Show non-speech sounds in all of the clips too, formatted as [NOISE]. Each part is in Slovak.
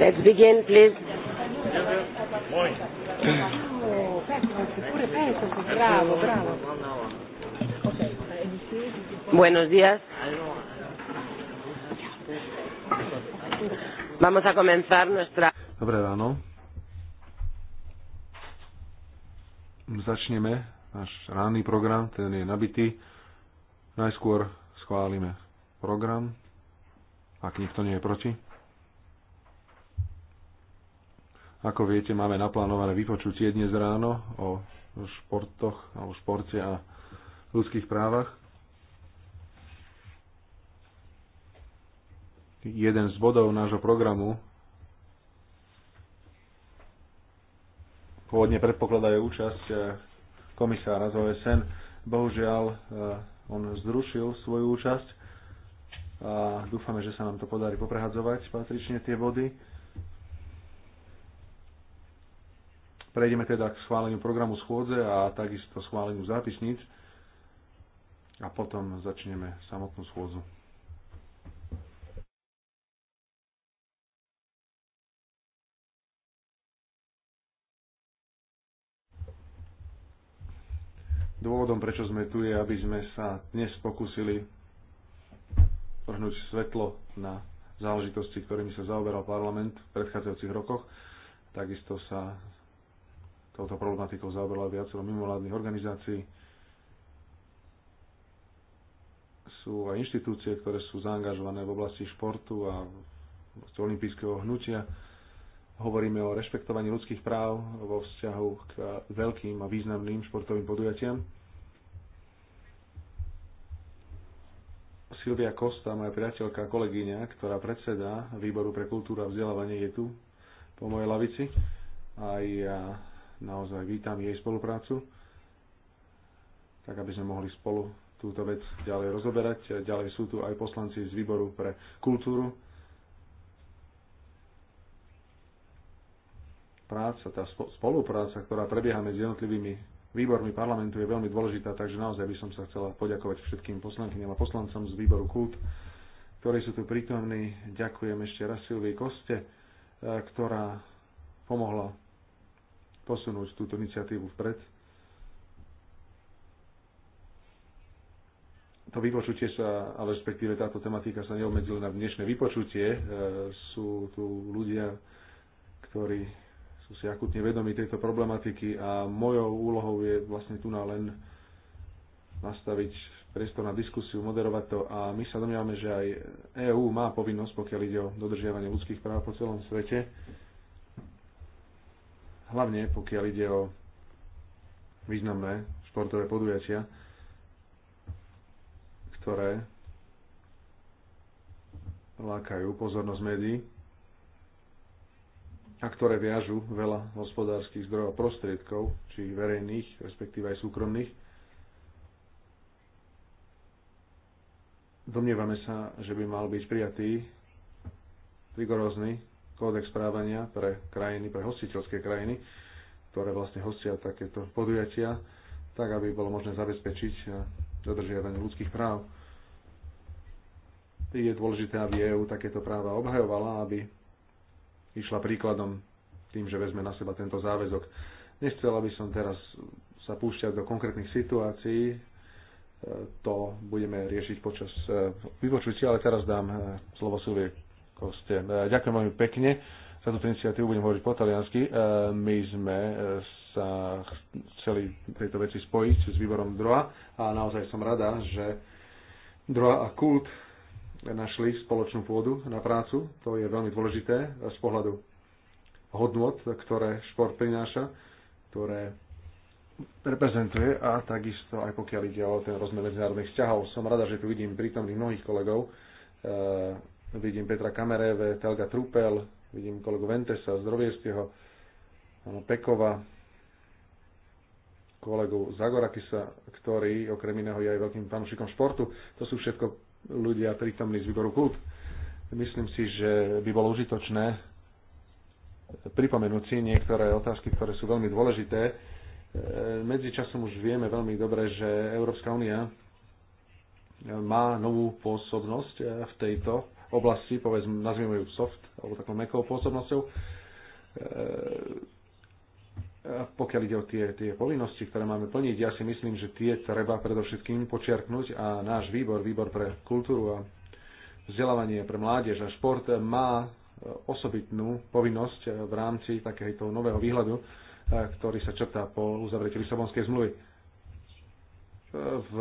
Let's begin, please. Buenos días. Vamos a comenzar nuestra. Dobré ráno. Začneme náš ranný program, ten je nabitý. Najskôr schválime program, ak nikto nie je proti. Ako viete, máme naplánované vypočutie dnes ráno o športoch, o športe a ľudských právach. Jeden z bodov nášho programu pôvodne predpokladajú účasť eh, komisára z OSN. Bohužiaľ, eh, on zrušil svoju účasť a dúfame, že sa nám to podarí poprehadzovať patrične tie body Prejdeme teda k schváleniu programu schôdze a takisto schváleniu zápisníc a potom začneme samotnú schôdzu. Dôvodom, prečo sme tu, je, aby sme sa dnes pokúsili vrhnúť svetlo na záležitosti, ktorými sa zaoberal parlament v predchádzajúcich rokoch. Takisto sa touto problematikou zaoberalo viacero mimovládnych organizácií. Sú aj inštitúcie, ktoré sú zaangažované v oblasti športu a olympijského hnutia. Hovoríme o rešpektovaní ľudských práv vo vzťahu k veľkým a významným športovým podujatiam. Silvia Kosta, moja priateľka a kolegyňa, ktorá predseda Výboru pre kultúru a vzdelávanie je tu po mojej lavici. aj. Naozaj vítam jej spoluprácu, tak aby sme mohli spolu túto vec ďalej rozoberať. Ďalej sú tu aj poslanci z výboru pre kultúru. Práca, tá spolupráca, ktorá prebieha medzi jednotlivými výbormi parlamentu je veľmi dôležitá, takže naozaj by som sa chcela poďakovať všetkým poslankyňam a poslancom z výboru KULT, ktorí sú tu prítomní. Ďakujem ešte raz Silvii Koste, e, ktorá pomohla posunúť túto iniciatívu vpred. To vypočutie sa, ale respektíve táto tematika sa neobmedzila na dnešné vypočutie. E, sú tu ľudia, ktorí sú si akutne vedomi tejto problematiky a mojou úlohou je vlastne tu na len nastaviť priestor na diskusiu, moderovať to a my sa domnievame, že aj EÚ má povinnosť, pokiaľ ide o dodržiavanie ľudských práv po celom svete, hlavne pokiaľ ide o významné športové podujatia, ktoré lákajú pozornosť médií a ktoré viažu veľa hospodárskych zdrojov a prostriedkov, či verejných, respektíve aj súkromných. Domnievame sa, že by mal byť prijatý rigorózny kódex správania pre krajiny, pre hostiteľské krajiny, ktoré vlastne hostia takéto podujatia, tak aby bolo možné zabezpečiť dodržiavanie ľudských práv. Je dôležité, aby EU takéto práva obhajovala, aby išla príkladom tým, že vezme na seba tento záväzok. Nechcel, by som teraz sa púšťať do konkrétnych situácií, e, to budeme riešiť počas e, vypočutia, ale teraz dám e, slovo Silvie Koste. No, ďakujem veľmi pekne za túto iniciatívu, budem hovoriť po taliansky. E, my sme e, sa chceli tejto veci spojiť s výborom DROA a naozaj som rada, že DROA a KULT našli spoločnú pôdu na prácu. To je veľmi dôležité z pohľadu hodnot, ktoré šport prináša, ktoré reprezentuje a takisto aj pokiaľ ide o ten rozmer medzinárodných vzťahov. Som rada, že tu vidím prítomných mnohých kolegov, e, vidím Petra Kamereve, Telga Trupel, vidím kolegu Ventesa, Zdrovievského, Pekova, kolegu Zagorakisa, ktorý okrem iného je aj veľkým fanúšikom športu. To sú všetko ľudia prítomní z výboru klub. Myslím si, že by bolo užitočné pripomenúť si niektoré otázky, ktoré sú veľmi dôležité. E, medzičasom už vieme veľmi dobre, že Európska únia má novú pôsobnosť e, v tejto oblasti, povedzme, nazvime ju soft, alebo takou mekou pôsobnosťou. E, pokiaľ ide o tie, tie povinnosti, ktoré máme plniť, ja si myslím, že tie treba predovšetkým počiarknúť a náš výbor, výbor pre kultúru a vzdelávanie pre mládež a šport má osobitnú povinnosť v rámci takéhoto nového výhľadu, e, ktorý sa črtá po uzavretí Lisabonskej zmluvy. E, v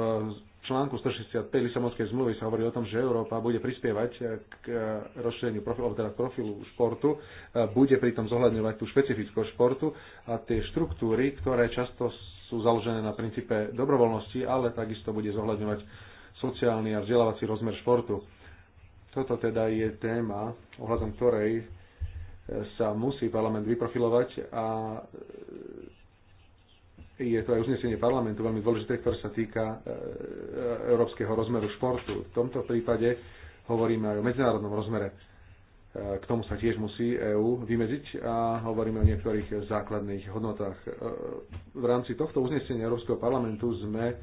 článku 165 Lisabonskej zmluvy sa hovorí o tom, že Európa bude prispievať eh, k eh, rozšíreniu profilu, teda profilu športu, eh, bude pritom zohľadňovať tú špecifickú športu a tie štruktúry, ktoré často sú založené na princípe dobrovoľnosti, ale takisto bude zohľadňovať sociálny a vzdelávací rozmer športu. Toto teda je téma, ohľadom ktorej sa musí parlament vyprofilovať a je to aj uznesenie parlamentu veľmi dôležité, ktoré sa týka e, e, európskeho rozmeru športu. V tomto prípade hovoríme aj o medzinárodnom rozmere. E, k tomu sa tiež musí EÚ vymedziť a hovoríme o niektorých základných hodnotách. V rámci tohto uznesenia Európskeho parlamentu sme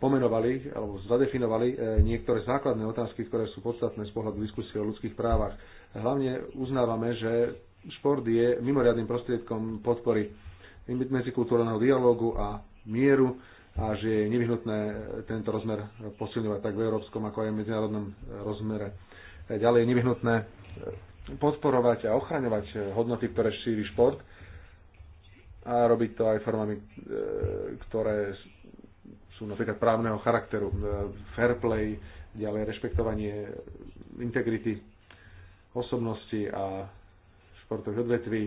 pomenovali alebo zadefinovali niektoré základné otázky, ktoré sú podstatné z pohľadu diskusie o ľudských právach. Hlavne uznávame, že šport je mimoriadným prostriedkom podpory medzikultúrneho dialógu a mieru a že je nevyhnutné tento rozmer posilňovať tak v európskom, ako aj v medzinárodnom rozmere. Ďalej je nevyhnutné podporovať a ochraňovať hodnoty, ktoré šíri šport a robiť to aj formami, e, ktoré sú napríklad právneho charakteru, e, fair play, ďalej rešpektovanie integrity osobnosti a športových odvetví,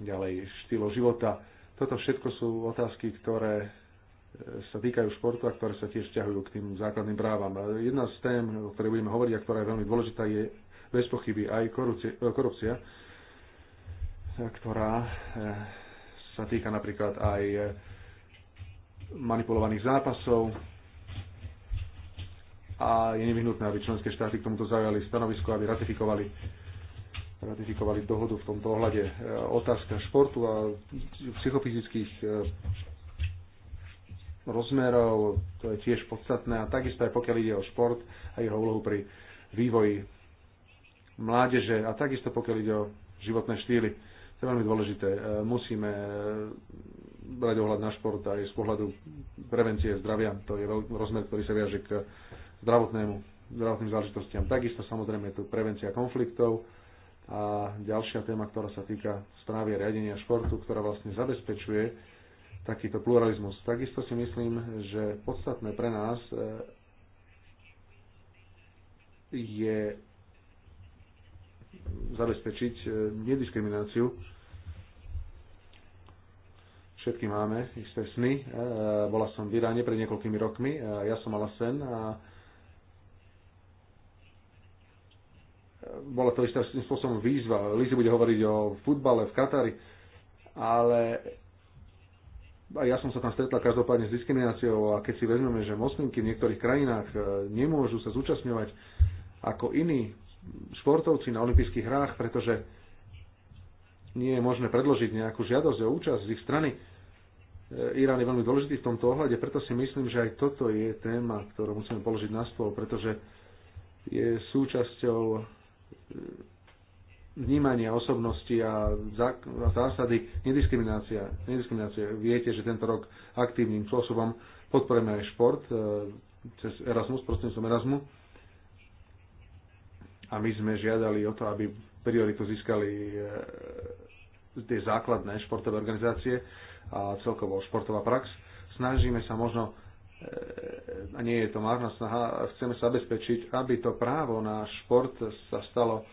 ďalej štýlo života. Toto všetko sú otázky, ktoré e, sa týkajú športu a ktoré sa tiež ťahujú k tým základným právam. Jedna z tém, o ktorej budeme hovoriť a ktorá je veľmi dôležitá, je bez pochyby aj e, korupcia, korupcia e, ktorá sa týka napríklad aj manipulovaných zápasov a je nevyhnutné, aby členské štáty k tomuto zaujali stanovisko, aby ratifikovali ratifikovali dohodu v tomto ohľade. E, otázka športu a psychofyzických e, rozmerov, to je tiež podstatné a takisto aj pokiaľ ide o šport a jeho úlohu pri vývoji mládeže a takisto pokiaľ ide o životné štýly. To je veľmi dôležité. E, musíme brať ohľad na šport aj z pohľadu prevencie zdravia. To je rozmer, ktorý sa viaže k zdravotnému, zdravotným záležitostiam. Takisto samozrejme je tu prevencia konfliktov, a ďalšia téma, ktorá sa týka správy a riadenia športu, ktorá vlastne zabezpečuje takýto pluralizmus. Takisto si myslím, že podstatné pre nás e, je zabezpečiť e, nediskrimináciu. Všetky máme isté sny. E, bola som v Iráne pred niekoľkými rokmi. Ja som mala sen a bola to istým spôsobom výzva. Lizy bude hovoriť o futbale v Katari, ale a ja som sa tam stretla každopádne s diskrimináciou a keď si vezmeme, že moslimky v niektorých krajinách e, nemôžu sa zúčastňovať ako iní športovci na olympijských hrách, pretože nie je možné predložiť nejakú žiadosť o účasť z ich strany. E, Irán je veľmi dôležitý v tomto ohľade, preto si myslím, že aj toto je téma, ktorú musíme položiť na stôl, pretože je súčasťou vnímania osobnosti a zásady nediskriminácia, nediskriminácia. Viete, že tento rok aktívnym spôsobom podporujeme aj šport e, cez Erasmus, prostredníctvom Erasmu. A my sme žiadali o to, aby prioritu získali e, tie základné športové organizácie a celkovo športová prax. Snažíme sa možno a nie je to márna snaha, chceme sa zabezpečiť, aby to právo na šport sa stalo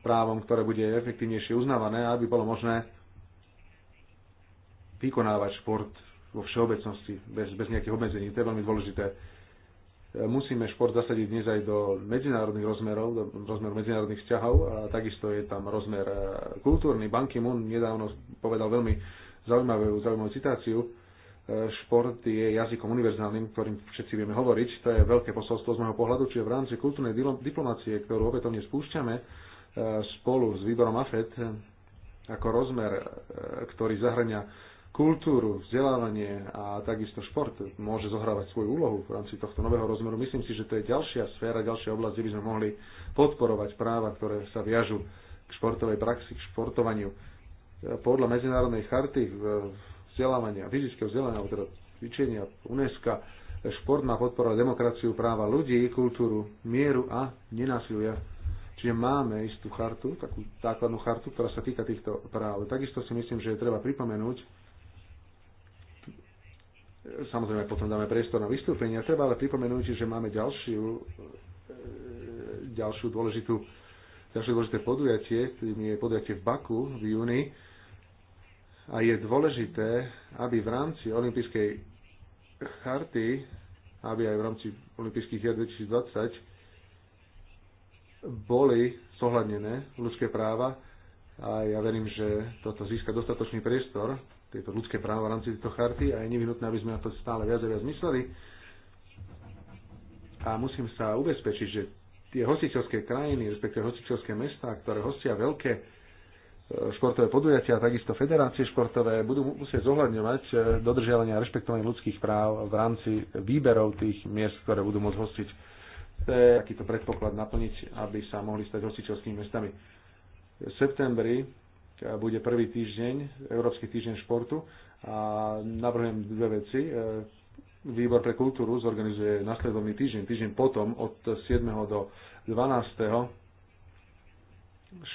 právom, ktoré bude efektívnejšie uznávané aby bolo možné vykonávať šport vo všeobecnosti, bez, bez nejakých obmedzení. To je veľmi dôležité. Musíme šport zasadiť dnes aj do medzinárodných rozmerov, do rozmeru medzinárodných vzťahov a takisto je tam rozmer kultúrny. Ban Ki-moon nedávno povedal veľmi zaujímavú, zaujímavú citáciu, šport je jazykom univerzálnym, ktorým všetci vieme hovoriť. To je veľké posolstvo z môjho pohľadu, čiže v rámci kultúrnej diplomácie, ktorú opätovne spúšťame e, spolu s výborom AFED e, ako rozmer, e, ktorý zahrania kultúru, vzdelávanie a takisto šport môže zohrávať svoju úlohu v rámci tohto nového rozmeru. Myslím si, že to je ďalšia sféra, ďalšia oblasť, kde by sme mohli podporovať práva, ktoré sa viažu k športovej praxi, k športovaniu. Podľa medzinárodnej charty v vzdelávania, fyzického vzdelávania, teda cvičenia UNESCO, šport má podporovať demokraciu, práva ľudí, kultúru, mieru a nenásilia. Čiže máme istú chartu, takú základnú chartu, ktorá sa týka týchto práv. Takisto si myslím, že je treba pripomenúť, samozrejme potom dáme priestor na vystúpenia, treba ale pripomenúť, že máme ďalšiu, e, ďalšiu dôležitú, ďalšie dôležité podujatie, tým je podujatie v Baku v júni, a je dôležité, aby v rámci olympijskej charty, aby aj v rámci olympijských hier 2020 boli zohľadnené ľudské práva a ja verím, že toto získa dostatočný priestor, tieto ľudské práva v rámci tejto charty a je nevyhnutné, aby sme na to stále viac a viac mysleli. A musím sa ubezpečiť, že tie hostiteľské krajiny, respektíve hostiteľské mesta, ktoré hostia veľké športové podujatia a takisto federácie športové budú musieť zohľadňovať e, dodržiavanie a rešpektovanie ľudských práv v rámci výberov tých miest, ktoré budú môcť hostiť. To je takýto predpoklad naplniť, aby sa mohli stať hostiteľskými mestami. V septembri e, bude prvý týždeň, Európsky týždeň športu a navrhujem dve veci. E, výbor pre kultúru zorganizuje nasledovný týždeň, týždeň potom od 7. do 12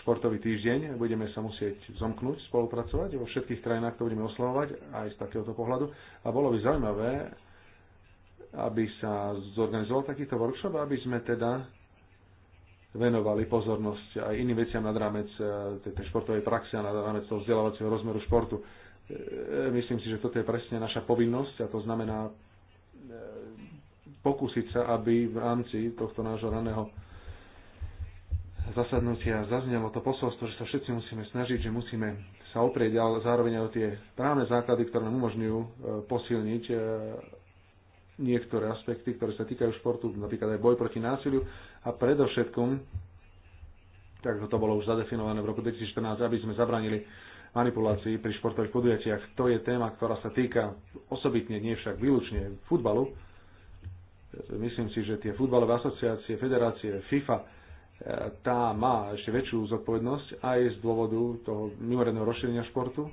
športový týždeň, budeme sa musieť zomknúť, spolupracovať, vo všetkých krajinách to budeme oslavovať aj z takéhoto pohľadu a bolo by zaujímavé, aby sa zorganizoval takýto workshop, aby sme teda venovali pozornosť aj iným veciam nad rámec e, tej športovej praxe a nad rámec toho vzdelávacieho rozmeru športu. E, myslím si, že toto je presne naša povinnosť a to znamená e, pokúsiť sa, aby v rámci tohto nášho raného zasadnutia zaznelo to posolstvo, že sa všetci musíme snažiť, že musíme sa oprieť ale zároveň aj o tie právne základy, ktoré nám umožňujú e, posilniť e, niektoré aspekty, ktoré sa týkajú športu, napríklad aj boj proti násiliu a predovšetkom, tak to bolo už zadefinované v roku 2014, aby sme zabranili manipulácii pri športových podujatiach. To je téma, ktorá sa týka osobitne, nie však výlučne futbalu. E, myslím si, že tie futbalové asociácie, federácie, FIFA, tá má ešte väčšiu zodpovednosť aj z dôvodu toho mimoriadného rozšírenia športu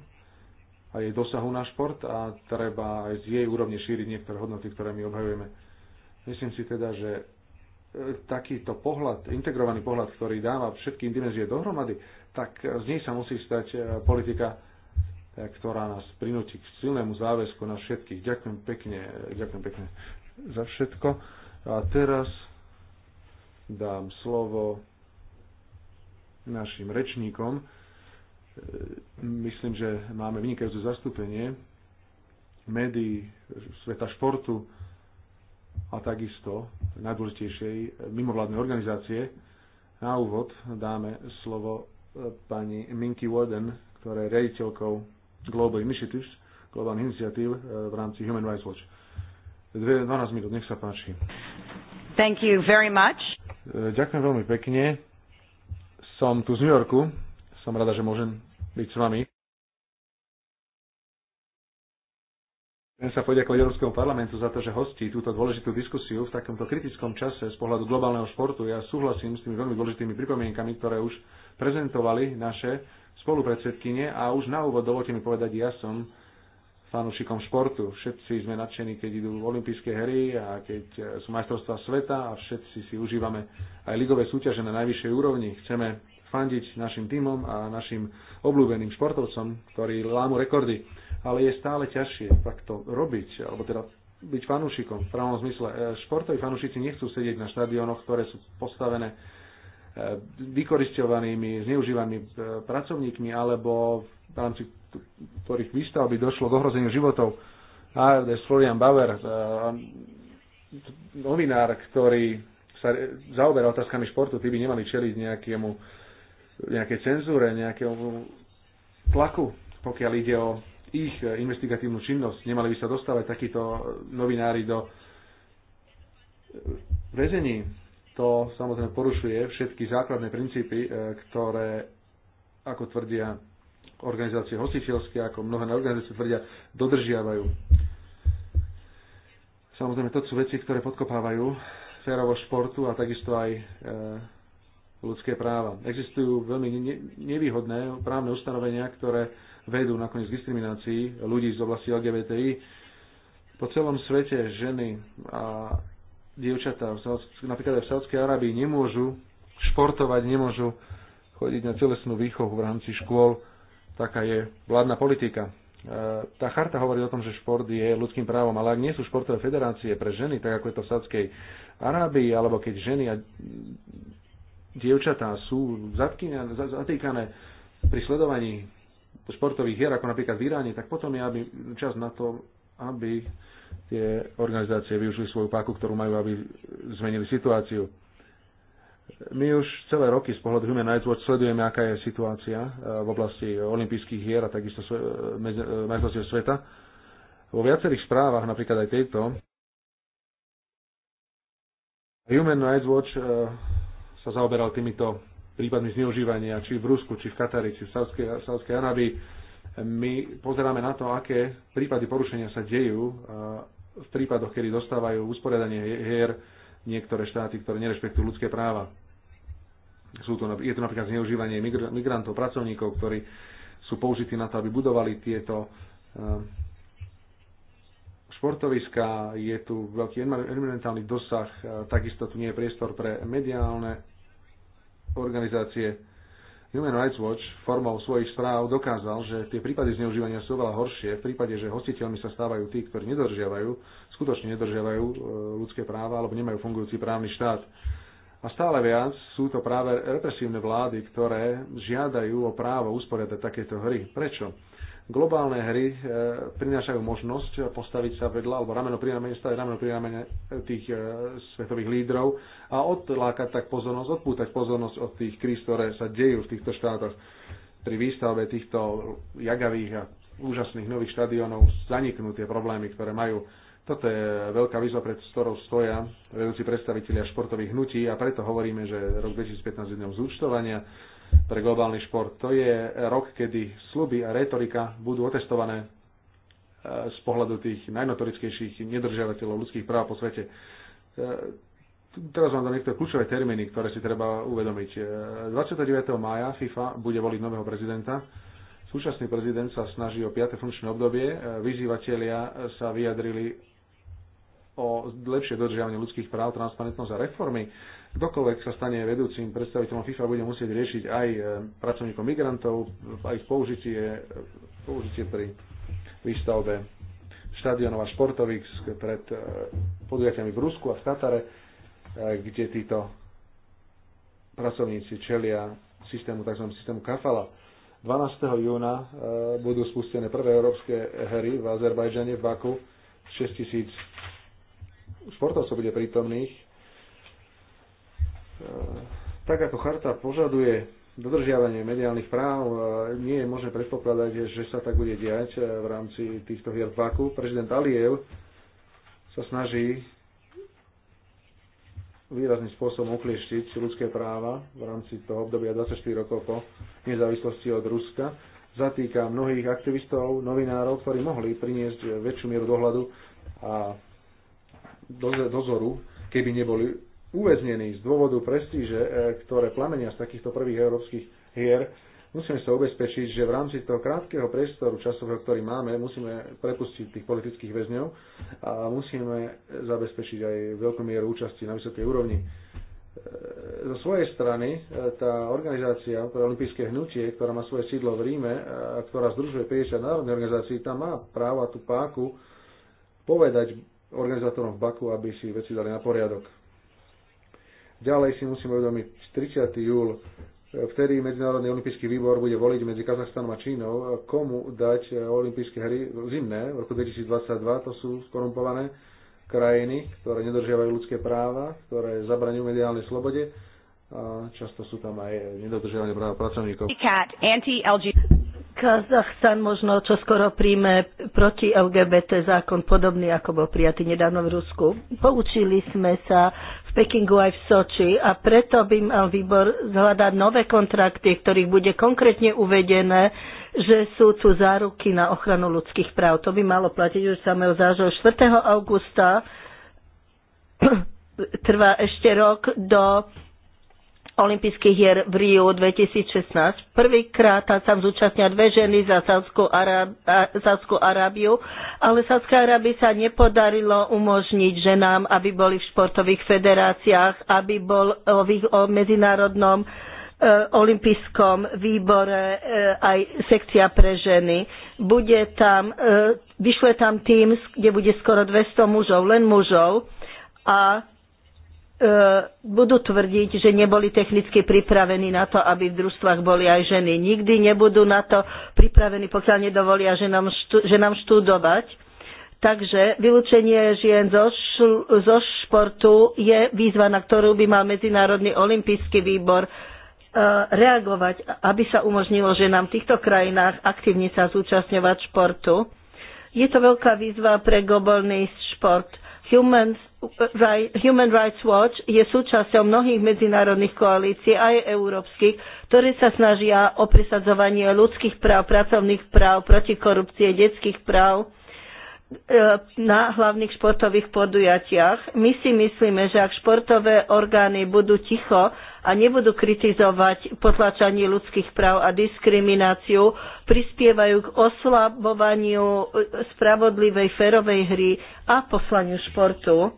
a jej dosahu na šport a treba aj z jej úrovne šíriť niektoré hodnoty, ktoré my obhajujeme. Myslím si teda, že e, takýto pohľad, integrovaný pohľad, ktorý dáva všetky dimenzie dohromady, tak z nej sa musí stať e, politika, e, ktorá nás prinúti k silnému záväzku na všetkých. Ďakujem pekne, ďakujem pekne za všetko. A teraz dám slovo našim rečníkom. E, myslím, že máme vynikajúce zastúpenie médií, sveta športu a takisto najdôležitejšej mimovládnej organizácie. Na úvod dáme slovo e, pani Minky Warden, ktorá je riaditeľkou Global Initiatives, Global Initiative e, v rámci Human Rights Watch. 12 minút, nech sa páči. Thank you very much. E, ďakujem veľmi pekne. Som tu z New Yorku. Som rada, že môžem byť s vami. Chcem sa poďakovať Európskemu parlamentu za to, že hostí túto dôležitú diskusiu v takomto kritickom čase z pohľadu globálneho športu. Ja súhlasím s tými veľmi dôležitými pripomienkami, ktoré už prezentovali naše spolupredsedkyne a už na úvod dovolte mi povedať, ja som fanúšikom športu. Všetci sme nadšení, keď idú olympijské hry a keď e, sú majstrovstvá sveta a všetci si užívame aj ligové súťaže na najvyššej úrovni. Chceme fandiť našim týmom a našim obľúbeným športovcom, ktorí lámu rekordy. Ale je stále ťažšie takto robiť, alebo teda byť fanúšikom v pravom zmysle. E, športoví fanúšici nechcú sedieť na štadionoch, ktoré sú postavené e, vykoristovanými, zneužívanými pracovníkmi alebo v rámci ktorých výstav by došlo k ohrozeniu životov. ARD Florian Bauer, eh, novinár, ktorý sa zaoberá otázkami športu, tí by nemali čeliť nejakému, nejakej cenzúre, nejakému tlaku, pokiaľ ide o ich investigatívnu činnosť. Nemali by sa dostávať takíto novinári do väzení. To samozrejme porušuje všetky základné princípy, eh, ktoré, ako tvrdia organizácie hostiteľské, ako mnohé organizácie tvrdia, dodržiavajú. Samozrejme, to sú veci, ktoré podkopávajú férovo športu a takisto aj e, ľudské práva. Existujú veľmi ne, nevýhodné právne ustanovenia, ktoré vedú nakoniec k diskriminácii ľudí z oblasti LGBTI. Po celom svete ženy a dievčatá, napríklad aj v Sádskej Arábii, nemôžu športovať, nemôžu chodiť na telesnú výchovu v rámci škôl Taká je vládna politika. E, tá charta hovorí o tom, že šport je ľudským právom, ale ak nie sú športové federácie pre ženy, tak ako je to v Sádskej Arábii, alebo keď ženy a dievčatá sú zatýkané pri sledovaní športových hier, ako napríklad v Iráne, tak potom je aby, čas na to, aby tie organizácie využili svoju páku, ktorú majú, aby zmenili situáciu. My už celé roky z pohľadu Human Rights Watch sledujeme, aká je situácia e, v oblasti olympijských hier a takisto e, majstrovstiev sveta. Vo viacerých správach, napríklad aj tejto, Human Rights Watch e, sa zaoberal týmito prípadmi zneužívania, či v Rusku, či v Katari, či v Sávskej, Arabii. My pozeráme na to, aké prípady porušenia sa dejú v prípadoch, kedy dostávajú usporiadanie hier niektoré štáty, ktoré nerešpektujú ľudské práva. Sú to, je to napríklad zneužívanie migrantov, pracovníkov, ktorí sú použití na to, aby budovali tieto ehm, športoviska, je tu veľký environmentálny dosah, takisto tu nie je priestor pre mediálne organizácie. Human Rights Watch formou svojich správ dokázal, že tie prípady zneužívania sú veľa horšie v prípade, že hostiteľmi sa stávajú tí, ktorí nedržiavajú, skutočne nedržiavajú e, ľudské práva alebo nemajú fungujúci právny štát. A stále viac sú to práve represívne vlády, ktoré žiadajú o právo usporiadať takéto hry. Prečo? Globálne hry e, prinášajú možnosť postaviť sa vedľa, alebo rameno pri ramene, stať rameno pri ramene tých e, svetových lídrov a odlákať tak pozornosť, odpútať pozornosť od tých kríz, ktoré sa dejú v týchto štátoch pri výstavbe týchto jagavých a úžasných nových štadionov zaniknú tie problémy, ktoré majú toto je veľká výzva, pred ktorou stoja vedúci predstavitelia športových hnutí a preto hovoríme, že rok 2015 je dňom zúčtovania pre globálny šport. To je rok, kedy sluby a retorika budú otestované e, z pohľadu tých najnotorickejších nedržiavateľov ľudských práv po svete. E, teraz vám dám niektoré kľúčové termíny, ktoré si treba uvedomiť. 29. E, mája FIFA bude voliť nového prezidenta. Súčasný prezident sa snaží o 5. funkčné obdobie. Vyzývatelia sa vyjadrili o lepšie dodržiavanie ľudských práv, transparentnosť a reformy. Kdokoľvek sa stane vedúcim predstaviteľom FIFA, bude musieť riešiť aj e, pracovníkov migrantov, aj ich použitie, e, použitie pri výstavbe štadionov a športových pred e, podujatiami v Rusku a v Katare, kde títo pracovníci čelia systému, tzv. systému kafala. 12. júna budú spustené prvé európske hry v Azerbajdžane v Baku. 6000 športovcov bude prítomných. E, tak ako charta požaduje dodržiavanie mediálnych práv, e, nie je možné predpokladať, že sa tak bude diať e, v rámci týchto hier v Baku. Prezident Aliev sa snaží výrazným spôsobom uklieštiť ľudské práva v rámci toho obdobia 24 rokov po nezávislosti od Ruska. Zatýka mnohých aktivistov, novinárov, ktorí mohli priniesť väčšiu mieru dohľadu a dozoru, keby neboli uväznení z dôvodu prestíže, e, ktoré plamenia z takýchto prvých európskych hier, musíme sa ubezpečiť, že v rámci toho krátkeho priestoru časového, ktorý máme, musíme prepustiť tých politických väzňov a musíme zabezpečiť aj veľkú mieru účasti na vysokej úrovni. E, zo svojej strany e, tá organizácia pre teda olympijské hnutie, ktorá má svoje sídlo v Ríme, a ktorá združuje 50 národných organizácií, tam má práva tú páku povedať organizátorom v Baku, aby si veci dali na poriadok. Ďalej si musíme uvedomiť 30. júl, e, vtedy Medzinárodný olimpijský výbor bude voliť medzi Kazachstanom a Čínou, komu dať e, olimpijské hry zimné v roku 2022, to sú skorumpované krajiny, ktoré nedržiavajú ľudské práva, ktoré zabraňujú mediálnej slobode a často sú tam aj nedodržiavanie práva pracovníkov. Kazachstan možno čoskoro príjme proti LGBT zákon podobný, ako bol prijatý nedávno v Rusku. Poučili sme sa v Pekingu aj v Soči a preto by mal výbor zhľadať nové kontrakty, v ktorých bude konkrétne uvedené, že sú tu záruky na ochranu ľudských práv. To by malo platiť už samého zážo 4. augusta [CLEARS THROAT] trvá ešte rok do olympijských hier v Rio 2016. Prvýkrát tam zúčastnia dve ženy za Sádskú Ará... Arábiu, ale Sádskej Arábii sa nepodarilo umožniť ženám, aby boli v športových federáciách, aby bol v ich medzinárodnom e, olympijskom výbore e, aj sekcia pre ženy. Bude tam, e, vyšle tam tým, kde bude skoro 200 mužov, len mužov. A E, budú tvrdiť, že neboli technicky pripravení na to, aby v družstvách boli aj ženy. Nikdy nebudú na to pripravení, pokiaľ nedovolia ženám, štú, ženám študovať. Takže vylúčenie žien zo, šl, zo športu je výzva, na ktorú by mal Medzinárodný olimpijský výbor e, reagovať, aby sa umožnilo ženám v týchto krajinách aktívne sa zúčastňovať športu. Je to veľká výzva pre globálny šport. Humans Human Rights Watch je súčasťou mnohých medzinárodných koalícií, aj európskych, ktoré sa snažia o presadzovanie ľudských práv, pracovných práv, proti korupcie, detských práv e, na hlavných športových podujatiach. My si myslíme, že ak športové orgány budú ticho a nebudú kritizovať potlačanie ľudských práv a diskrimináciu, prispievajú k oslabovaniu e, spravodlivej, férovej hry a poslaniu športu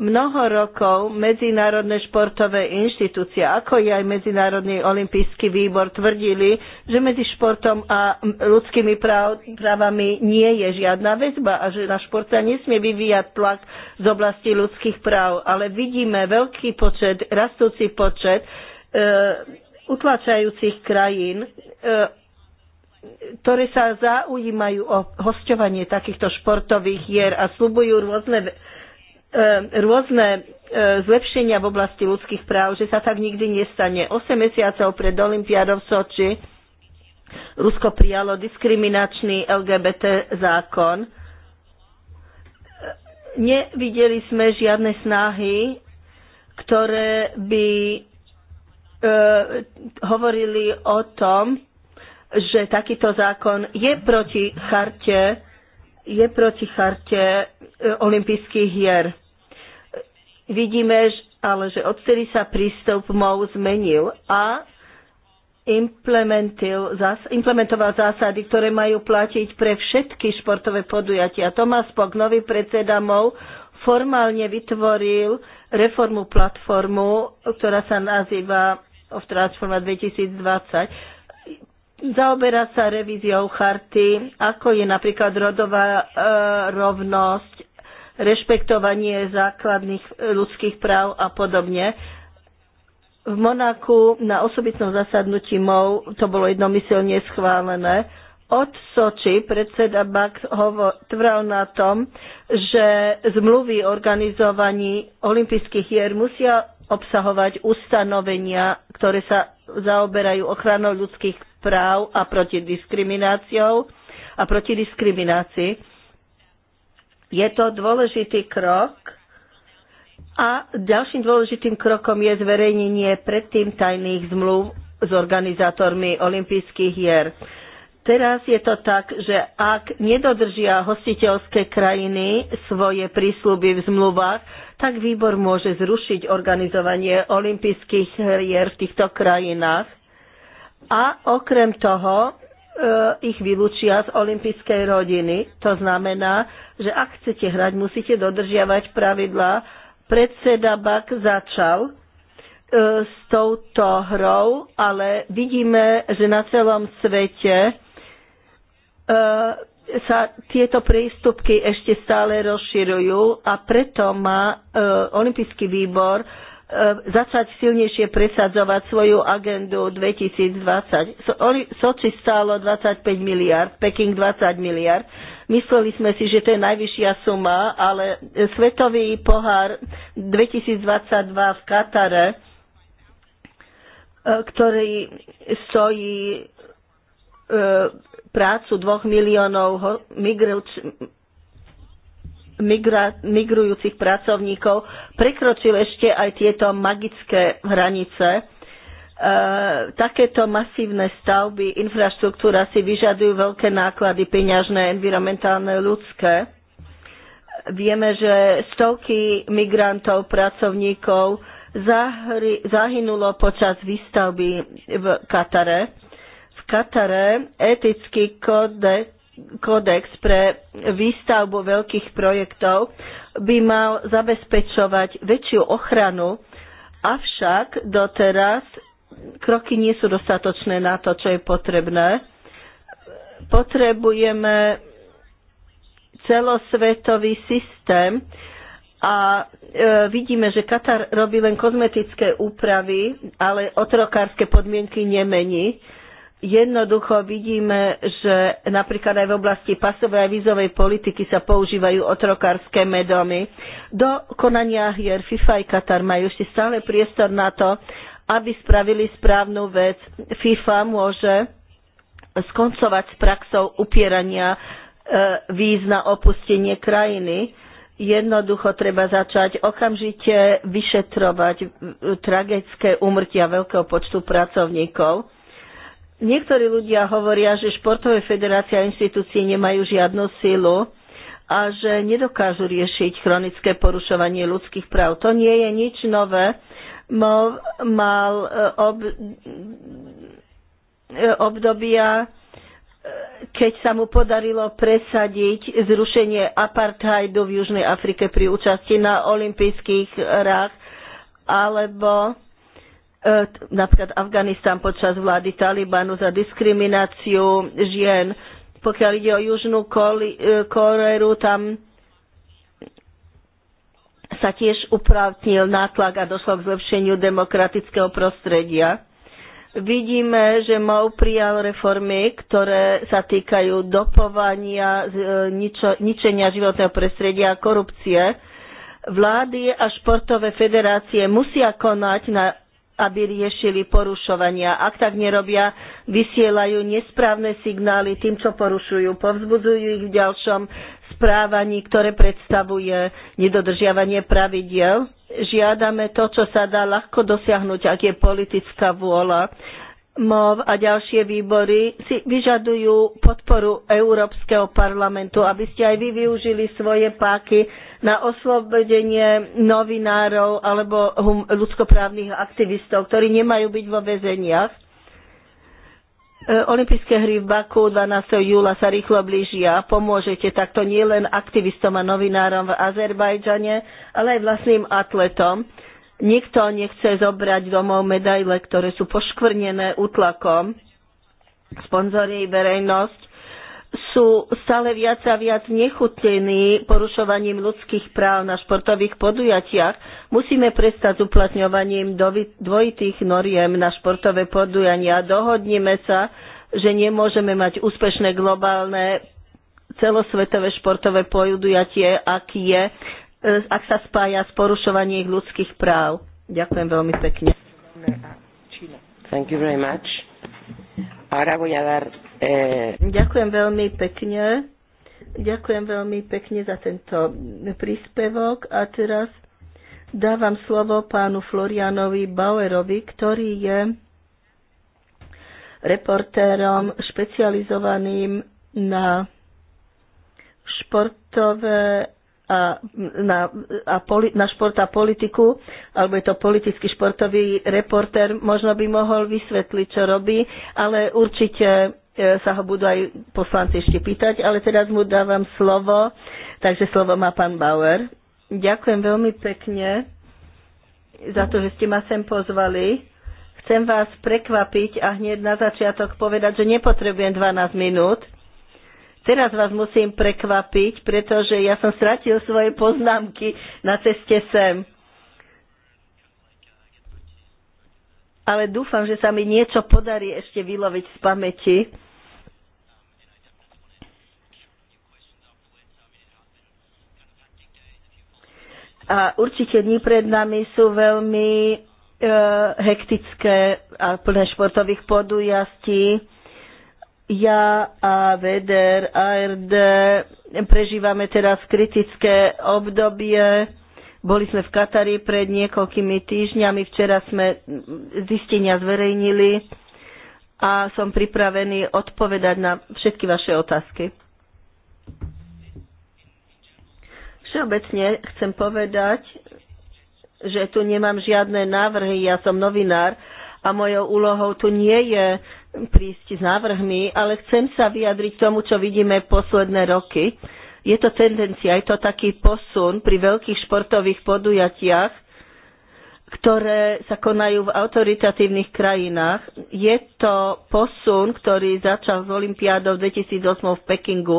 mnoho rokov medzinárodné športové inštitúcie, ako je aj Medzinárodný olimpijský výbor, tvrdili, že medzi športom a ľudskými práv, právami nie je žiadna väzba a že na šport sa nesmie vyvíjať tlak z oblasti ľudských práv. Ale vidíme veľký počet, rastúci počet e, utlačajúcich krajín, e, ktoré sa zaujímajú o hostovanie takýchto športových hier a slubujú rôzne E, rôzne e, zlepšenia v oblasti ľudských práv, že sa tak nikdy nestane. 8 mesiacov pred Olympiádou v Soči Rusko prijalo diskriminačný LGBT zákon. E, nevideli sme žiadne snahy, ktoré by e, hovorili o tom, že takýto zákon je proti charte, je proti charte E, olympijských hier. Vidíme, ale že odtedy sa prístup MOU zmenil a implementoval zásady, ktoré majú platiť pre všetky športové podujatia. Tomás Pok, nový predseda MOU, formálne vytvoril reformu platformu, ktorá sa nazýva of Transforma 2020, zaoberá sa revíziou charty, ako je napríklad rodová e, rovnosť rešpektovanie základných eh, ľudských práv a podobne. V Monaku na osobitnom zasadnutí MOU to bolo jednomyselne schválené. Od Soči predseda Bak trval na tom, že zmluvy o organizovaní olympijských hier musia obsahovať ustanovenia, ktoré sa zaoberajú ochranou ľudských práv a proti diskrimináciou a proti diskriminácii. Je to dôležitý krok a ďalším dôležitým krokom je zverejnenie predtým tajných zmluv s organizátormi olympijských hier. Teraz je to tak, že ak nedodržia hostiteľské krajiny svoje prísľuby v zmluvách, tak výbor môže zrušiť organizovanie olympijských hier v týchto krajinách. A okrem toho E, ich vylúčia z olympijskej rodiny. To znamená, že ak chcete hrať, musíte dodržiavať pravidlá. Predseda Bak začal e, s touto hrou, ale vidíme, že na celom svete e, sa tieto prístupky ešte stále rozširujú a preto má Olympijský výbor E, začať silnejšie presadzovať svoju agendu 2020. Soči stálo 25 miliard, Peking 20 miliard. Mysleli sme si, že to je najvyššia suma, ale Svetový pohár 2022 v Katare, e, ktorý stojí e, prácu dvoch miliónov migra- migrujúcich pracovníkov prekročil ešte aj tieto magické hranice. E, takéto masívne stavby, infraštruktúra si vyžadujú veľké náklady peňažné, environmentálne, ľudské. Vieme, že stovky migrantov, pracovníkov zahri- zahynulo počas výstavby v Katare. V Katare etický kódex kódex pre výstavbu veľkých projektov by mal zabezpečovať väčšiu ochranu, avšak doteraz kroky nie sú dostatočné na to, čo je potrebné. Potrebujeme celosvetový systém a e, vidíme, že Katar robí len kozmetické úpravy, ale otrokárske podmienky nemení. E, jednoducho vidíme, že napríklad aj v oblasti pasovej a vízovej politiky sa používajú otrokárske medomy. Do konania hier FIFA i Katar majú ešte stále priestor na to, aby spravili správnu vec. FIFA môže skoncovať s praxou upierania e, víz na opustenie krajiny. Jednoducho treba začať okamžite vyšetrovať e, tragické úmrtia veľkého počtu pracovníkov Niektorí ľudia hovoria, že športové federácie a inštitúcie nemajú žiadnu silu a že nedokážu riešiť chronické porušovanie ľudských práv. To nie je nič nové. Mal, mal e, ob, e, obdobia, e, keď sa mu podarilo presadiť zrušenie apartheidu v Južnej Afrike pri účasti na olympijských hrách alebo E, napríklad Afganistan počas vlády Talibanu za diskrimináciu žien. Pokiaľ ide o Južnú e, Koreru, tam sa tiež upravnil nátlak a došlo k zlepšeniu demokratického prostredia. Vidíme, že mal prijal reformy, ktoré sa týkajú dopovania, e, ničenia životného prostredia a korupcie. Vlády a športové federácie musia konať na aby riešili porušovania. Ak tak nerobia, vysielajú nesprávne signály tým, čo porušujú. Povzbudzujú ich v ďalšom správaní, ktoré predstavuje nedodržiavanie pravidiel. Žiadame to, čo sa dá ľahko dosiahnuť, ak je politická vôľa. MOV a ďalšie výbory si vyžadujú podporu Európskeho parlamentu, aby ste aj vy využili svoje páky na oslobodenie novinárov alebo ľudskoprávnych aktivistov, ktorí nemajú byť vo väzeniach. E, Olympijské hry v Baku 12. júla sa rýchlo blížia. Pomôžete takto nielen aktivistom a novinárom v Azerbajdžane, ale aj vlastným atletom. Nikto nechce zobrať domov medaile, ktoré sú poškvrnené útlakom. Sponzori i verejnosť sú stále viac a viac nechutení porušovaním ľudských práv na športových podujatiach. Musíme prestať s uplatňovaním dvojitých noriem na športové podujania. Dohodnime sa, že nemôžeme mať úspešné globálne celosvetové športové podujatie, ak je E, ak sa spája s porušovaním ľudských práv. Ďakujem veľmi pekne. Thank you very much. Ahora voy a dar, eh... Ďakujem veľmi pekne. Ďakujem veľmi pekne za tento príspevok a teraz dávam slovo pánu Florianovi Bauerovi, ktorý je reportérom špecializovaným na športové a, na, a poli, na šport a politiku, alebo je to politický športový reportér, možno by mohol vysvetliť, čo robí, ale určite e, sa ho budú aj poslanci ešte pýtať, ale teraz mu dávam slovo, takže slovo má pán Bauer. Ďakujem veľmi pekne za to, že ste ma sem pozvali. Chcem vás prekvapiť a hneď na začiatok povedať, že nepotrebujem 12 minút Teraz vás musím prekvapiť, pretože ja som stratil svoje poznámky na ceste sem. Ale dúfam, že sa mi niečo podarí ešte vyloviť z pamäti. A určite dní pred nami sú veľmi e, hektické a plné športových podujastí ja a VDR, ARD prežívame teraz kritické obdobie. Boli sme v Katari pred niekoľkými týždňami, včera sme zistenia zverejnili a som pripravený odpovedať na všetky vaše otázky. Všeobecne chcem povedať, že tu nemám žiadne návrhy, ja som novinár a mojou úlohou tu nie je prísť s návrhmi, ale chcem sa vyjadriť tomu, čo vidíme posledné roky. Je to tendencia, je to taký posun pri veľkých športových podujatiach, ktoré sa konajú v autoritatívnych krajinách. Je to posun, ktorý začal s Olympiádou 2008 v Pekingu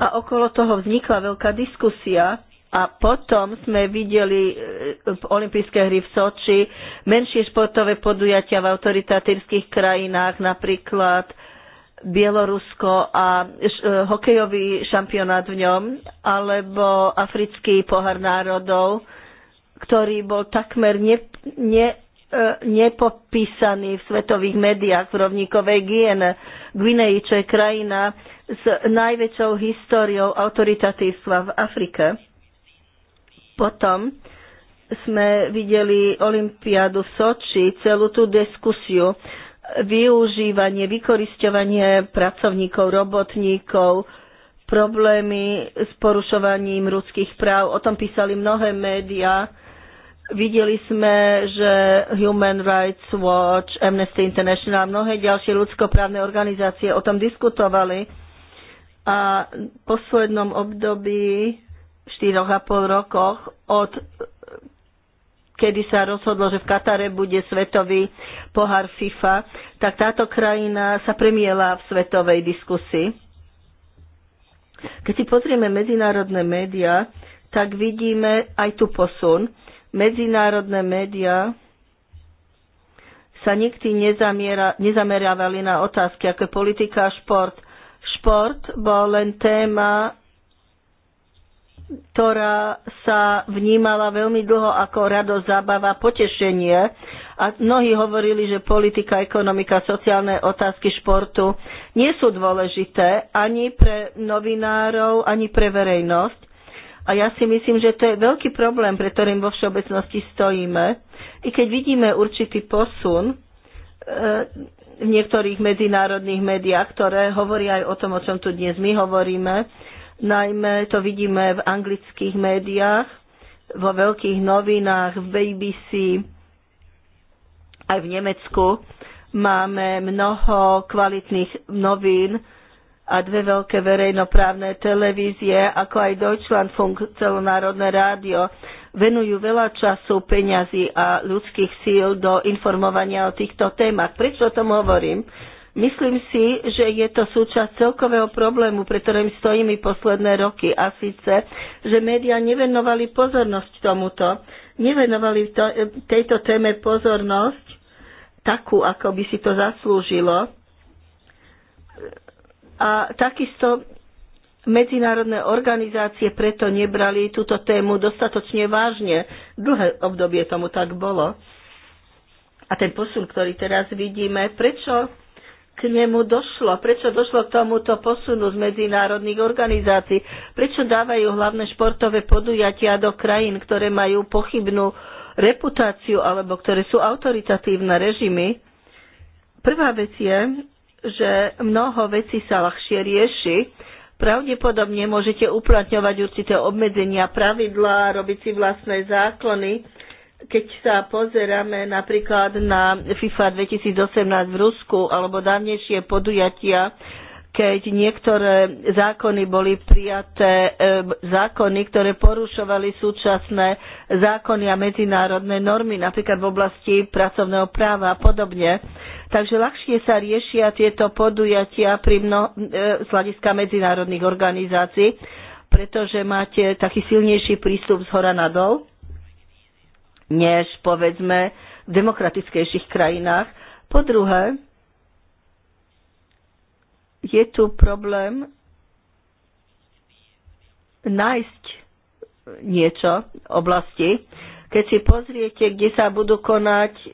a okolo toho vznikla veľká diskusia a potom sme videli e, v olympijské hry v Soči menšie športové podujatia v autoritatívskych krajinách, napríklad Bielorusko a e, hokejový šampionát v ňom, alebo africký pohár národov, ktorý bol takmer ne, ne, e, nepopísaný v svetových médiách v rovníkovej Gvineji, čo je krajina s najväčšou históriou autoritatívstva v Afrike potom sme videli Olympiádu v Soči, celú tú diskusiu, využívanie, vykoristovanie pracovníkov, robotníkov, problémy s porušovaním ľudských práv. O tom písali mnohé médiá. Videli sme, že Human Rights Watch, Amnesty International a mnohé ďalšie ľudskoprávne organizácie o tom diskutovali. A v poslednom období štyroch a pol rokoch od kedy sa rozhodlo, že v Katare bude svetový pohár FIFA, tak táto krajina sa premiela v svetovej diskusii. Keď si pozrieme medzinárodné médiá, tak vidíme aj tu posun. Medzinárodné médiá sa nikdy nezamiera, nezameriavali na otázky, ako je politika a šport. Šport bol len téma ktorá sa vnímala veľmi dlho ako radosť, zábava, potešenie. A mnohí hovorili, že politika, ekonomika, sociálne otázky športu nie sú dôležité ani pre novinárov, ani pre verejnosť. A ja si myslím, že to je veľký problém, pre ktorým vo všeobecnosti stojíme. I keď vidíme určitý posun e, v niektorých medzinárodných médiách, ktoré hovoria aj o tom, o čom tu dnes my hovoríme, Najmä to vidíme v anglických médiách, vo veľkých novinách, v BBC, aj v Nemecku. Máme mnoho kvalitných novín a dve veľké verejnoprávne televízie, ako aj Deutschlandfunk, celonárodné rádio, venujú veľa času, peňazí a ľudských síl do informovania o týchto témach. Prečo o tom hovorím? Myslím si, že je to súčasť celkového problému, pre ktorým stojíme posledné roky. A síce, že médiá nevenovali pozornosť tomuto, nevenovali to, e, tejto téme pozornosť takú, ako by si to zaslúžilo. A takisto medzinárodné organizácie preto nebrali túto tému dostatočne vážne. Dlhé obdobie tomu tak bolo. A ten posun, ktorý teraz vidíme, prečo nemu došlo, prečo došlo k tomuto posunu z medzinárodných organizácií, prečo dávajú hlavné športové podujatia do krajín, ktoré majú pochybnú reputáciu alebo ktoré sú autoritatívne režimy. Prvá vec je, že mnoho vecí sa ľahšie rieši. Pravdepodobne môžete uplatňovať určité obmedzenia, pravidlá, robiť si vlastné zákony keď sa pozeráme napríklad na FIFA 2018 v Rusku alebo dávnejšie podujatia, keď niektoré zákony boli prijaté, e, zákony, ktoré porušovali súčasné zákony a medzinárodné normy, napríklad v oblasti pracovného práva a podobne. Takže ľahšie sa riešia tieto podujatia pri mno, e, z hľadiska medzinárodných organizácií, pretože máte taký silnejší prístup z hora na dol než povedzme v demokratickejších krajinách. Po druhé, je tu problém nájsť niečo v oblasti, keď si pozriete, kde sa budú konať e,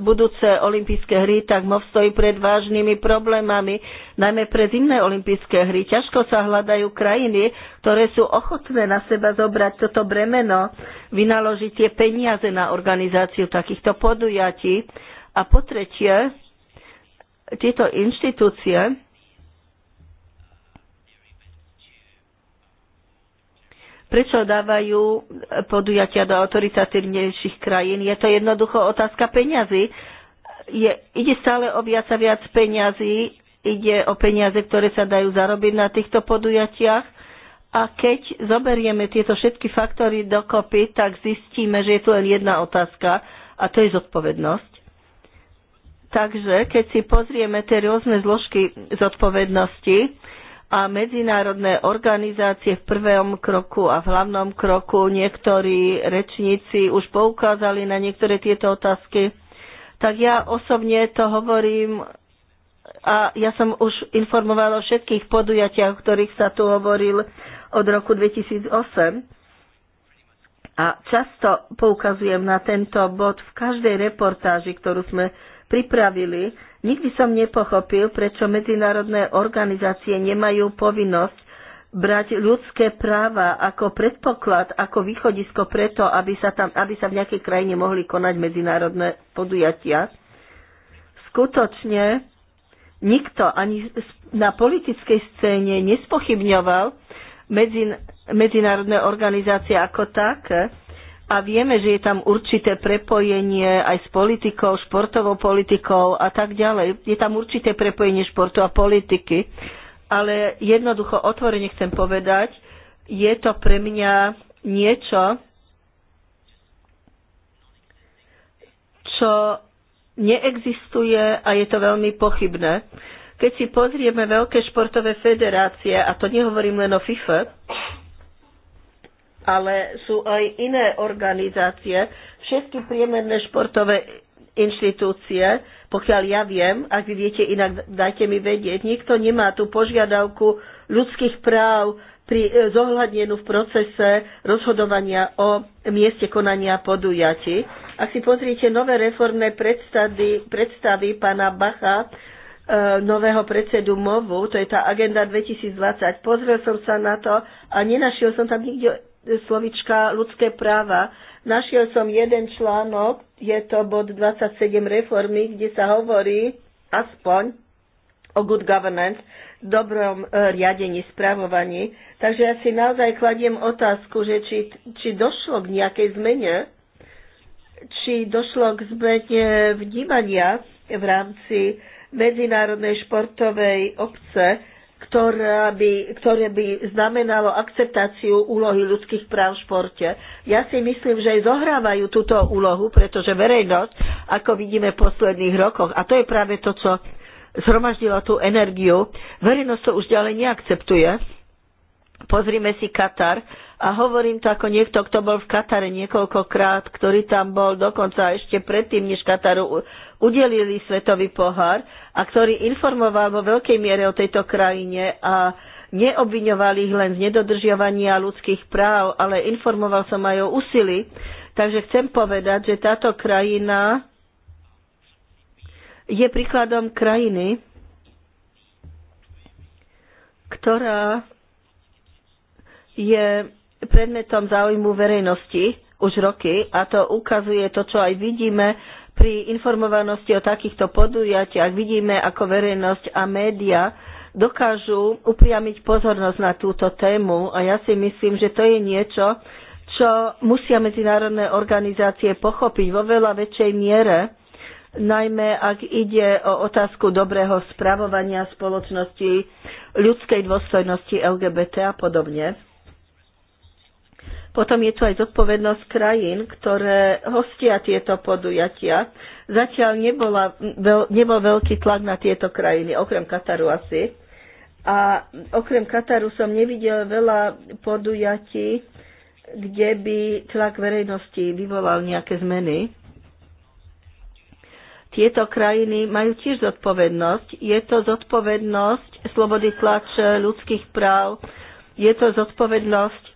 budúce olympijské hry, tak MOV stojí pred vážnymi problémami, najmä pre zimné olympijské hry. Ťažko sa hľadajú krajiny, ktoré sú ochotné na seba zobrať toto bremeno, vynaložiť tie peniaze na organizáciu takýchto podujatí. A po tretie, tieto inštitúcie, Prečo dávajú eh, podujatia do autoritatívnejších krajín? Je to jednoducho otázka peňazí. Je, ide stále o viac a viac peňazí, ide o peniaze, ktoré sa dajú zarobiť na týchto podujatiach. A keď zoberieme tieto všetky faktory dokopy, tak zistíme, že je tu len jedna otázka a to je zodpovednosť. Takže keď si pozrieme tie rôzne zložky zodpovednosti, a medzinárodné organizácie v prvom kroku a v hlavnom kroku niektorí rečníci už poukázali na niektoré tieto otázky, tak ja osobne to hovorím a ja som už informovala o všetkých podujatiach, o ktorých sa tu hovoril od roku 2008. A často poukazujem na tento bod v každej reportáži, ktorú sme pripravili, Nikdy som nepochopil, prečo medzinárodné organizácie nemajú povinnosť brať ľudské práva ako predpoklad, ako východisko preto, aby sa, tam, aby sa v nejakej krajine mohli konať medzinárodné podujatia. Skutočne nikto ani na politickej scéne nespochybňoval medzin, medzinárodné organizácie ako také, a vieme, že je tam určité prepojenie aj s politikou, športovou politikou a tak ďalej. Je tam určité prepojenie športu a politiky. Ale jednoducho, otvorene chcem povedať, je to pre mňa niečo, čo neexistuje a je to veľmi pochybné. Keď si pozrieme veľké športové federácie, a to nehovorím len o FIFA, ale sú aj iné organizácie, všetky priemerné športové inštitúcie, pokiaľ ja viem, ak vy viete inak, dajte mi vedieť, nikto nemá tú požiadavku ľudských práv pri e, zohľadnenú v procese rozhodovania o mieste konania podujati. Ak si pozriete nové reformné predstavy, predstavy pána Bacha, e, nového predsedu MOVu, to je tá agenda 2020. Pozrel som sa na to a nenašiel som tam nikde slovička ľudské práva. Našiel som jeden článok, je to bod 27 reformy, kde sa hovorí aspoň o good governance, dobrom e, riadení, správovaní. Takže ja si naozaj kladiem otázku, že či, či došlo k nejakej zmene, či došlo k zmene vnímania v rámci medzinárodnej športovej obce, ktorá by, ktoré by znamenalo akceptáciu úlohy ľudských práv v športe. Ja si myslím, že aj zohrávajú túto úlohu, pretože verejnosť, ako vidíme v posledných rokoch, a to je práve to, čo zhromaždilo tú energiu, verejnosť to už ďalej neakceptuje. Pozrime si Katar a hovorím to ako niekto, kto bol v Katare niekoľkokrát, ktorý tam bol dokonca ešte predtým, než Kataru udelili svetový pohár a ktorý informoval vo veľkej miere o tejto krajine a neobviňoval ich len z nedodržiavania ľudských práv, ale informoval som aj o úsilí. Takže chcem povedať, že táto krajina je príkladom krajiny, ktorá je predmetom záujmu verejnosti už roky a to ukazuje to, čo aj vidíme pri informovanosti o takýchto podujatiach vidíme, ako verejnosť a média dokážu upriamiť pozornosť na túto tému a ja si myslím, že to je niečo, čo musia medzinárodné organizácie pochopiť vo veľa väčšej miere, najmä ak ide o otázku dobrého spravovania spoločnosti, ľudskej dôstojnosti LGBT a podobne. Potom je tu aj zodpovednosť krajín, ktoré hostia tieto podujatia. Zatiaľ nebola, veľ, nebol veľký tlak na tieto krajiny, okrem Kataru asi. A okrem Kataru som nevidel veľa podujatí, kde by tlak verejnosti vyvolal nejaké zmeny. Tieto krajiny majú tiež zodpovednosť. Je to zodpovednosť slobody tlače, ľudských práv, je to zodpovednosť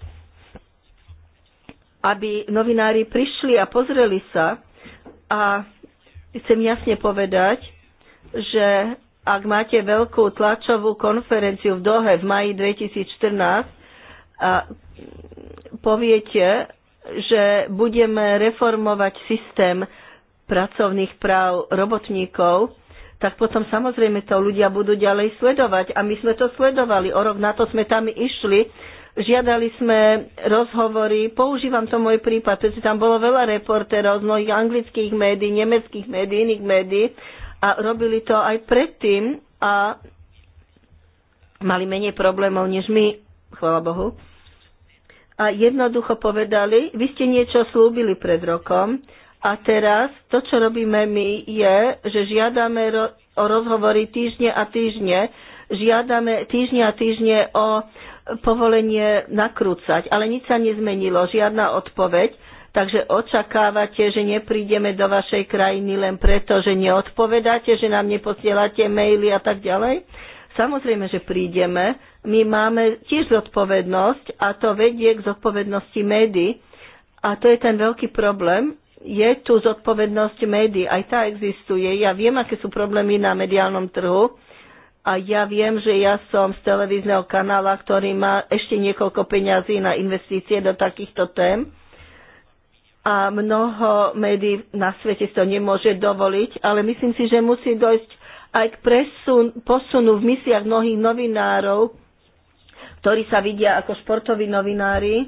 aby novinári prišli a pozreli sa. A chcem jasne povedať, že ak máte veľkú tlačovú konferenciu v Dohe v maji 2014 a poviete, že budeme reformovať systém pracovných práv robotníkov, tak potom samozrejme to ľudia budú ďalej sledovať. A my sme to sledovali. O rok na to sme tam išli Žiadali sme rozhovory, používam to môj prípad, pretože tam bolo veľa reportérov z mnohých anglických médií, nemeckých médií, iných médií a robili to aj predtým a mali menej problémov než my, chvála Bohu. A jednoducho povedali, vy ste niečo slúbili pred rokom a teraz to, čo robíme my, je, že žiadame ro- o rozhovory týždne a týždne, žiadame týždne a týždne o povolenie nakrúcať, ale nič sa nezmenilo, žiadna odpoveď. Takže očakávate, že neprídeme do vašej krajiny len preto, že neodpovedáte, že nám neposielate maily a tak ďalej? Samozrejme, že prídeme. My máme tiež zodpovednosť a to vedie k zodpovednosti médií. A to je ten veľký problém. Je tu zodpovednosť médií, aj tá existuje. Ja viem, aké sú problémy na mediálnom trhu a ja viem, že ja som z televízneho kanála, ktorý má ešte niekoľko peňazí na investície do takýchto tém. A mnoho médií na svete si to nemôže dovoliť, ale myslím si, že musí dojsť aj k presun, posunu v misiach mnohých novinárov, ktorí sa vidia ako športoví novinári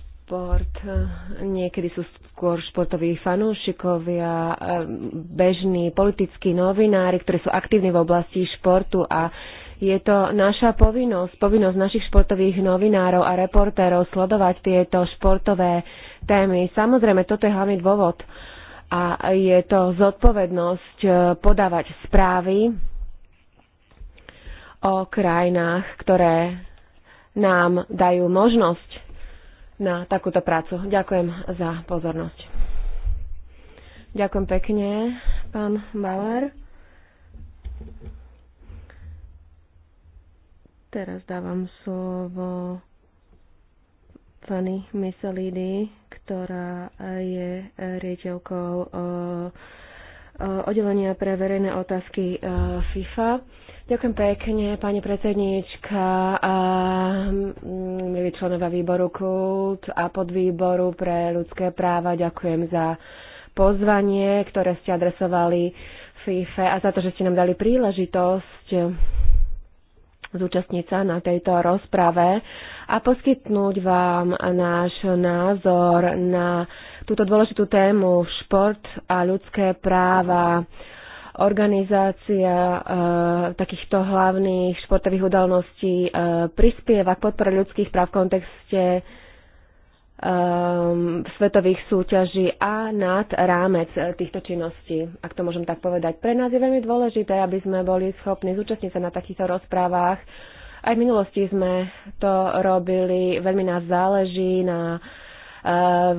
šport niekedy sú skôr športoví fanúšikovia, e, bežní politickí novinári, ktorí sú aktívni v oblasti športu a je to naša povinnosť, povinnosť našich športových novinárov a reportérov sledovať tieto športové témy. Samozrejme, toto je hlavný dôvod a je to zodpovednosť e, podávať správy o krajinách, ktoré nám dajú možnosť na takúto prácu. Ďakujem za pozornosť. Ďakujem pekne, pán Bauer. Teraz dávam slovo pani Miselidy, ktorá je riaditeľkou eh, eh, oddelenia pre verejné otázky eh, FIFA Ďakujem pekne, pani predsednička, a milí členovia výboru KULT a podvýboru pre ľudské práva. Ďakujem za pozvanie, ktoré ste adresovali FIFE a za to, že ste nám dali príležitosť zúčastniť sa na tejto rozprave a poskytnúť vám náš názor na túto dôležitú tému šport a ľudské práva organizácia e, takýchto hlavných športových udalností e, prispieva k podpore ľudských práv v kontexte e, svetových súťaží a nad rámec e, týchto činností, ak to môžem tak povedať. Pre nás je veľmi dôležité, aby sme boli schopní zúčastniť sa na takýchto rozprávach. Aj v minulosti sme to robili, veľmi nás záleží na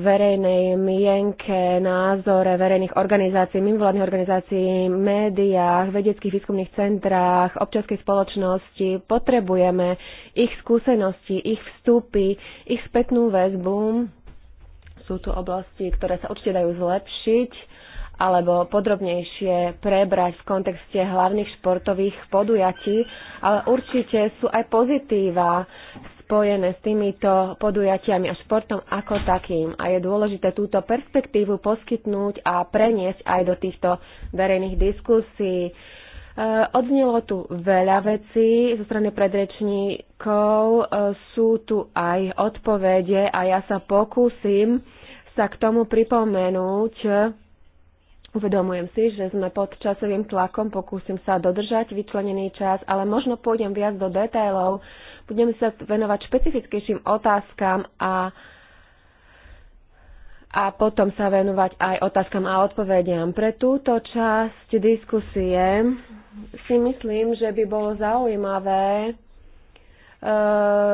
verejnej mienke, názore verejných organizácií, mimovládnych organizácií, médiách, vedeckých výskumných centrách, občianskej spoločnosti. Potrebujeme ich skúsenosti, ich vstupy, ich spätnú väzbu. Sú tu oblasti, ktoré sa určite dajú zlepšiť alebo podrobnejšie prebrať v kontexte hlavných športových podujatí, ale určite sú aj pozitíva z spojené s týmito podujatiami a športom ako takým. A je dôležité túto perspektívu poskytnúť a preniesť aj do týchto verejných diskusí. E, odznelo tu veľa vecí zo strany predrečníkov, e, sú tu aj odpovede a ja sa pokúsim sa k tomu pripomenúť. Uvedomujem si, že sme pod časovým tlakom, pokúsim sa dodržať vyčlenený čas, ale možno pôjdem viac do detailov budeme sa venovať špecifickejším otázkam a a potom sa venovať aj otázkam a odpovediam. Pre túto časť diskusie si myslím, že by bolo zaujímavé e,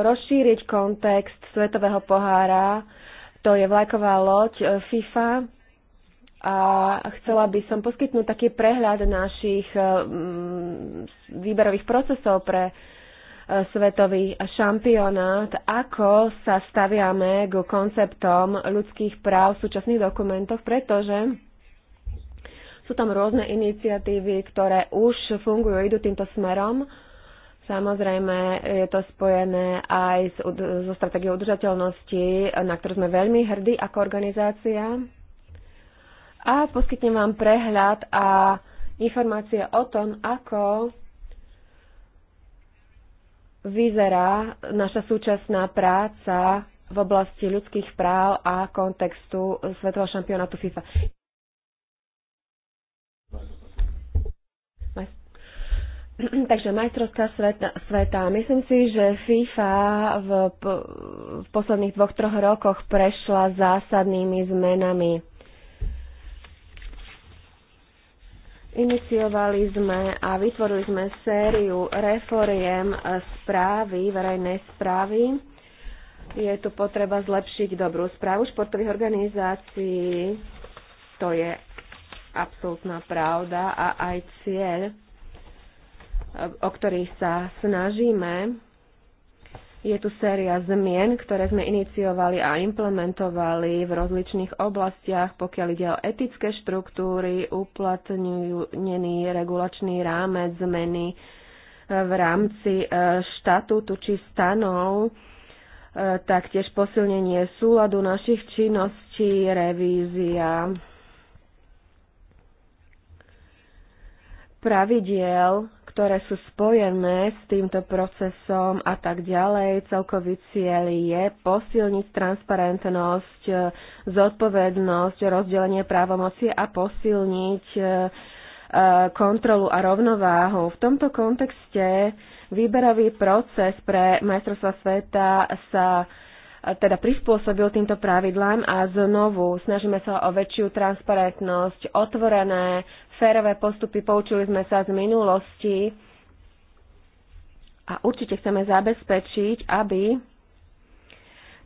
rozšíriť kontext Svetového pohára. To je vlajková loď e, FIFA a chcela by som poskytnúť taký prehľad našich e, výberových procesov pre svetový šampionát. Ako sa staviame k konceptom ľudských práv v súčasných dokumentoch, pretože sú tam rôzne iniciatívy, ktoré už fungujú, idú týmto smerom. Samozrejme, je to spojené aj so stratégiou udržateľnosti, na ktorú sme veľmi hrdí ako organizácia. A poskytnem vám prehľad a informácie o tom, ako vyzerá naša súčasná práca v oblasti ľudských práv a kontextu Svetového šampionátu FIFA. [CLEARS THROAT] Takže majstrovská sveta, sveta. Myslím si, že FIFA v, v posledných dvoch, troch rokoch prešla zásadnými zmenami Iniciovali sme a vytvorili sme sériu reforiem správy, verejnej správy. Je tu potreba zlepšiť dobrú správu športových organizácií. To je absolútna pravda a aj cieľ, o ktorý sa snažíme je tu séria zmien, ktoré sme iniciovali a implementovali v rozličných oblastiach, pokiaľ ide o etické štruktúry, uplatnený regulačný rámec zmeny e, v rámci e, štatútu či stanov, e, taktiež posilnenie súladu našich činností, revízia pravidiel ktoré sú spojené s týmto procesom a tak ďalej. Celkový cieľ je posilniť transparentnosť, zodpovednosť, rozdelenie právomoci a posilniť e, e, kontrolu a rovnováhu. V tomto kontexte výberový proces pre majstrovstva sveta sa teda prispôsobil týmto pravidlám a znovu snažíme sa o väčšiu transparentnosť, otvorené, férové postupy, poučili sme sa z minulosti a určite chceme zabezpečiť, aby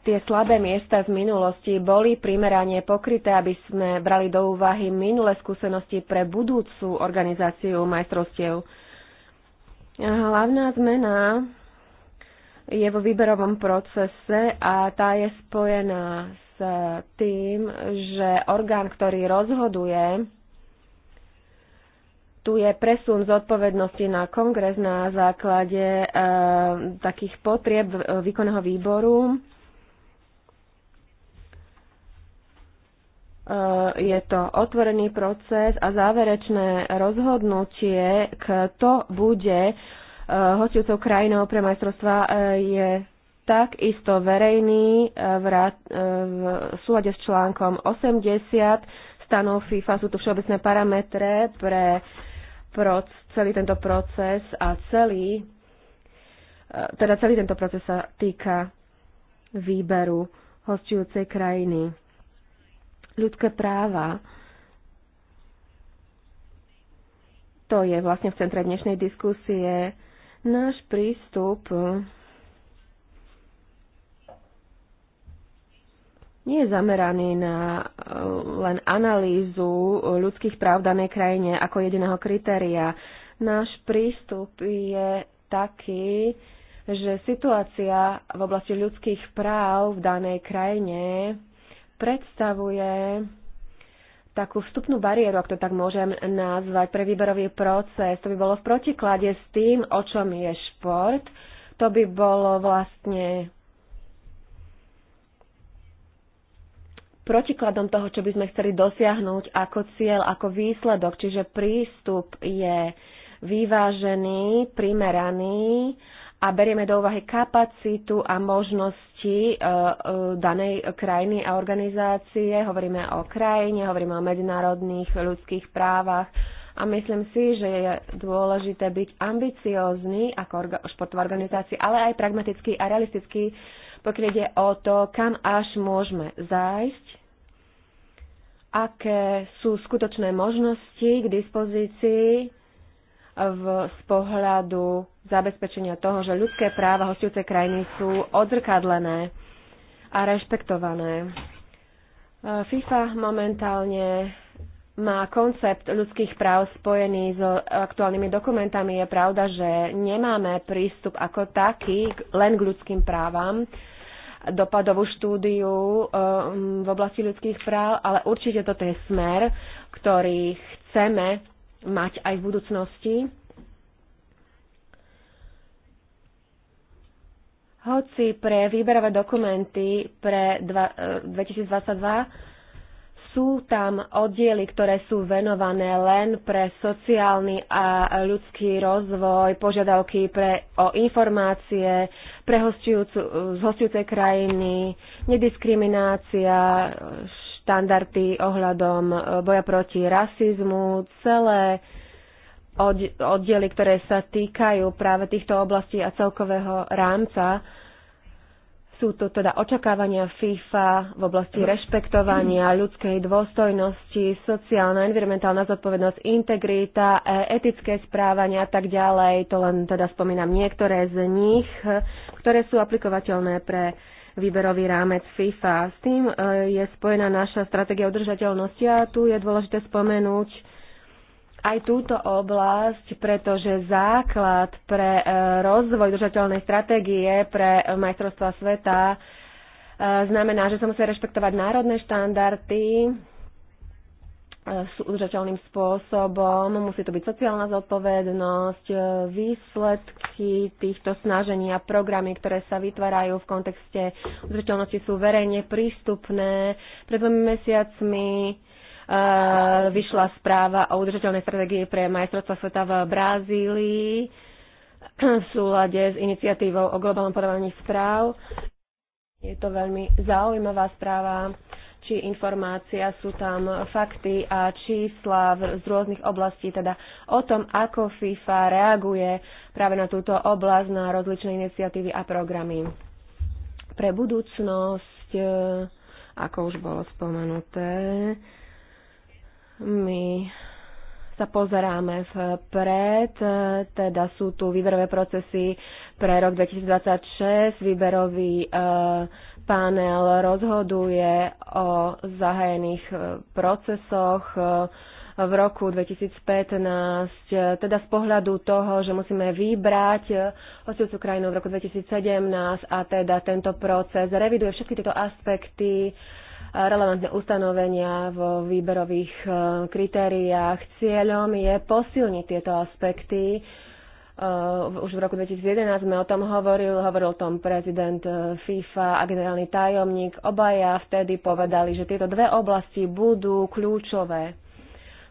tie slabé miesta z minulosti boli primerane pokryté, aby sme brali do úvahy minulé skúsenosti pre budúcu organizáciu majstrovstiev. Hlavná zmena je vo výberovom procese a tá je spojená s tým, že orgán, ktorý rozhoduje, tu je presun zodpovednosti na kongres na základe e, takých potrieb výkonného výboru. E, je to otvorený proces a záverečné rozhodnutie, kto bude hostujúcou krajinou pre majstrovstva e, je takisto verejný e, v, e, v súlade s článkom 80 stanov FIFA. Sú tu všeobecné parametre pre proc, celý tento proces a celý, teda celý tento proces sa týka výberu hostujúcej krajiny. Ľudské práva, to je vlastne v centre dnešnej diskusie, Náš prístup e, nie je zameraný na e, len analýzu ľudských práv v danej krajine ako jediného kritéria. Náš prístup je taký, že situácia v oblasti ľudských práv v danej krajine predstavuje takú vstupnú bariéru, ak to tak môžem nazvať, pre výberový proces. To by bolo v protiklade s tým, o čom je šport. To by bolo vlastne protikladom toho, čo by sme chceli dosiahnuť ako cieľ, ako výsledok. Čiže prístup je vyvážený, primeraný a berieme do úvahy kapacitu a možnosti e, e, danej krajiny a organizácie. Hovoríme o krajine, hovoríme o medzinárodných ľudských právach a myslím si, že je dôležité byť ambiciózny ako športová organizácia, ale aj pragmatický a realistický, pokiaľ ide o to, kam až môžeme zájsť, aké sú skutočné možnosti k dispozícii v, z pohľadu zabezpečenia toho, že ľudské práva hostujúcej krajiny sú odzrkadlené a rešpektované. E, FIFA momentálne má koncept ľudských práv spojený s aktuálnymi dokumentami. Je pravda, že nemáme prístup ako taký len k ľudským právam, dopadovú štúdiu e, v oblasti ľudských práv, ale určite toto je smer, ktorý chceme mať aj v budúcnosti. Hoci pre výberové dokumenty pre 2022 e, sú tam oddiely, ktoré sú venované len pre sociálny a ľudský rozvoj, požiadavky pre, o informácie, pre hostujúcu, z hostujúcej krajiny, nediskriminácia, štandardy ohľadom e, boja proti rasizmu, celé oddiely, ktoré sa týkajú práve týchto oblastí a celkového rámca. Sú to teda očakávania FIFA v oblasti rešpektovania ľudskej dôstojnosti, sociálna, environmentálna zodpovednosť, integrita, e, etické správanie a tak ďalej. To len teda spomínam niektoré z nich, ktoré sú aplikovateľné pre výberový rámec FIFA. S tým e, je spojená naša stratégia udržateľnosti a tu je dôležité spomenúť aj túto oblasť, pretože základ pre e, rozvoj držateľnej stratégie pre majstrovstva sveta e, znamená, že sa musia rešpektovať národné štandardy, E, udržateľným spôsobom. Musí to byť sociálna zodpovednosť, e, výsledky týchto snažení a programy, ktoré sa vytvárajú v kontexte udržateľnosti sú verejne prístupné. Pred dvomi mesiacmi e, vyšla správa o udržateľnej strategii pre majstrovstva sveta v Brazílii v súlade s iniciatívou o globálnom podávaní správ. Je to veľmi zaujímavá správa či informácia, sú tam fakty a čísla z rôznych oblastí, teda o tom, ako FIFA reaguje práve na túto oblasť, na rozličné iniciatívy a programy. Pre budúcnosť, e, ako už bolo spomenuté, my sa pozeráme vpred, e, teda sú tu výberové procesy pre rok 2026, výberový uh, panel rozhoduje o zahajených e, procesoch e, v roku 2015, teda z pohľadu toho, že musíme vybrať e, hostujúcu krajinu v roku 2017 a teda tento proces reviduje všetky tieto aspekty, relevantné ustanovenia vo výberových kritériách. Cieľom je posilniť tieto aspekty, Eh, už v roku 2011 sme o tom hovoril, hovoril o tom prezident eh, FIFA a generálny tajomník. Obaja vtedy povedali, že tieto dve oblasti budú kľúčové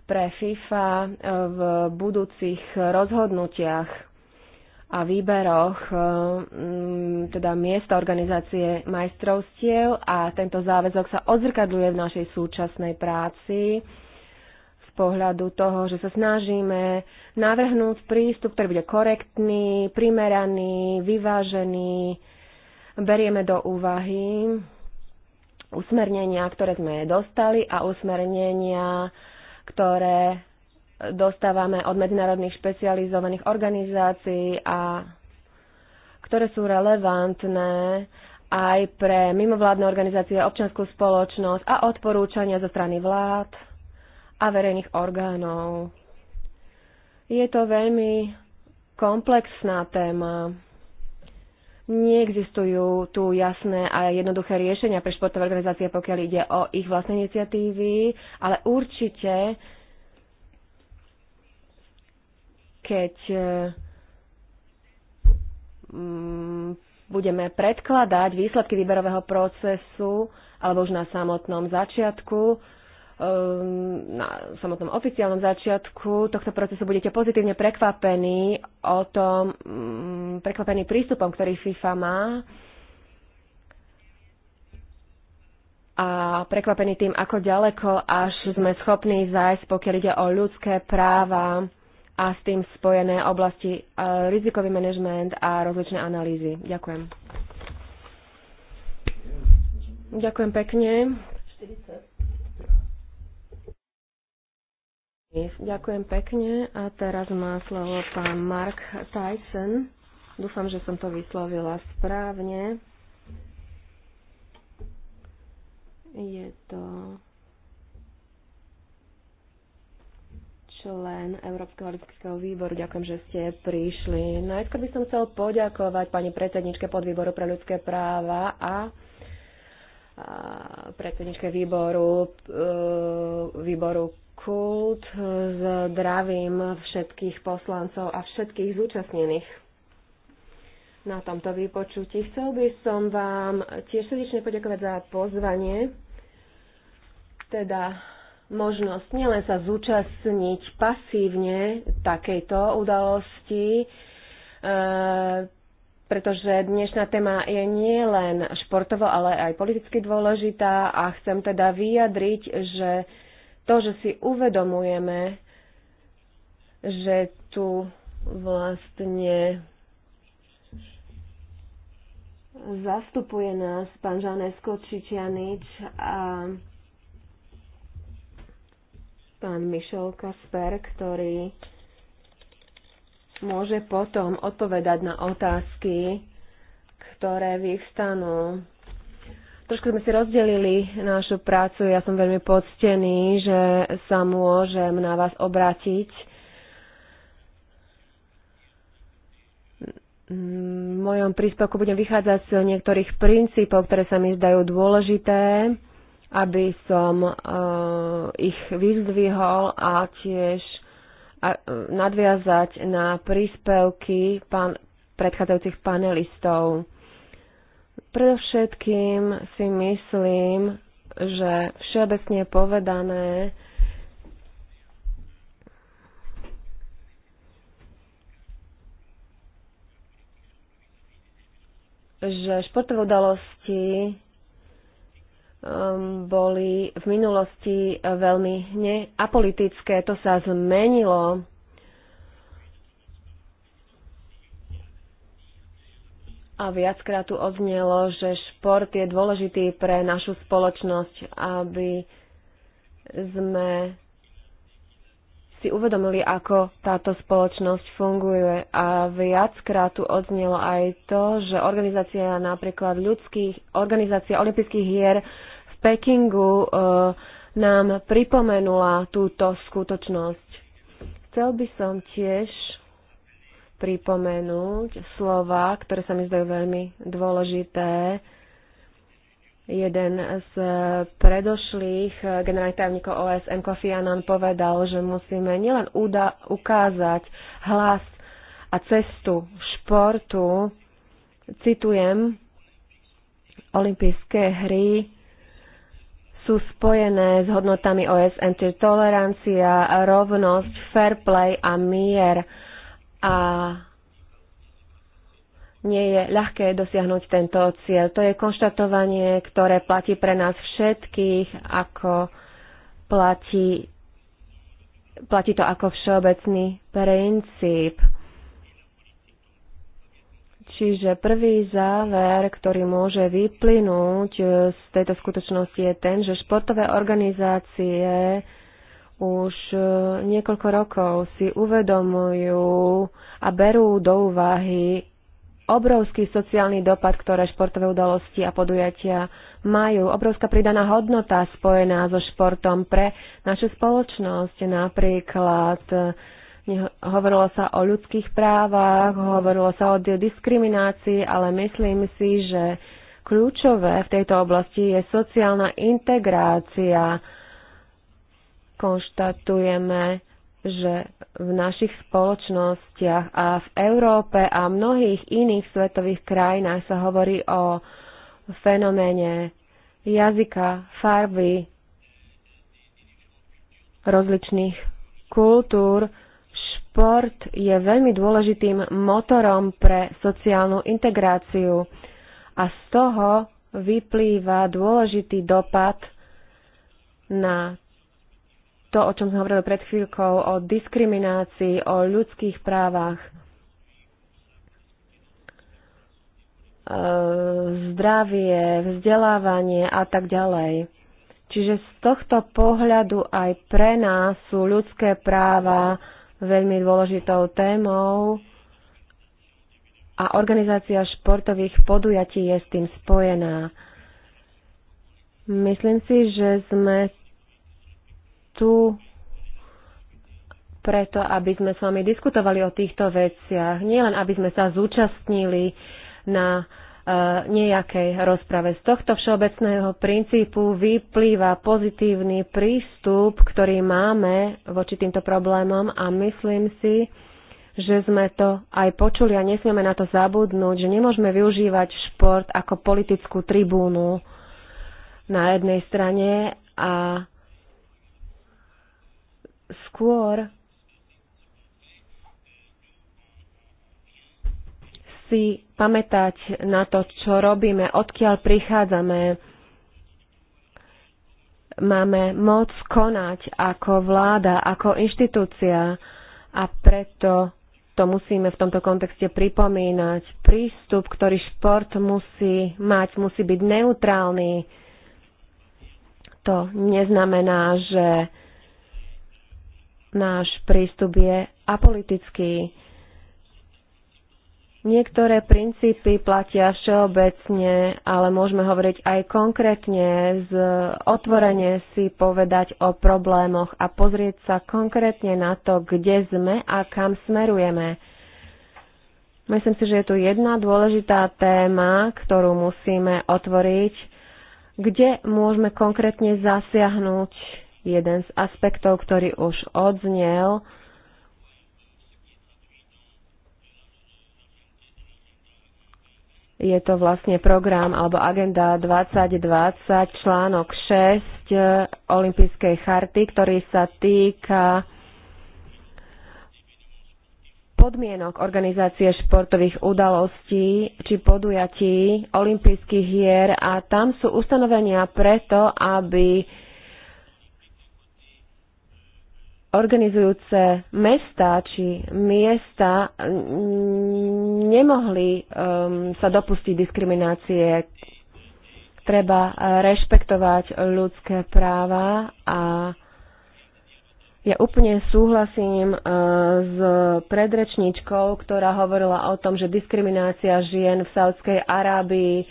pre FIFA eh, v budúcich rozhodnutiach a výberoch mm, teda miesta organizácie majstrovstiev a tento záväzok sa odzrkadľuje v našej súčasnej práci pohľadu toho, že sa snažíme navrhnúť prístup, ktorý bude korektný, primeraný, vyvážený. Berieme do úvahy usmernenia, ktoré sme dostali a usmernenia, ktoré dostávame od medzinárodných špecializovaných organizácií a ktoré sú relevantné aj pre mimovládne organizácie, občianskú spoločnosť a odporúčania zo strany vlád a verejných orgánov. Je to veľmi komplexná téma. Neexistujú tu jasné a jednoduché riešenia pre športové organizácie, pokiaľ ide o ich vlastné iniciatívy, ale určite, keď mm, budeme predkladať výsledky výberového procesu alebo už na samotnom začiatku, na samotnom oficiálnom začiatku tohto procesu budete pozitívne prekvapení o tom, mm, prekvapený prístupom, ktorý FIFA má a prekvapený tým, ako ďaleko až sme schopní zájsť, pokiaľ ide o ľudské práva a s tým spojené oblasti e, rizikový manažment a rozličné analýzy. Ďakujem. Ďakujem pekne. 40. Ďakujem pekne a teraz má slovo pán Mark Tyson. Dúfam, že som to vyslovila správne. Je to člen Európskeho olympijského výboru. Ďakujem, že ste prišli. Najskôr by som chcel poďakovať pani predsedničke podvýboru pre ľudské práva a predsedničke výboru, e, výboru kult e, zdravím všetkých poslancov a všetkých zúčastnených na tomto vypočutí. Chcel by som vám tiež srdečne poďakovať za pozvanie, teda možnosť nielen sa zúčastniť pasívne takejto udalosti, e, pretože dnešná téma je nielen športovo, ale aj politicky dôležitá a chcem teda vyjadriť, že to, že si uvedomujeme, že tu vlastne zastupuje nás pán Žanesko Čičianič a pán Mišel Kasper, ktorý môže potom odpovedať na otázky, ktoré vyvstanú Trošku sme si rozdelili našu prácu. Ja som veľmi poctený, že sa môžem na vás obrátiť. V mojom príspevku budem vychádzať z niektorých princípov, ktoré sa mi zdajú dôležité, aby som uh, ich vyzdvihol a tiež a, uh, nadviazať na príspevky pán, predchádzajúcich panelistov Predovšetkým si myslím, že všeobecne povedané že športové udalosti um, boli v minulosti veľmi neapolitické. To sa zmenilo A viackrát tu odznelo, že šport je dôležitý pre našu spoločnosť, aby sme si uvedomili, ako táto spoločnosť funguje. A viackrát tu odznelo aj to, že organizácia napríklad ľudských, organizácia olympijských hier v Pekingu e, nám pripomenula túto skutočnosť. Chcel by som tiež pripomenúť slova, ktoré sa mi zdajú veľmi dôležité. Jeden z predošlých generálnych tajomníkov OSN Kofi Annan povedal, že musíme nielen ukázať hlas a cestu športu, citujem, olympijské hry sú spojené s hodnotami OSN, čiže tolerancia, rovnosť, fair play a mier a nie je ľahké dosiahnuť tento cieľ. To je konštatovanie, ktoré platí pre nás všetkých, ako platí, platí to ako všeobecný princíp. Čiže prvý záver, ktorý môže vyplynúť z tejto skutočnosti je ten, že športové organizácie už e, niekoľko rokov si uvedomujú a berú do úvahy obrovský sociálny dopad, ktoré športové udalosti a podujatia majú. Obrovská pridaná hodnota spojená so športom pre našu spoločnosť. Napríklad e, hovorilo sa o ľudských právach, hovorilo sa o diskriminácii, ale myslím si, že kľúčové v tejto oblasti je sociálna integrácia konštatujeme, že v našich spoločnostiach a v Európe a mnohých iných svetových krajinách sa hovorí o fenoméne jazyka, farby rozličných kultúr. Šport je veľmi dôležitým motorom pre sociálnu integráciu a z toho vyplýva dôležitý dopad na to, o čom sme hovorili pred chvíľkou, o diskriminácii, o ľudských právach, e, zdravie, vzdelávanie a tak ďalej. Čiže z tohto pohľadu aj pre nás sú ľudské práva veľmi dôležitou témou a organizácia športových podujatí je s tým spojená. Myslím si, že sme tu preto, aby sme s vami diskutovali o týchto veciach, nielen aby sme sa zúčastnili na e, nejakej rozprave. Z tohto všeobecného princípu vyplýva pozitívny prístup, ktorý máme voči týmto problémom a myslím si, že sme to aj počuli a nesmieme na to zabudnúť, že nemôžeme využívať šport ako politickú tribúnu na jednej strane a skôr si pamätať na to, čo robíme, odkiaľ prichádzame. Máme moc konať ako vláda, ako inštitúcia a preto to musíme v tomto kontexte pripomínať. Prístup, ktorý šport musí mať, musí byť neutrálny. To neznamená, že náš prístup je apolitický. Niektoré princípy platia všeobecne, ale môžeme hovoriť aj konkrétne, z, otvorenie si povedať o problémoch a pozrieť sa konkrétne na to, kde sme a kam smerujeme. Myslím si, že je tu jedna dôležitá téma, ktorú musíme otvoriť, kde môžeme konkrétne zasiahnuť jeden z aspektov, ktorý už odznel. Je to vlastne program alebo agenda 2020, článok 6 e, Olympijskej charty, ktorý sa týka podmienok organizácie športových udalostí či podujatí olympijských hier a tam sú ustanovenia preto, aby organizujúce mesta či miesta nemohli um, sa dopustiť diskriminácie. Treba uh, rešpektovať ľudské práva a ja úplne súhlasím uh, s predrečníčkou, ktorá hovorila o tom, že diskriminácia žien v Saudskej Arábii uh,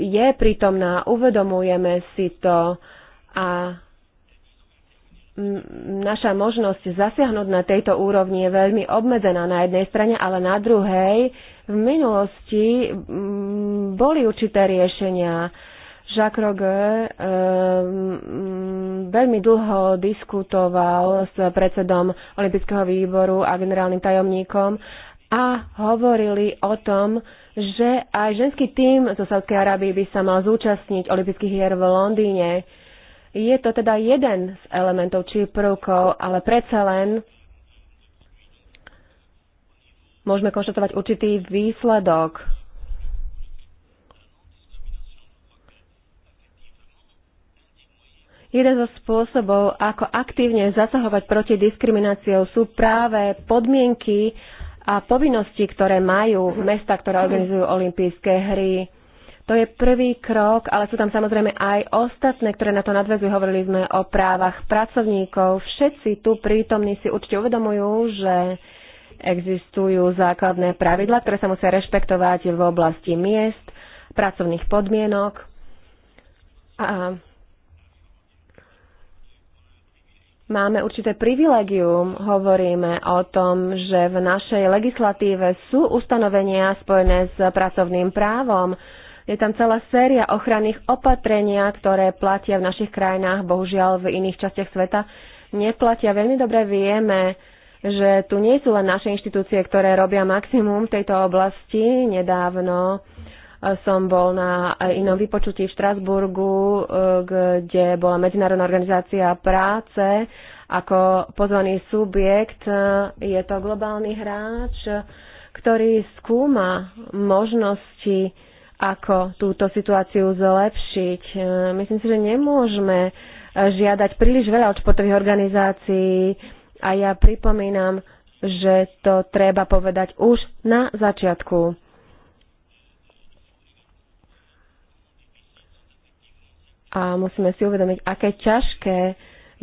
je prítomná, uvedomujeme si to a naša možnosť zasiahnuť na tejto úrovni je veľmi obmedzená na jednej strane, ale na druhej v minulosti boli určité riešenia. Jacques Roger um, veľmi dlho diskutoval s predsedom Olympijského výboru a generálnym tajomníkom a hovorili o tom, že aj ženský tím zo Sádskej Arábie by sa mal zúčastniť olympijských hier v Londýne. Je to teda jeden z elementov či prvkov, ale predsa len môžeme konštatovať určitý výsledok. Jeden zo spôsobov, ako aktívne zasahovať proti diskrimináciou, sú práve podmienky a povinnosti, ktoré majú mesta, ktoré organizujú olympijské hry to je prvý krok, ale sú tam samozrejme aj ostatné, ktoré na to nadvezujú. Hovorili sme o právach pracovníkov. Všetci tu prítomní si určite uvedomujú, že existujú základné pravidla, ktoré sa musia rešpektovať v oblasti miest, pracovných podmienok a máme určité privilegium. Hovoríme o tom, že v našej legislatíve sú ustanovenia spojené s pracovným právom je tam celá séria ochranných opatrenia, ktoré platia v našich krajinách, bohužiaľ v iných častiach sveta neplatia. Veľmi dobre vieme, že tu nie sú len naše inštitúcie, ktoré robia maximum v tejto oblasti. Nedávno eh, som bol na inom vypočutí v Štrasburgu, eh, kde bola Medzinárodná organizácia práce ako pozvaný subjekt. Eh, je to globálny hráč, ktorý skúma možnosti ako túto situáciu zlepšiť. E, myslím si, že nemôžeme e, žiadať príliš veľa od športových organizácií a ja pripomínam, že to treba povedať už na začiatku. A musíme si uvedomiť, aké ťažké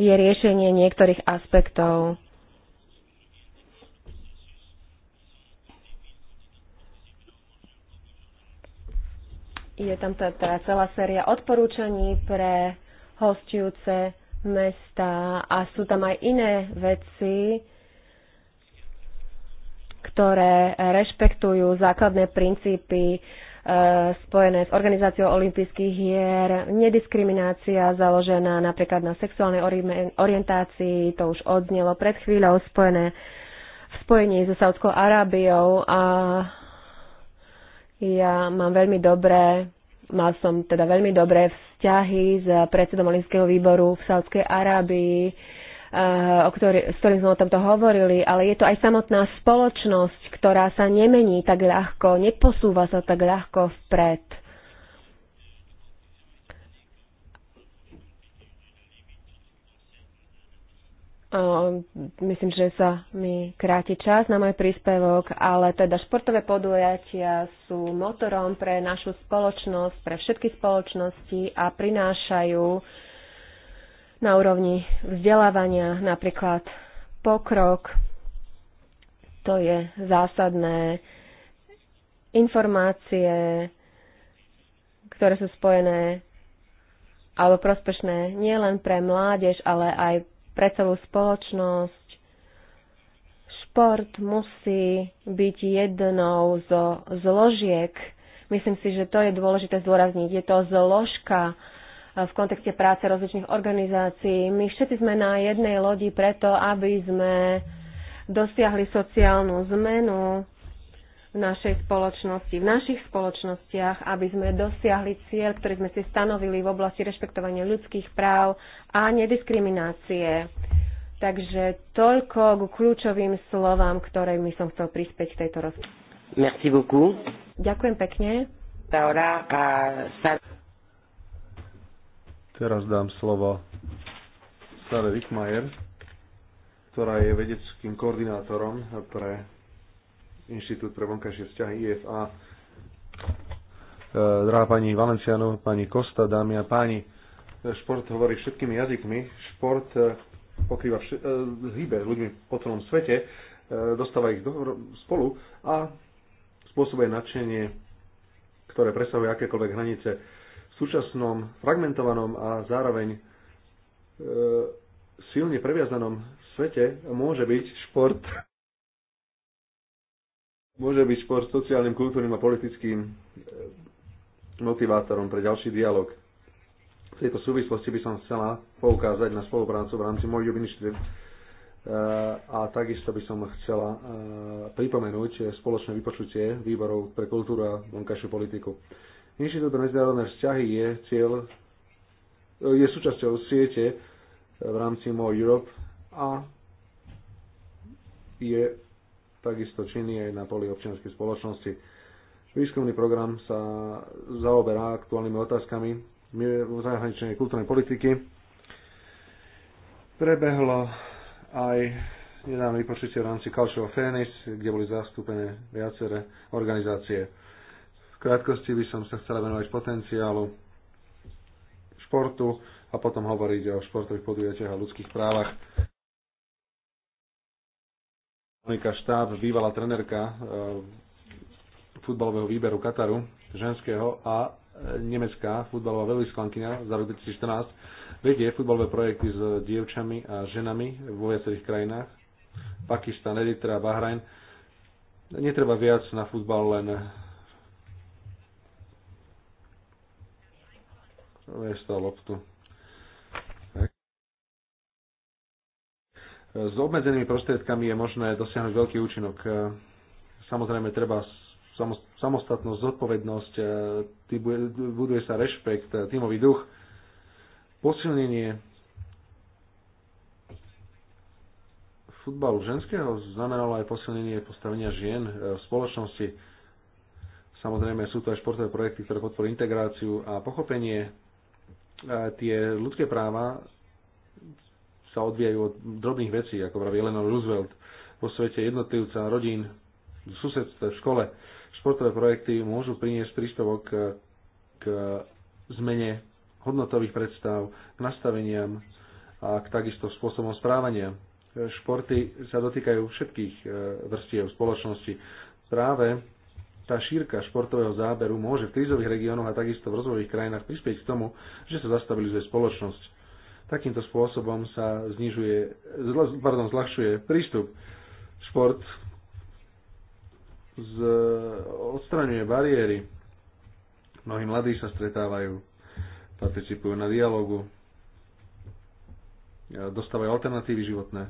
je riešenie niektorých aspektov. je tam tá celá séria odporúčaní pre hostujúce mesta a sú tam aj iné veci, ktoré rešpektujú základné princípy e, spojené s organizáciou olympijských hier, nediskriminácia založená napríklad na sexuálnej orientácii, to už odznelo pred chvíľou spojené v spojení so Saudskou Arábiou a ja mám veľmi dobré, mal som teda veľmi dobré vzťahy s predsedom Olinského výboru v Sádskej Arábii, eh, o ktorý, s ktorým sme o tomto hovorili, ale je to aj samotná spoločnosť, ktorá sa nemení tak ľahko, neposúva sa tak ľahko vpred myslím, že sa mi kráti čas na môj príspevok, ale teda športové podujatia sú motorom pre našu spoločnosť, pre všetky spoločnosti a prinášajú na úrovni vzdelávania napríklad pokrok. To je zásadné. Informácie, ktoré sú spojené alebo prospešné nielen pre mládež, ale aj pre celú spoločnosť. Šport musí byť jednou zo zložiek. Myslím si, že to je dôležité zdôrazniť. Je to zložka eh, v kontexte práce rozličných organizácií. My všetci sme na jednej lodi preto, aby sme dosiahli sociálnu zmenu, v našej spoločnosti, v našich spoločnostiach, aby sme dosiahli cieľ, ktorý sme si stanovili v oblasti rešpektovania ľudských práv a nediskriminácie. Takže toľko k kľúčovým slovám, ktoré mi som chcel prispieť k tejto rozprave. Ďakujem pekne. Teraz dám slovo Sare Wittmeier, ktorá je vedeckým koordinátorom pre Inštitút pre vonkajšie vzťahy IFA. E, drahá pani Valenciano, pani Kosta, dámy a páni, šport hovorí všetkými jazykmi. Šport e, pokrýva vš- e, hýbe ľuďmi po celom svete, dostáva ich do- spolu a spôsobuje nadšenie, ktoré presahuje akékoľvek hranice v súčasnom, fragmentovanom a zároveň silne previazanom svete môže byť šport môže byť šport sociálnym, kultúrnym a politickým eh, motivátorom pre ďalší dialog. V tejto súvislosti by som chcela poukázať na spoluprácu v rámci mojich ministrie eh, a takisto by som chcela eh, pripomenúť spoločné vypočutie výborov pre kultúru a vonkajšiu politiku. Inštitút pre medzinárodné vzťahy je cieľ, je súčasťou siete v rámci Mo Europe a je takisto činný aj na poli občianskej spoločnosti. Výskumný program sa zaoberá aktuálnymi otázkami zahraničnej kultúrnej politiky. Prebehlo aj nedávne vypočutie v rámci Cultural Fairness, kde boli zastúpené viaceré organizácie. V krátkosti by som sa chcel venovať potenciálu športu a potom hovoriť o športových podujatiach a ľudských právach. Monika Štáb, bývalá trenerka eh, futbalového výberu Kataru, ženského a eh, nemecká futbalová veľvyslankyňa za rok 2014, vedie futbalové projekty s dievčami a ženami vo viacerých krajinách. Pakistan, Eritrea, Bahrajn. Netreba viac na futbal, len Vesta eh, loptu. S obmedzenými prostriedkami je možné dosiahnuť veľký účinok. E, Samozrejme, treba samostatnosť, zodpovednosť, e, buduje sa rešpekt, e, tímový duch, posilnenie futbalu ženského znamenalo aj posilnenie postavenia žien v spoločnosti. Samozrejme sú to aj športové projekty, ktoré podporujú integráciu a pochopenie. Tie ľudské práva sa odvíjajú od drobných vecí, ako praví Eleanor Roosevelt, vo svete jednotlivca, rodín, v susedstve, v škole. Športové projekty môžu priniesť príspevok k, k zmene hodnotových predstav, k nastaveniam a k takisto spôsobom správania. Športy sa dotýkajú všetkých e, vrstiev spoločnosti. Práve tá šírka športového záberu môže v krízových regiónoch a takisto v rozvojových krajinách prispieť k tomu, že sa zastabilizuje spoločnosť. Takýmto spôsobom sa znižuje, pardon, zľahšuje prístup. Šport z, odstraňuje bariéry. Mnohí mladí sa stretávajú, participujú na dialogu, dostávajú alternatívy životné.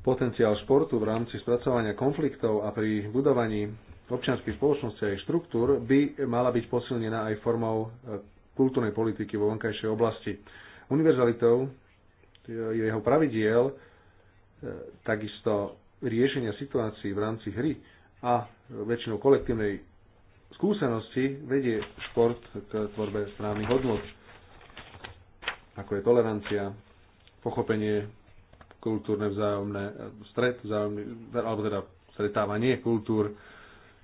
Potenciál športu v rámci spracovania konfliktov a pri budovaní občianskej spoločnosti a jej štruktúr by mala byť posilnená aj formou kultúrnej politiky vo vonkajšej oblasti. Univerzalitou e, je jeho pravidiel, e, takisto riešenia situácií v rámci hry a väčšinou kolektívnej skúsenosti vedie šport k tvorbe správnych hodnot, ako je tolerancia, pochopenie, kultúrne vzájomné stret, vzájomný, alebo teda stretávanie kultúr,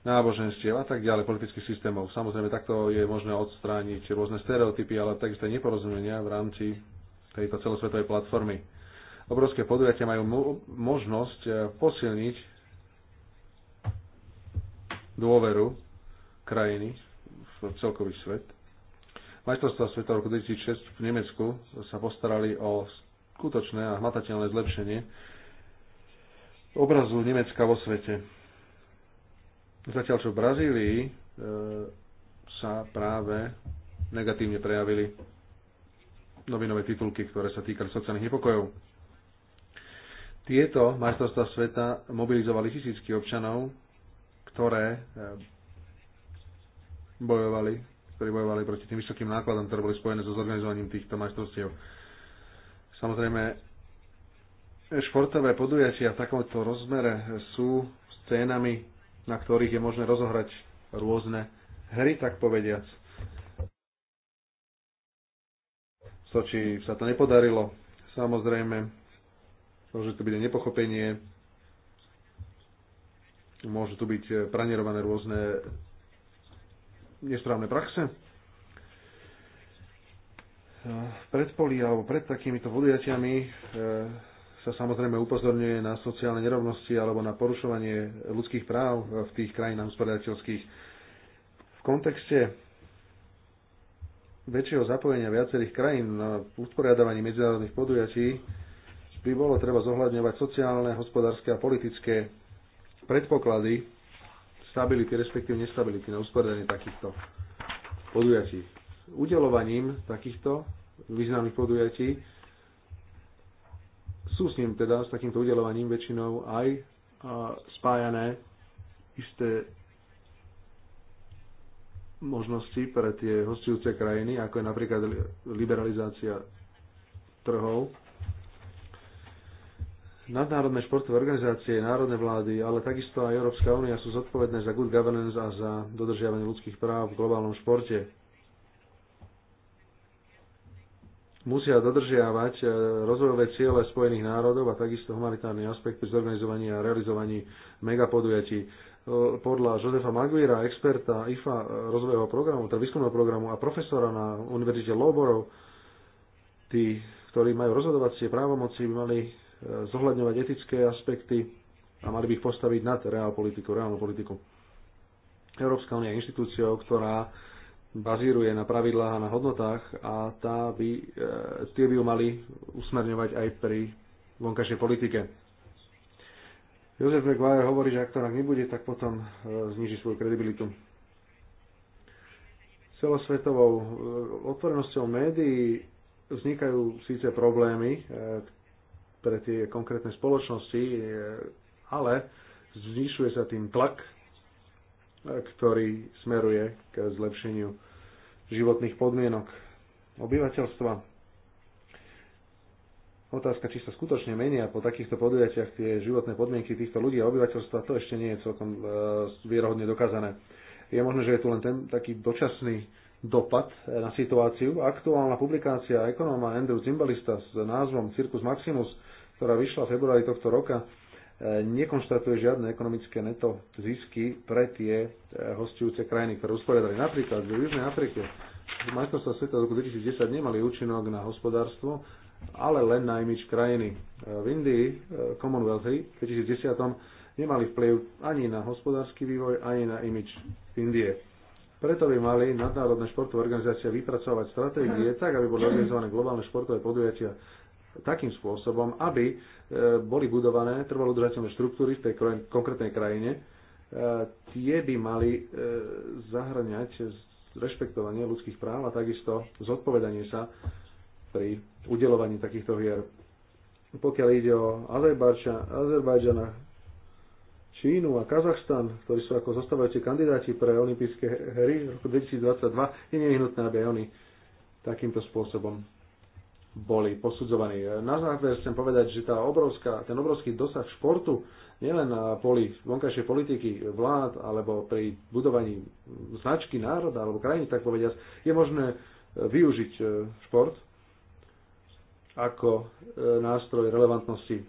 náboženstiev a tak ďalej, politických systémov. Samozrejme, takto je možné odstrániť rôzne stereotypy, ale takisto neporozumenia v rámci tejto celosvetovej platformy. Obrovské podujatia majú možnosť eh, posilniť dôveru krajiny v celkový svet. Majstrovstvá sveta v roku 2006 v Nemecku sa postarali o skutočné a hmatateľné zlepšenie obrazu Nemecka vo svete Zatiaľ čo v Brazílii e, sa práve negatívne prejavili novinové titulky, ktoré sa týkali sociálnych nepokojov. Tieto majstrovstvá sveta mobilizovali tisícky občanov, ktoré e, bojovali, ktorí bojovali proti tým vysokým nákladom, ktoré boli spojené so zorganizovaním týchto majstrovstiev. Samozrejme, športové podujatia v takomto rozmere sú scénami na ktorých je možné rozohrať rôzne hry, tak povediac. V Soči sa to nepodarilo. Samozrejme, môže to byť aj nepochopenie, môžu tu byť pranierované rôzne nesprávne praxe. Pred alebo pred takýmito podujatiami eh, sa samozrejme upozorňuje na sociálne nerovnosti alebo na porušovanie ľudských práv v tých krajinách hospodárateľských. V kontexte väčšieho zapojenia viacerých krajín na usporiadavanie medzinárodných podujatí by bolo treba zohľadňovať sociálne, hospodárske a politické predpoklady stability, respektíve nestability na usporiadanie takýchto podujatí. Udelovaním takýchto významných podujatí sú s ním teda, s takýmto udelovaním väčšinou aj spájané isté možnosti pre tie hostujúce krajiny, ako je napríklad liberalizácia trhov. Nadnárodné športové organizácie, národné vlády, ale takisto aj Európska únia sú zodpovedné za good governance a za dodržiavanie ľudských práv v globálnom športe. musia dodržiavať e, rozvojové ciele Spojených národov a takisto humanitárny aspekt pri zorganizovaní a realizovaní megapodujatí. E, podľa Josefa Maguira, experta IFA rozvojového programu, teda výskumného programu a profesora na Univerzite Loborov, tí, ktorí majú rozhodovacie právomoci, by mali e, zohľadňovať etické aspekty a mali by ich postaviť nad reál politiku, reálnu politiku. Európska únia je inštitúciou, ktorá bazíruje na pravidlách a na hodnotách a tá by, e, tie by ju mali usmerňovať aj pri vonkajšej politike. Josef McGuire hovorí, že ak to tak nebude, tak potom e, zniží svoju kredibilitu. Celosvetovou e, otvorenosťou médií vznikajú síce problémy pre tie konkrétne spoločnosti, ale zvyšuje sa tým tlak ktorý smeruje k zlepšeniu životných podmienok obyvateľstva. Otázka, či sa skutočne menia po takýchto podujatiach tie životné podmienky týchto ľudí a obyvateľstva, to ešte nie je celkom e, vierohodne dokázané. Je možné, že je tu len ten taký dočasný dopad e, na situáciu. Aktuálna publikácia ekonóma Andrew Zimbalista s názvom Circus Maximus, ktorá vyšla v februári tohto roka, nekonštatuje žiadne ekonomické neto zisky pre tie e, hostujúce krajiny, ktoré usporiadali. Napríklad v Južnej Afrike majstrovstvá sveta v roku 2010 nemali účinok na hospodárstvo, ale len na imič krajiny. E, v Indii e, Commonwealth v 2010 nemali vplyv ani na hospodársky vývoj, ani na imič Indie. Preto by mali nadnárodné športové organizácie vypracovať stratégie tak, aby boli organizované globálne športové podujatia takým spôsobom, aby e, boli budované trvalo udržateľné štruktúry v tej konkrétnej krajine. E, tie by mali e, zahrňať rešpektovanie ľudských práv a takisto zodpovedanie sa pri udelovaní takýchto hier. Pokiaľ ide o Azerbajdžana, Čínu a Kazachstan, ktorí sú ako zostávajúci kandidáti pre olympijské hry v roku 2022, je nevyhnutné, aby oni takýmto spôsobom boli posudzovaní. Na záver chcem povedať, že tá obrovská, ten obrovský dosah športu nielen na poli vonkajšej politiky vlád alebo pri budovaní značky národa alebo krajiny, tak povediať, je možné e, využiť e, šport ako e, nástroj relevantnosti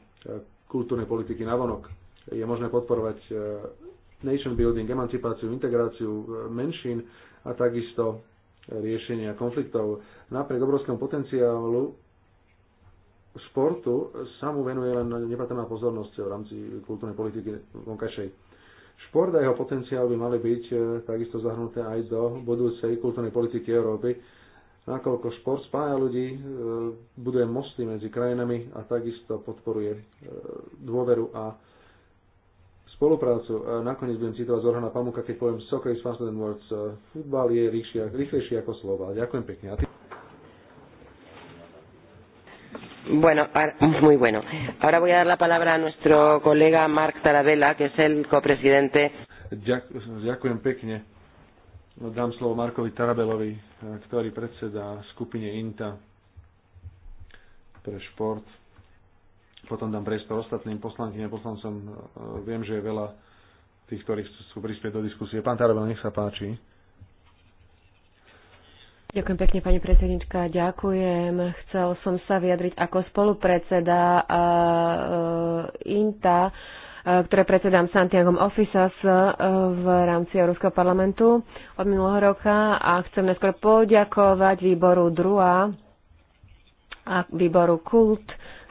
kultúrnej politiky vonok. Je možné podporovať nation building, emancipáciu, integráciu menšín a takisto riešenia konfliktov. Napriek obrovskému potenciálu športu sa mu venuje len nepatrná pozornosť v rámci kultúrnej politiky vonkajšej. Šport a jeho potenciál by mali byť e, takisto zahrnuté aj do budúcej kultúrnej politiky Európy, nakoľko šport spája ľudí, e, buduje mosty medzi krajinami a takisto podporuje e, dôveru a spoluprácu. A nakoniec budem citovať Zorhana Pamuka, keď poviem Soccer is faster than words. Futbal je rýchšia, rýchlejší ako slova. Ďakujem pekne. A ty... Bueno, muy bueno. Ahora voy a dar la palabra a nuestro colega Mark Tarabella, que es el copresidente. Ďakujem pekne. Dám slovo Markovi Tarabelovi, ktorý predseda skupine INTA pre šport. Potom dám priestor ostatným poslankyne a poslancom. E, viem, že je veľa tých, ktorí chcú prispieť do diskusie. Pán Tarabel, nech sa páči. Ďakujem pekne, pani predsednička. Ďakujem. Chcel som sa vyjadriť ako spolupredseda e, e, INTA, ktoré predsedám Santiagom Officers v rámci Európskeho parlamentu od minulého roka a chcem neskôr poďakovať výboru DRUA a výboru KULT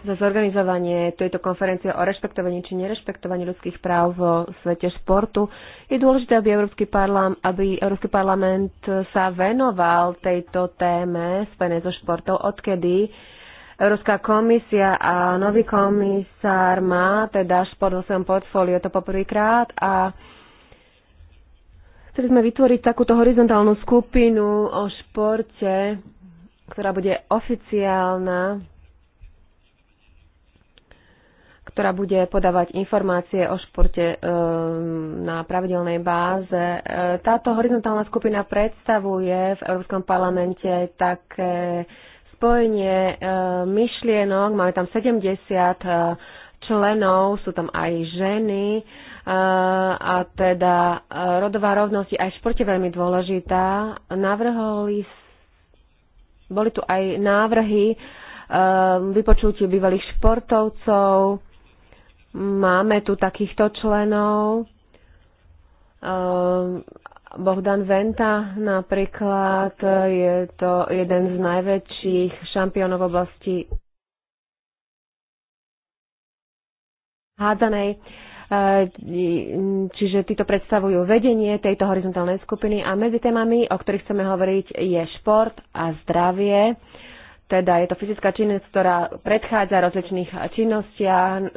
za zorganizovanie tejto konferencie o rešpektovaní či nerešpektovaní ľudských práv vo svete športu. Je dôležité, aby Európsky, parlam, aby Európsky parlament sa venoval tejto téme spojené so športov, odkedy Európska komisia a nový komisár má teda šport vo svojom portfóliu, to poprvýkrát a chceli sme vytvoriť takúto horizontálnu skupinu o športe, ktorá bude oficiálna ktorá bude podávať informácie o športe eh, na pravidelnej báze. Eh, táto horizontálna skupina predstavuje v Európskom parlamente také spojenie eh, myšlienok. Máme tam 70 členov, sú tam aj ženy a teda rodová rovnosť je aj v športe veľmi dôležitá. Navrholi, boli tu aj návrhy vypočutí bývalých športovcov, Máme tu takýchto členov. Ehm, Bohdan Venta napríklad je to jeden z najväčších šampiónov v oblasti hádzanej. Ehm, čiže títo predstavujú vedenie tejto horizontálnej skupiny a medzi témami, o ktorých chceme hovoriť, je šport a zdravie. Teda je to fyzická činnosť, ktorá predchádza rozličných činnostiach, e,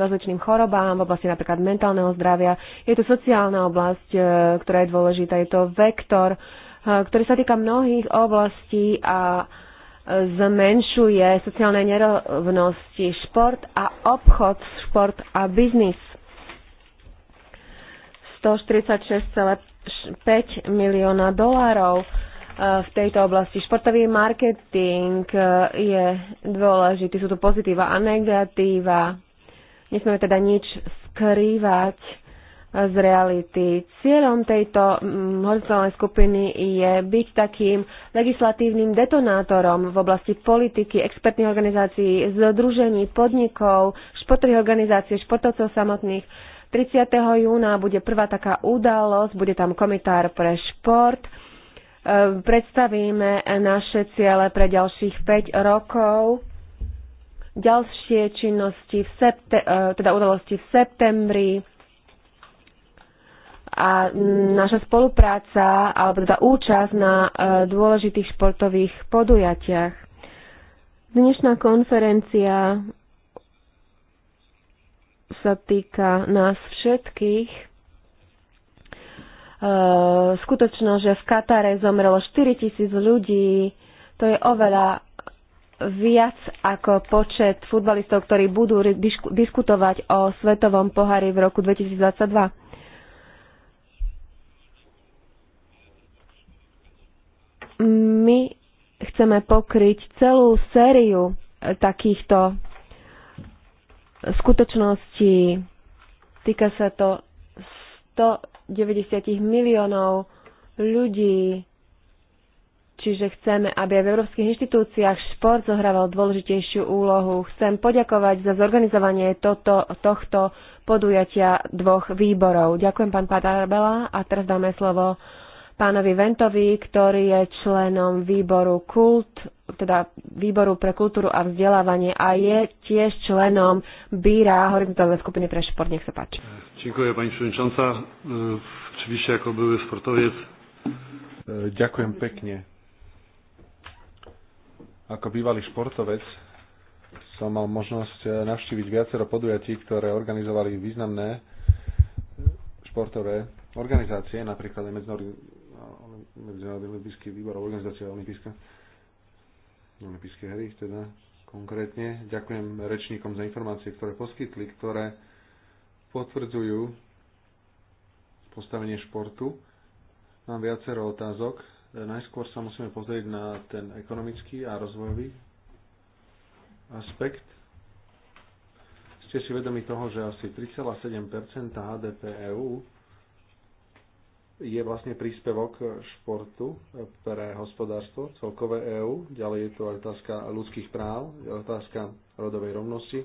rozličným chorobám v oblasti napríklad mentálneho zdravia. Je to sociálna oblasť, e, ktorá je dôležitá. Je to vektor, e, ktorý sa týka mnohých oblastí a zmenšuje sociálne nerovnosti. Šport a obchod, šport a biznis. 146,5 milióna dolárov Eh, v tejto oblasti. Športový marketing eh, je dôležitý, sú tu pozitíva a negatíva. Nesmieme teda nič skrývať eh, z reality. Cieľom tejto mm, horizontálnej skupiny je byť takým legislatívnym detonátorom v oblasti politiky, expertných organizácií, združení, podnikov, športových organizácií, športovcov samotných. 30. júna bude prvá taká udalosť, bude tam komitár pre šport Eh, predstavíme naše ciele pre ďalších 5 rokov, ďalšie činnosti, v septe- eh, teda udalosti v septembri a naša spolupráca alebo teda účasť na eh, dôležitých športových podujatiach. Dnešná konferencia sa týka nás všetkých Eh, skutočnosť, že v Katare zomrelo 4 tisíc ľudí, to je oveľa viac ako počet futbalistov, ktorí budú diskutovať o svetovom pohári v roku 2022. My chceme pokryť celú sériu eh, takýchto skutočností. Týka sa to 100 90 miliónov ľudí. Čiže chceme, aby aj v európskych inštitúciách šport zohrával dôležitejšiu úlohu. Chcem poďakovať za zorganizovanie toto, tohto podujatia dvoch výborov. Ďakujem pán Patarabela a teraz dáme slovo pánovi Ventovi, ktorý je členom výboru kult, teda výboru pre kultúru a vzdelávanie a je tiež členom Bíra horizontálnej skupiny pre šport. Nech sa páči. Dziękuję Pani Przewodnicząca. E, oczywiście jako były sportowiec. Ďakujem e, pekne. Ako bývalý športovec som mal možnosť e, navštíviť viacero podujatí, ktoré organizovali významné športové organizácie, napríklad aj Medzinárodný olimpijský výbor organizácia olimpijské, olimpijské hry, teda konkrétne. Ďakujem rečníkom za informácie, ktoré poskytli, ktoré potvrdzujú postavenie športu. Mám viacero otázok. Najskôr sa musíme pozrieť na ten ekonomický a rozvojový aspekt. Ste si vedomi toho, že asi 3,7 HDP EÚ je vlastne príspevok športu pre hospodárstvo, celkové EÚ. Ďalej je tu otázka ľudských práv, otázka rodovej rovnosti,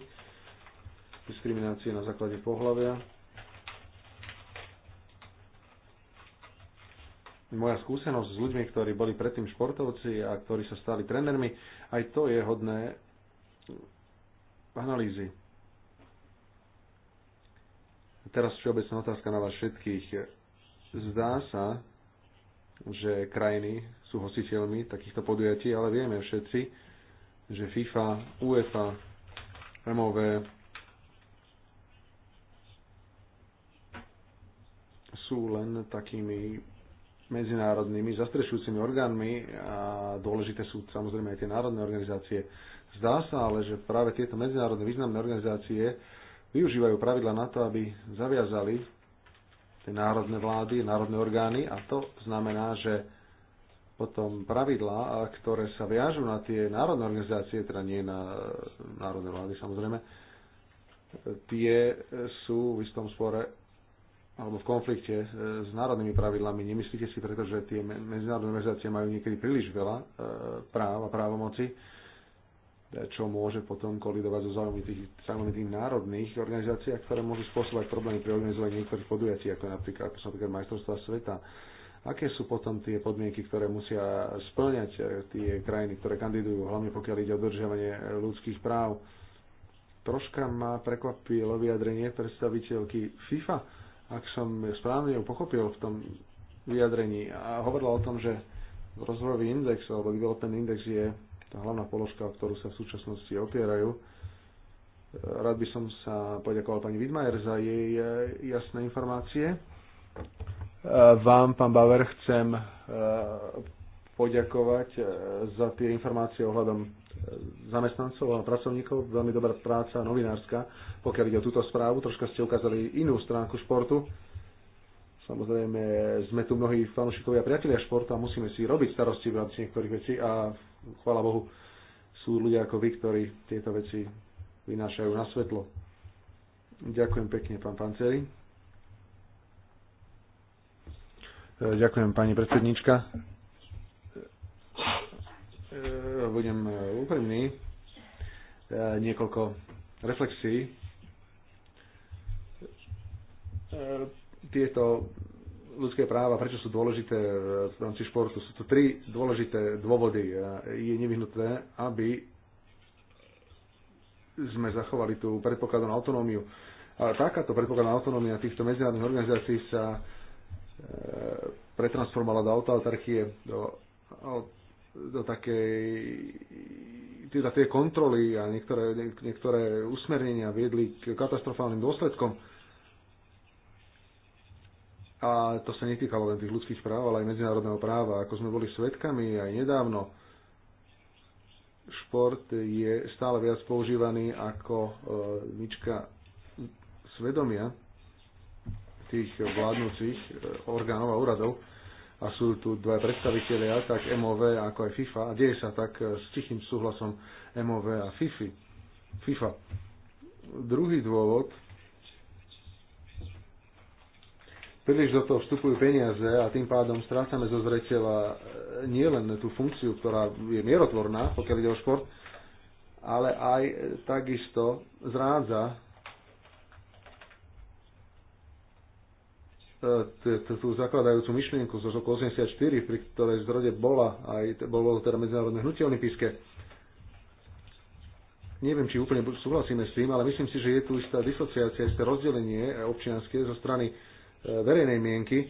diskriminácie na základe pohľavia. Moja skúsenosť s ľuďmi, ktorí boli predtým športovci a ktorí sa stali trénermi, aj to je hodné analýzy. Teraz všeobecná otázka na vás všetkých. Zdá sa, že krajiny sú hostiteľmi takýchto podujatí, ale vieme všetci, že FIFA, UEFA, MOV, sú len takými medzinárodnými zastrešujúcimi orgánmi a dôležité sú samozrejme aj tie národné organizácie. Zdá sa ale, že práve tieto medzinárodné významné organizácie využívajú pravidla na to, aby zaviazali tie národné vlády, národné orgány a to znamená, že potom pravidlá, ktoré sa viažú na tie národné organizácie, teda nie na e, národné vlády samozrejme, tie sú v istom spore alebo v konflikte e, s národnými pravidlami. Nemyslíte si preto, že tie medzinárodné organizácie majú niekedy príliš veľa e, práv a právomoci, e, čo môže potom kolidovať so záujmy tých, tých národných organizácií, ktoré môžu spôsobovať problémy pri organizovaní niektorých podujatí, ako napríklad, ako napríklad majstrovstva sveta. Aké sú potom tie podmienky, ktoré musia splňať tie krajiny, ktoré kandidujú, hlavne pokiaľ ide o dodržiavanie ľudských práv? Troška ma prekvapilo vyjadrenie predstaviteľky FIFA, ak som správne ju pochopil v tom vyjadrení a hovorila o tom, že rozvojový index alebo development index je tá hlavná položka, o ktorú sa v súčasnosti opierajú. E, rád by som sa poďakoval pani Widmajer za jej e, jasné informácie. E, vám, pán Bauer, chcem poďakovať za tie informácie ohľadom zamestnancov a pracovníkov, veľmi dobrá práca novinárska, pokiaľ ide o túto správu. Troška ste ukázali inú stránku športu. Samozrejme, sme tu mnohí fanúšikovia priatelia športu a musíme si robiť starosti v rámci niektorých vecí a chvála Bohu sú ľudia ako vy, ktorí tieto veci vynášajú na svetlo. Ďakujem pekne, pán Panceri. Ďakujem, pani predsednička. E, budem e, úprimný, e, niekoľko reflexí. Tieto ľudské práva, prečo sú dôležité v rámci športu? Sú to tri dôležité dôvody. Je nevyhnutné, aby sme zachovali tú predpokladnú autonómiu. Ale takáto predpokladná autonómia týchto medzinárodných organizácií sa pretransformovala do autoautarchie, do do takej, teda tie kontroly a niektoré, niektoré usmernenia viedli k katastrofálnym dôsledkom. A to sa netýkalo len tých ľudských práv, ale aj medzinárodného práva. Ako sme boli svetkami aj nedávno, šport je stále viac používaný ako nička e, svedomia tých vládnúcich e, orgánov a úradov a sú tu dva predstavitelia, tak MOV ako aj FIFA a deje sa tak eh, s tichým súhlasom MOV a FIFA. FIFA. Druhý dôvod, príliš do toho vstupujú peniaze a tým pádom strácame zo zreteľa eh, nielen tú funkciu, ktorá je mierotvorná, pokiaľ ide o šport, ale aj eh, takisto zrádza E, tú zakladajúcu myšlienku z roku 84, pri ktorej zrode bola aj bolo teda medzinárodné hnutie olimpijské. Neviem, či úplne súhlasíme s tým, ale myslím si, že je tu istá disociácia, isté rozdelenie občianské zo strany e, verejnej mienky,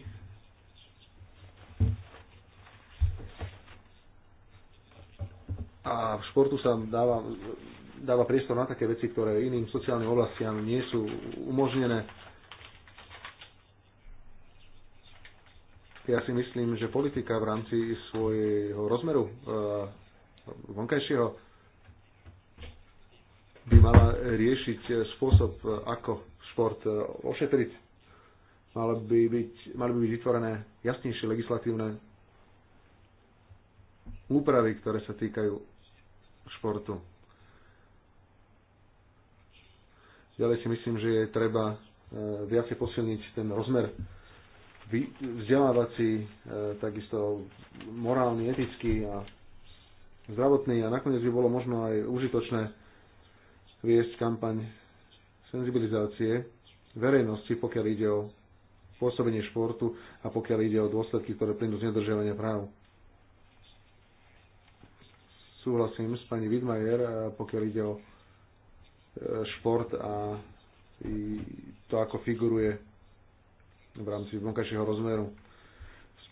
a v športu sa dáva, dáva priestor na také veci, ktoré iným sociálnym oblastiam nie sú umožnené. Ja si myslím, že politika v rámci svojho rozmeru eh, vonkajšieho by mala riešiť spôsob, ako šport eh, ošetriť. Mali by byť, mali by byť vytvorené jasnejšie legislatívne úpravy, ktoré sa týkajú športu. Ďalej si myslím, že je treba eh, viacej posilniť ten rozmer vzdelávací, e, takisto morálny, etický a zdravotný a nakoniec by bolo možno aj užitočné viesť kampaň senzibilizácie verejnosti, pokiaľ ide o pôsobenie športu a pokiaľ ide o dôsledky, ktoré plynú z nedržiavania práv. Súhlasím s pani Widmajer, e, pokiaľ ide o e, šport a to, ako figuruje v rámci vonkajšieho rozmeru.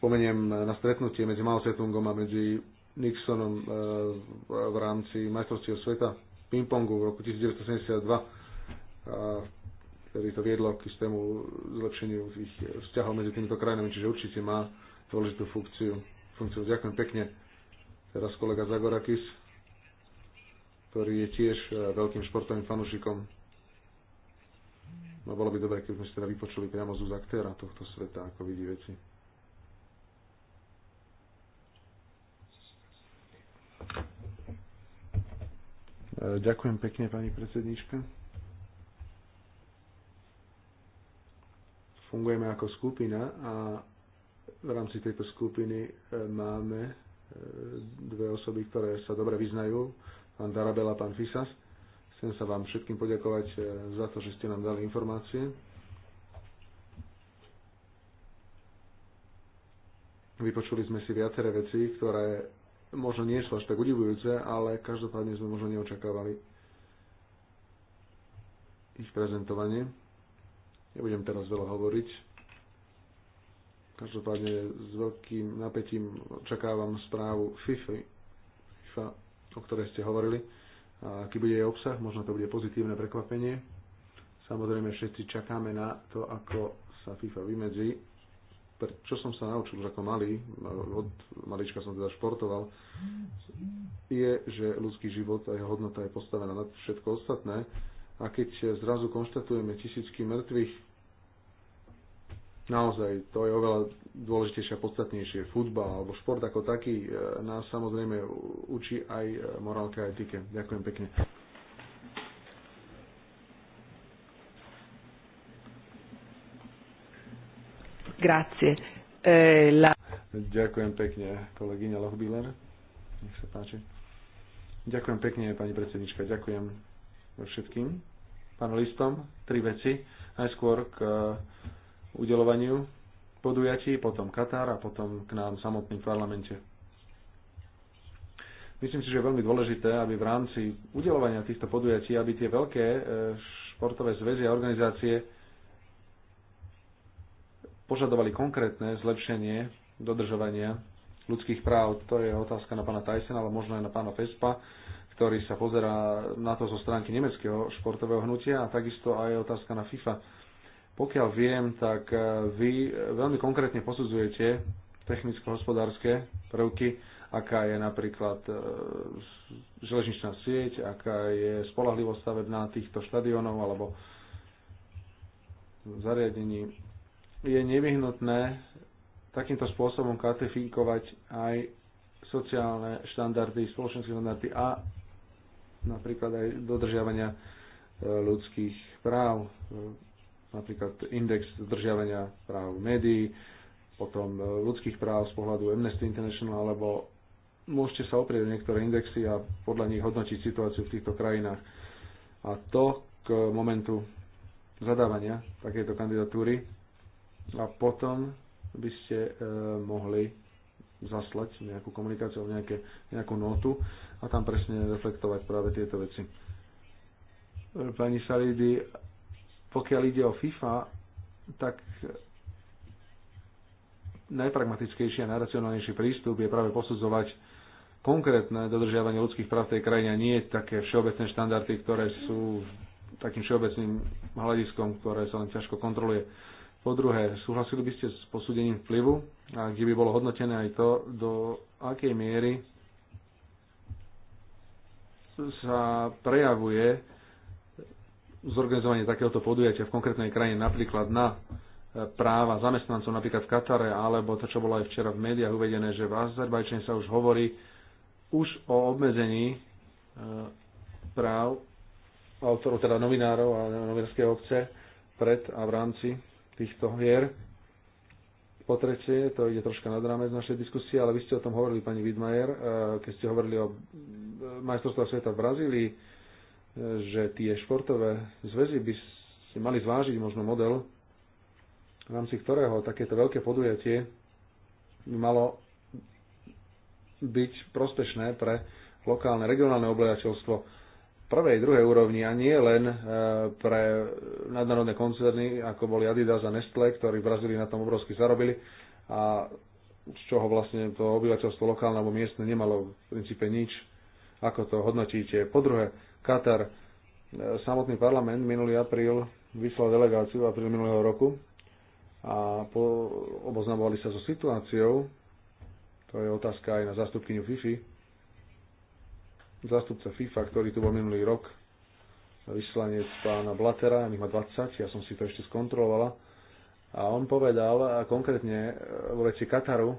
Spomeniem na stretnutie medzi Mao Tse-tungom a medzi Nixonom e, v rámci majstrovstiev sveta pingpongu v roku 1972, ktorý to viedlo k istému zlepšeniu ich vzťahov medzi týmito krajinami, čiže určite má dôležitú funkciu. funkciu. Ďakujem pekne. Teraz kolega Zagorakis, ktorý je tiež e, veľkým športovým fanúšikom No bolo by dobré, keby sme si teda vypočuli priamo z aktéra tohto sveta, ako vidí veci. E, ďakujem pekne, pani predsednička. Fungujeme ako skupina a v rámci tejto skupiny e, máme e, dve osoby, ktoré sa dobre vyznajú, pán Darabela a pán Fisas Chcem sa vám všetkým poďakovať eh, za to, že ste nám dali informácie. Vypočuli sme si viaceré veci, ktoré možno nie sú až tak udivujúce, ale každopádne sme možno neočakávali ich prezentovanie. Nebudem teraz veľa hovoriť. Každopádne s veľkým napätím očakávam správu FIFA, FIFA o ktorej ste hovorili aký bude jej obsah, možno to bude pozitívne prekvapenie. Samozrejme všetci čakáme na to, ako sa FIFA vymedzi. Čo som sa naučil už ako malý, od malička som teda športoval, je, že ľudský život a jeho hodnota je postavená nad všetko ostatné. A keď zrazu konštatujeme tisícky mŕtvych, naozaj to je oveľa dôležitejšie a podstatnejšie. Futbal alebo šport ako taký e, nás samozrejme učí aj e, morálke a etike. Ďakujem pekne. Grazie. E, la... Ďakujem pekne, kolegyňa Lochbíler. Nech sa páči. Ďakujem pekne, pani predsednička. Ďakujem všetkým panelistom. Tri veci. Najskôr k udelovaniu podujatí, potom Katar a potom k nám samotný v parlamente. Myslím si, že je veľmi dôležité, aby v rámci udelovania týchto podujatí, aby tie veľké e, športové zväzy a organizácie požadovali konkrétne zlepšenie dodržovania ľudských práv. To je otázka na pána Tyson, ale možno aj na pána Fespa, ktorý sa pozerá na to zo stránky nemeckého športového hnutia a takisto aj otázka na FIFA pokiaľ viem, tak eh, vy eh, veľmi konkrétne posudzujete technicko-hospodárske prvky, aká je napríklad eh, železničná sieť, aká je spolahlivosť stavebná týchto štadionov alebo zariadení. Je nevyhnutné takýmto spôsobom katifikovať aj sociálne štandardy, spoločenské štandardy a napríklad aj dodržiavania ľudských práv napríklad index zdržiavania práv médií, potom e, ľudských práv z pohľadu Amnesty International, alebo môžete sa oprieť niektoré indexy a podľa nich hodnotiť situáciu v týchto krajinách. A to k momentu zadávania takejto kandidatúry a potom by ste e, mohli zaslať nejakú komunikáciu, nejaké, nejakú notu a tam presne reflektovať práve tieto veci. Pani Salidi, pokiaľ ide o FIFA, tak najpragmatickejší a najracionálnejší prístup je práve posudzovať konkrétne dodržiavanie ľudských práv tej krajine a nie také všeobecné štandardy, ktoré sú takým všeobecným hľadiskom, ktoré sa len ťažko kontroluje. Po druhé, súhlasili by ste s posúdením vplyvu, a kde by bolo hodnotené aj to, do akej miery sa prejavuje zorganizovanie takéhoto podujatia v konkrétnej krajine, napríklad na e, práva zamestnancov napríklad v Katare, alebo to, čo bolo aj včera v médiách uvedené, že v Azerbajčane sa už hovorí už o obmedzení e, práv autorov, teda novinárov a novinárskej obce pred a v rámci týchto hier. Po tretie, to ide troška nad rámec našej diskusie, ale vy ste o tom hovorili, pani Widmajer, e, keď ste hovorili o majstrovstve sveta v Brazílii, že tie športové zväzy by si mali zvážiť možno model, v rámci ktorého takéto veľké podujatie by malo byť prospešné pre lokálne, regionálne obyvateľstvo prvej, druhej úrovni a nie len e, pre nadnárodné koncerny, ako boli Adidas a Nestle, ktorí v Brazílii na tom obrovsky zarobili a z čoho vlastne to obyvateľstvo lokálne alebo miestne nemalo v princípe nič. Ako to hodnotíte? Po druhé, Katar. Samotný parlament minulý apríl vyslal delegáciu v apríl minulého roku a po, oboznamovali sa so situáciou. To je otázka aj na zastupkyniu FIFI. Zástupca FIFA, ktorý tu bol minulý rok, vyslanec pána Blatera, nech má 20, ja som si to ešte skontrolovala. A on povedal konkrétne v veci Kataru,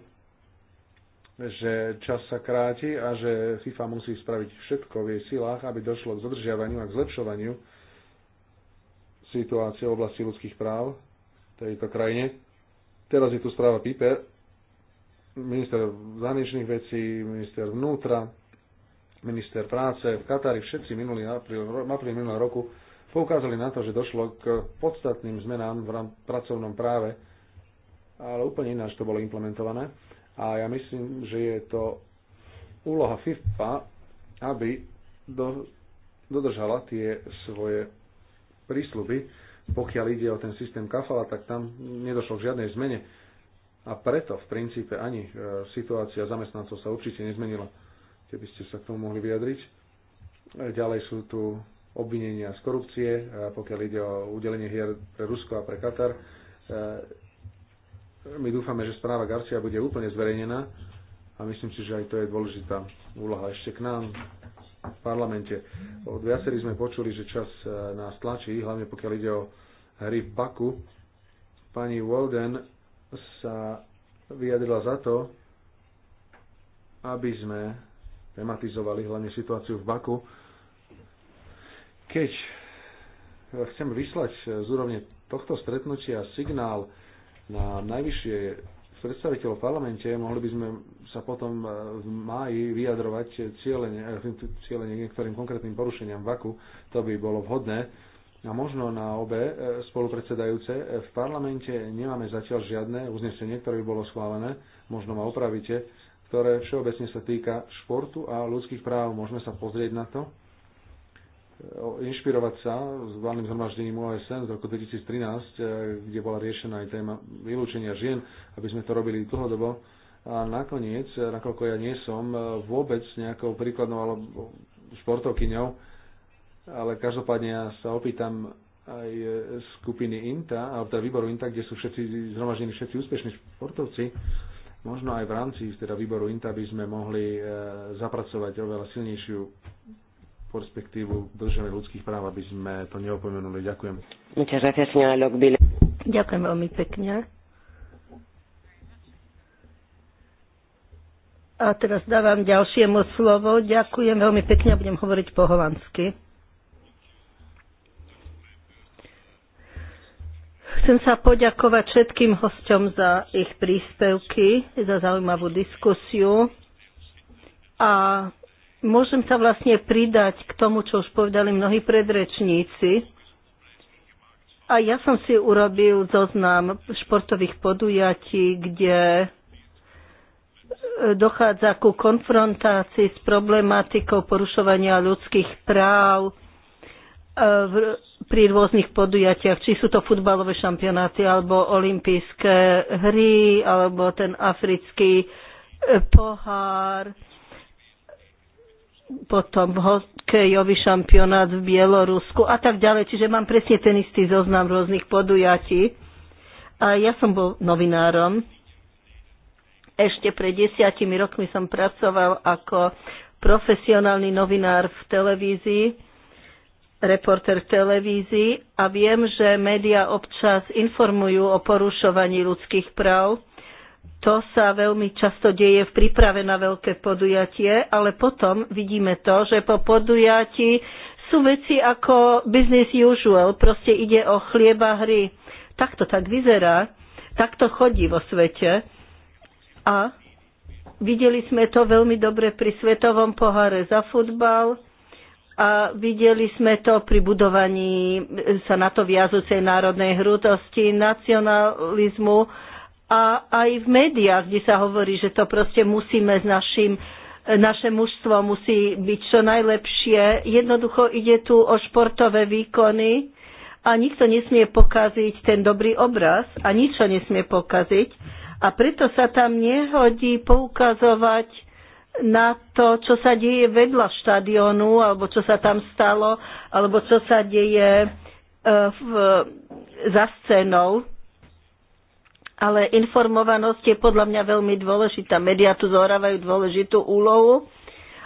že čas sa kráti a že FIFA musí spraviť všetko v jej silách, aby došlo k zadržiavaniu a k zlepšovaniu situácie v oblasti ľudských práv v tejto krajine. Teraz je tu správa Piper, minister zahraničných vecí, minister vnútra, minister práce v Katari, všetci minulý apríl, apríl minulého roku poukázali na to, že došlo k podstatným zmenám v pracovnom práve, ale úplne ináč to bolo implementované a ja myslím, že je to úloha FIFA, aby do, dodržala tie svoje prísľuby. Pokiaľ ide o ten systém kafala, tak tam nedošlo k žiadnej zmene. A preto v princípe ani e, situácia zamestnancov sa určite nezmenila. Keby ste sa k tomu mohli vyjadriť. E, ďalej sú tu obvinenia z korupcie, e, pokiaľ ide o udelenie hier pre Rusko a pre Katar my dúfame, že správa Garcia bude úplne zverejnená a myslím si, že aj to je dôležitá úloha ešte k nám v parlamente. Od viacerí sme počuli, že čas eh, nás tlačí, hlavne pokiaľ ide o hry v Baku. Pani Walden sa vyjadrila za to, aby sme tematizovali hlavne situáciu v Baku. Keď chcem vyslať z úrovne tohto stretnutia signál na najvyššie predstaviteľov v parlamente, mohli by sme sa potom e, v máji vyjadrovať cieľene, e, niektorým konkrétnym porušeniam VAKu, to by bolo vhodné. A možno na obe e, spolupredsedajúce v parlamente nemáme zatiaľ žiadne uznesenie, ktoré by bolo schválené, možno ma opravíte, ktoré všeobecne sa týka športu a ľudských práv. Môžeme sa pozrieť na to inšpirovať sa s hlavným zhromaždením OSN z roku 2013, e, kde bola riešená aj téma vylúčenia žien, aby sme to robili dlhodobo. A nakoniec, e, nakoľko ja nie som e, vôbec nejakou príkladnou alebo športovkyňou, ale každopádne ja sa opýtam aj skupiny INTA, alebo teda výboru INTA, kde sú všetci zhromaždení všetci úspešní športovci, možno aj v rámci teda výboru INTA by sme mohli zapracovať oveľa silnejšiu perspektívu držania ľudských práv, aby sme to neopomenuli. Ďakujem. Ďakujem veľmi pekne. A teraz dávam ďalšiemu slovo. Ďakujem veľmi pekne a budem hovoriť po holandsky. Chcem sa poďakovať všetkým hosťom za ich príspevky, za zaujímavú diskusiu a Môžem sa vlastne pridať k tomu, čo už povedali mnohí predrečníci. A ja som si urobil zoznam športových podujatí, kde e, dochádza ku konfrontácii s problematikou porušovania ľudských práv e, pri rôznych podujatiach, či sú to futbalové šampionáty, alebo olympijské hry, alebo ten africký e, pohár potom hokejový šampionát v Bielorusku a tak ďalej. Čiže mám presne ten istý zoznam rôznych podujatí. A ja som bol novinárom. Ešte pred desiatimi rokmi som pracoval ako profesionálny novinár v televízii, reporter v televízii a viem, že médiá občas informujú o porušovaní ľudských práv to sa veľmi často deje v príprave na veľké podujatie, ale potom vidíme to, že po podujati sú veci ako business usual, proste ide o chlieba hry. Tak to tak vyzerá, tak to chodí vo svete. A videli sme to veľmi dobre pri Svetovom poháre za futbal a videli sme to pri budovaní sa na to viazúcej národnej hrudosti, nacionalizmu, a aj v médiách, kde sa hovorí, že to proste musíme s našim naše mužstvo musí byť čo najlepšie. Jednoducho ide tu o športové výkony a nikto nesmie pokaziť ten dobrý obraz a ničo nesmie pokaziť. A preto sa tam nehodí poukazovať na to, čo sa deje vedľa štadionu, alebo čo sa tam stalo, alebo čo sa deje eh, v, za scénou ale informovanosť je podľa mňa veľmi dôležitá. Media tu zohrávajú dôležitú úlohu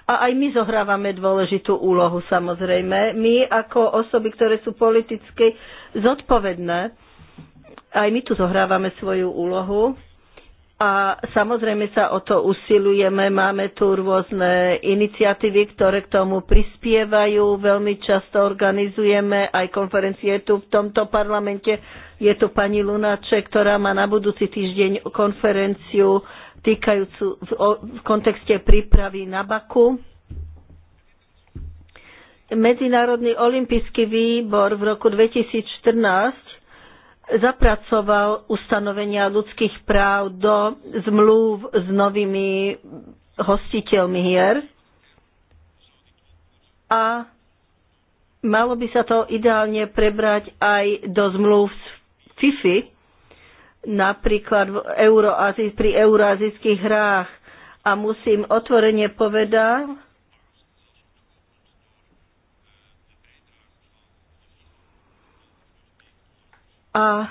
a aj my zohrávame dôležitú úlohu samozrejme. My ako osoby, ktoré sú politicky zodpovedné, aj my tu zohrávame svoju úlohu. A samozrejme sa o to usilujeme, máme tu rôzne iniciatívy, ktoré k tomu prispievajú. Veľmi často organizujeme aj konferencie tu v tomto parlamente je tu pani Lunáček, ktorá má na budúci týždeň konferenciu týkajúcu v, o, v kontexte prípravy na Baku. Medzinárodný olimpijský výbor v roku 2014 zapracoval ustanovenia ľudských práv do zmluv s novými hostiteľmi hier a malo by sa to ideálne prebrať aj do zmluv s sci-fi, napríklad v Euroazii, pri euroazijských hrách. A musím otvorene povedať, a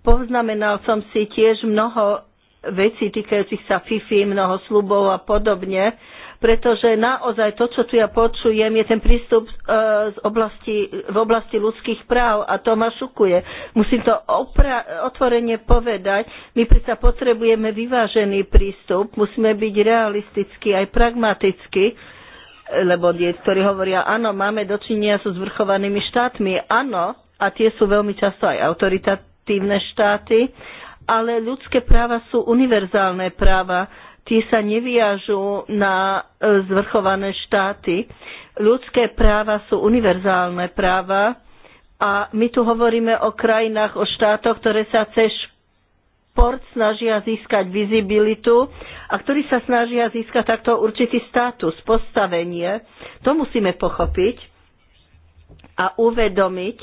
poznamenal som si tiež mnoho vecí týkajúcich sa FIFI, mnoho slubov a podobne, pretože naozaj to, čo tu ja počujem, je ten prístup e, z oblasti, v oblasti ľudských práv a to ma šukuje. Musím to otvorene povedať. My predsa potrebujeme vyvážený prístup, musíme byť realistickí aj pragmaticky, lebo tie, ktorí hovoria, áno, máme dočinenia so zvrchovanými štátmi, áno, a tie sú veľmi často aj autoritatívne štáty, ale ľudské práva sú univerzálne práva tie sa neviažú na e, zvrchované štáty. Ľudské práva sú univerzálne práva a my tu hovoríme o krajinách, o štátoch, ktoré sa cez šport snažia získať vizibilitu a ktorí sa snažia získať takto určitý status, postavenie. To musíme pochopiť a uvedomiť,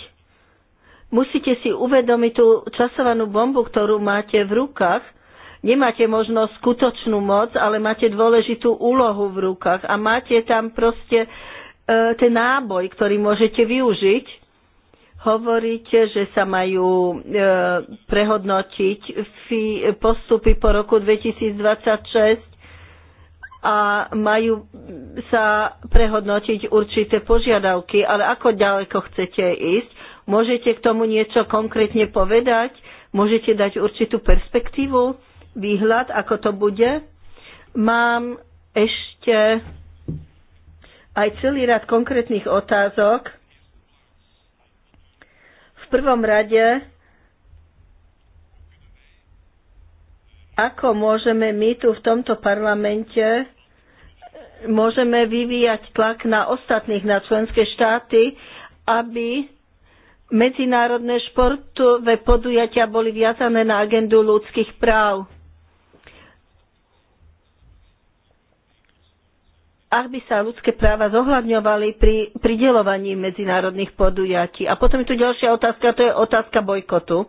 musíte si uvedomiť tú časovanú bombu, ktorú máte v rukách nemáte možno skutočnú moc, ale máte dôležitú úlohu v rukách a máte tam proste e, ten náboj, ktorý môžete využiť. Hovoríte, že sa majú e, prehodnotiť fi, postupy po roku 2026 a majú sa prehodnotiť určité požiadavky, ale ako ďaleko chcete ísť? Môžete k tomu niečo konkrétne povedať? Môžete dať určitú perspektívu? výhľad, ako to bude. Mám ešte aj celý rad konkrétnych otázok. V prvom rade, ako môžeme my tu v tomto parlamente môžeme vyvíjať tlak na ostatných, na členské štáty, aby medzinárodné športové podujatia boli viazané na agendu ľudských práv. ak by sa ľudské práva zohľadňovali pri pridelovaní medzinárodných podujatí. A potom je tu ďalšia otázka, to je otázka bojkotu.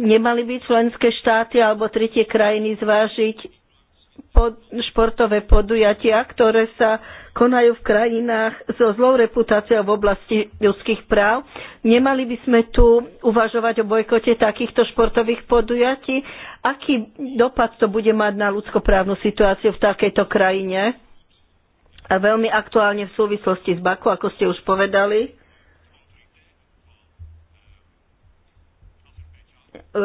Nemali by členské štáty alebo tretie krajiny zvážiť pod, športové podujatia, ktoré sa konajú v krajinách so zlou reputáciou v oblasti ľudských práv. Nemali by sme tu uvažovať o bojkote takýchto športových podujatí. Aký dopad to bude mať na ľudskoprávnu situáciu v takejto krajine? a veľmi aktuálne v súvislosti s Baku, ako ste už povedali. E,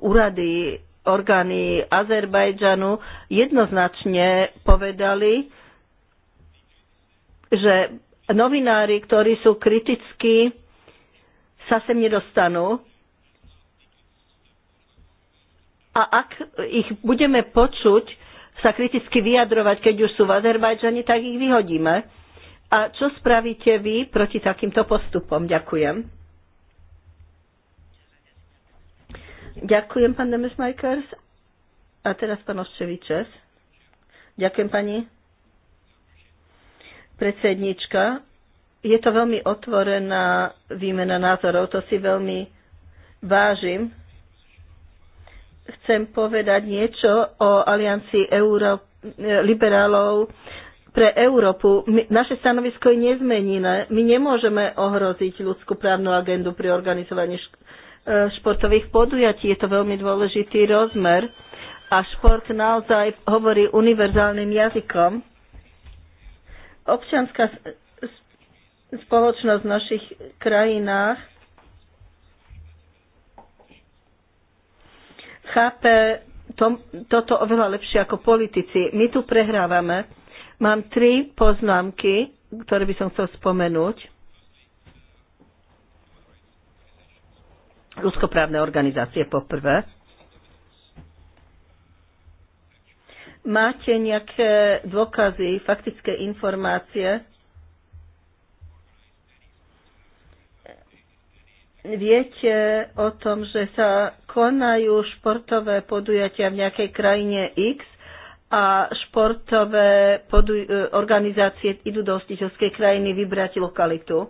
úrady, orgány Azerbajdžanu jednoznačne povedali, že novinári, ktorí sú kritickí, sa sem nedostanú. A ak ich budeme počuť, sa kriticky vyjadrovať, keď už sú v Azerbajdžane, tak ich vyhodíme. A čo spravíte vy proti takýmto postupom? Ďakujem. Ďakujem, pán Demesmajkers. A teraz pán Oščevičes. Ďakujem, pani predsednička. Je to veľmi otvorená výmena názorov, to si veľmi vážim chcem povedať niečo o aliancii Euró- liberálov pre Európu. My, naše stanovisko je nezmenené. My nemôžeme ohroziť ľudskú právnu agendu pri organizovaní e, športových podujatí. Je to veľmi dôležitý rozmer a šport naozaj hovorí univerzálnym jazykom. Občianská spoločnosť v našich krajinách chápe to, toto oveľa lepšie ako politici. My tu prehrávame. Mám tri poznámky, ktoré by som chcel spomenúť. Ľudskoprávne organizácie poprvé. Máte nejaké dôkazy, faktické informácie viete e, o tom, že sa konajú športové podujatia v nejakej krajine X a športové e, organizácie idú do hostiteľskej krajiny vybrať lokalitu.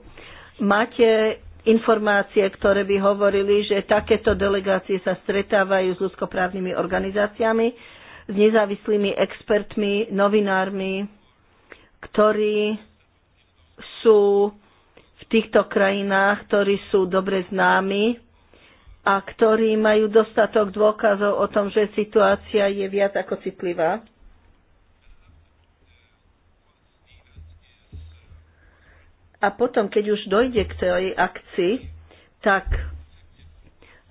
Máte informácie, ktoré by hovorili, že takéto delegácie sa stretávajú s ľudskoprávnymi organizáciami, s nezávislými expertmi, novinármi, ktorí sú týchto krajinách, ktorí sú dobre známi a ktorí majú dostatok dôkazov o tom, že situácia je viac ako citlivá. A potom, keď už dojde k tej akcii, tak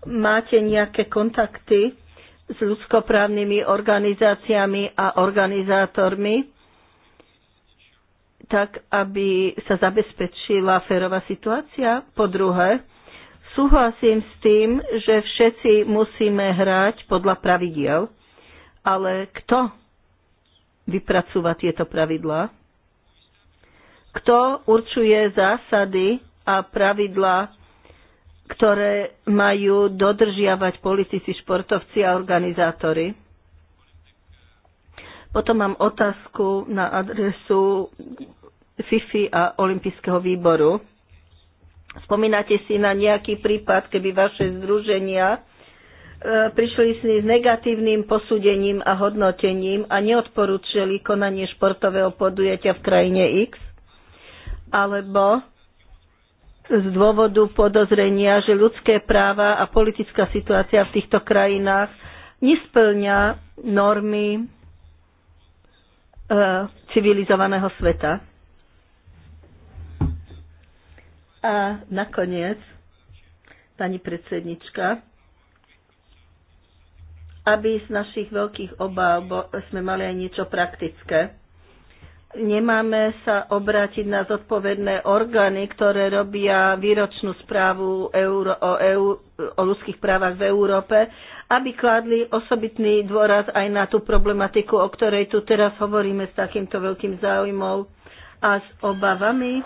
máte nejaké kontakty s ľudskoprávnymi organizáciami a organizátormi tak, aby sa zabezpečila férová situácia. Po druhé, súhlasím s tým, že všetci musíme hrať podľa pravidiel, ale kto vypracúva tieto pravidlá? Kto určuje zásady a pravidlá, ktoré majú dodržiavať politici, športovci a organizátori? Potom mám otázku na adresu FIFI a Olympijského výboru. Spomínate si na nejaký prípad, keby vaše združenia e, prišli s negatívnym posúdením a hodnotením a neodporúčili konanie športového podujatia v krajine X? Alebo z dôvodu podozrenia, že ľudské práva a politická situácia v týchto krajinách nesplňa normy e, civilizovaného sveta? A nakoniec, pani predsednička, aby z našich veľkých obáv sme mali aj niečo praktické. Nemáme sa obrátiť na zodpovedné orgány, ktoré robia výročnú správu euro, o, EU, o ľudských právach v Európe, aby kladli osobitný dôraz aj na tú problematiku, o ktorej tu teraz hovoríme s takýmto veľkým záujmom a s obavami.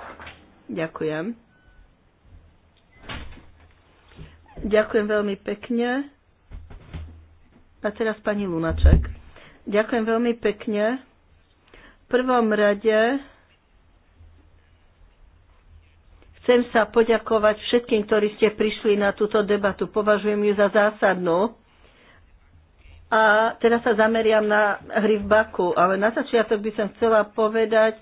Ďakujem. Ďakujem veľmi pekne. A teraz pani Lunaček. Ďakujem veľmi pekne. V prvom rade chcem sa poďakovať všetkým, ktorí ste prišli na túto debatu. Považujem ju za zásadnú. A teraz sa zameriam na hry v Baku, ale na začiatok by som chcela povedať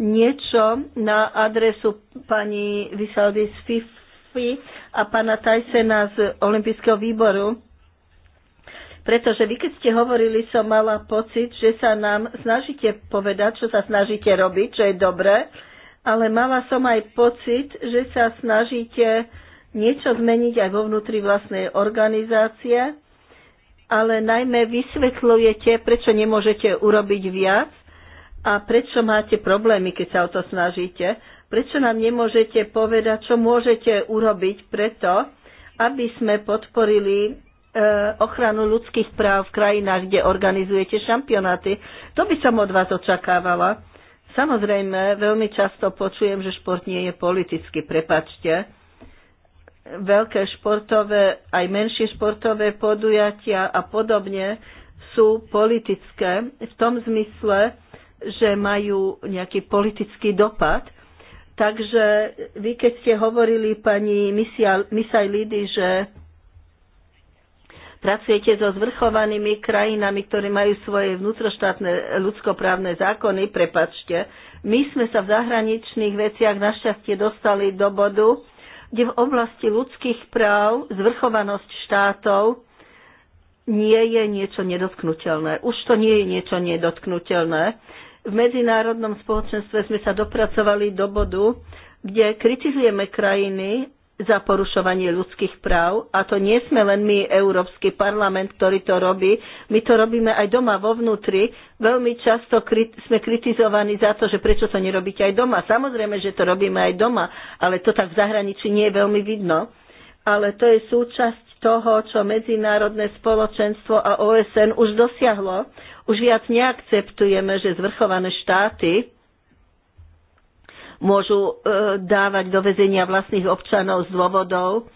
niečo na adresu pani Visaldy z FIF Murphy a pána Tysena z Olympijského výboru. Pretože vy, keď ste hovorili, som mala pocit, že sa nám snažíte povedať, čo sa snažíte robiť, čo je dobré, ale mala som aj pocit, že sa snažíte niečo zmeniť aj vo vnútri vlastnej organizácie, ale najmä vysvetľujete, prečo nemôžete urobiť viac a prečo máte problémy, keď sa o to snažíte. Prečo nám nemôžete povedať, čo môžete urobiť preto, aby sme podporili e, ochranu ľudských práv v krajinách, kde organizujete šampionáty. To by som od vás očakávala. Samozrejme, veľmi často počujem, že šport nie je politicky, prepačte. Veľké športové, aj menšie športové podujatia a podobne sú politické v tom zmysle, že majú nejaký politický dopad Takže vy, keď ste hovorili pani Misaj Lidy, že pracujete so zvrchovanými krajinami, ktoré majú svoje vnútroštátne ľudskoprávne zákony, prepačte, my sme sa v zahraničných veciach našťastie dostali do bodu, kde v oblasti ľudských práv zvrchovanosť štátov nie je niečo nedotknutelné. Už to nie je niečo nedotknutelné v medzinárodnom spoločenstve sme sa dopracovali do bodu, kde kritizujeme krajiny za porušovanie ľudských práv a to nie sme len my, Európsky parlament, ktorý to robí. My to robíme aj doma vo vnútri. Veľmi často krit- sme kritizovaní za to, že prečo to nerobíte aj doma. Samozrejme, že to robíme aj doma, ale to tak v zahraničí nie je veľmi vidno. Ale to je súčasť toho, čo medzinárodné spoločenstvo a OSN už dosiahlo. Už viac neakceptujeme, že zvrchované štáty môžu e, dávať do vezenia vlastných občanov z dôvodov,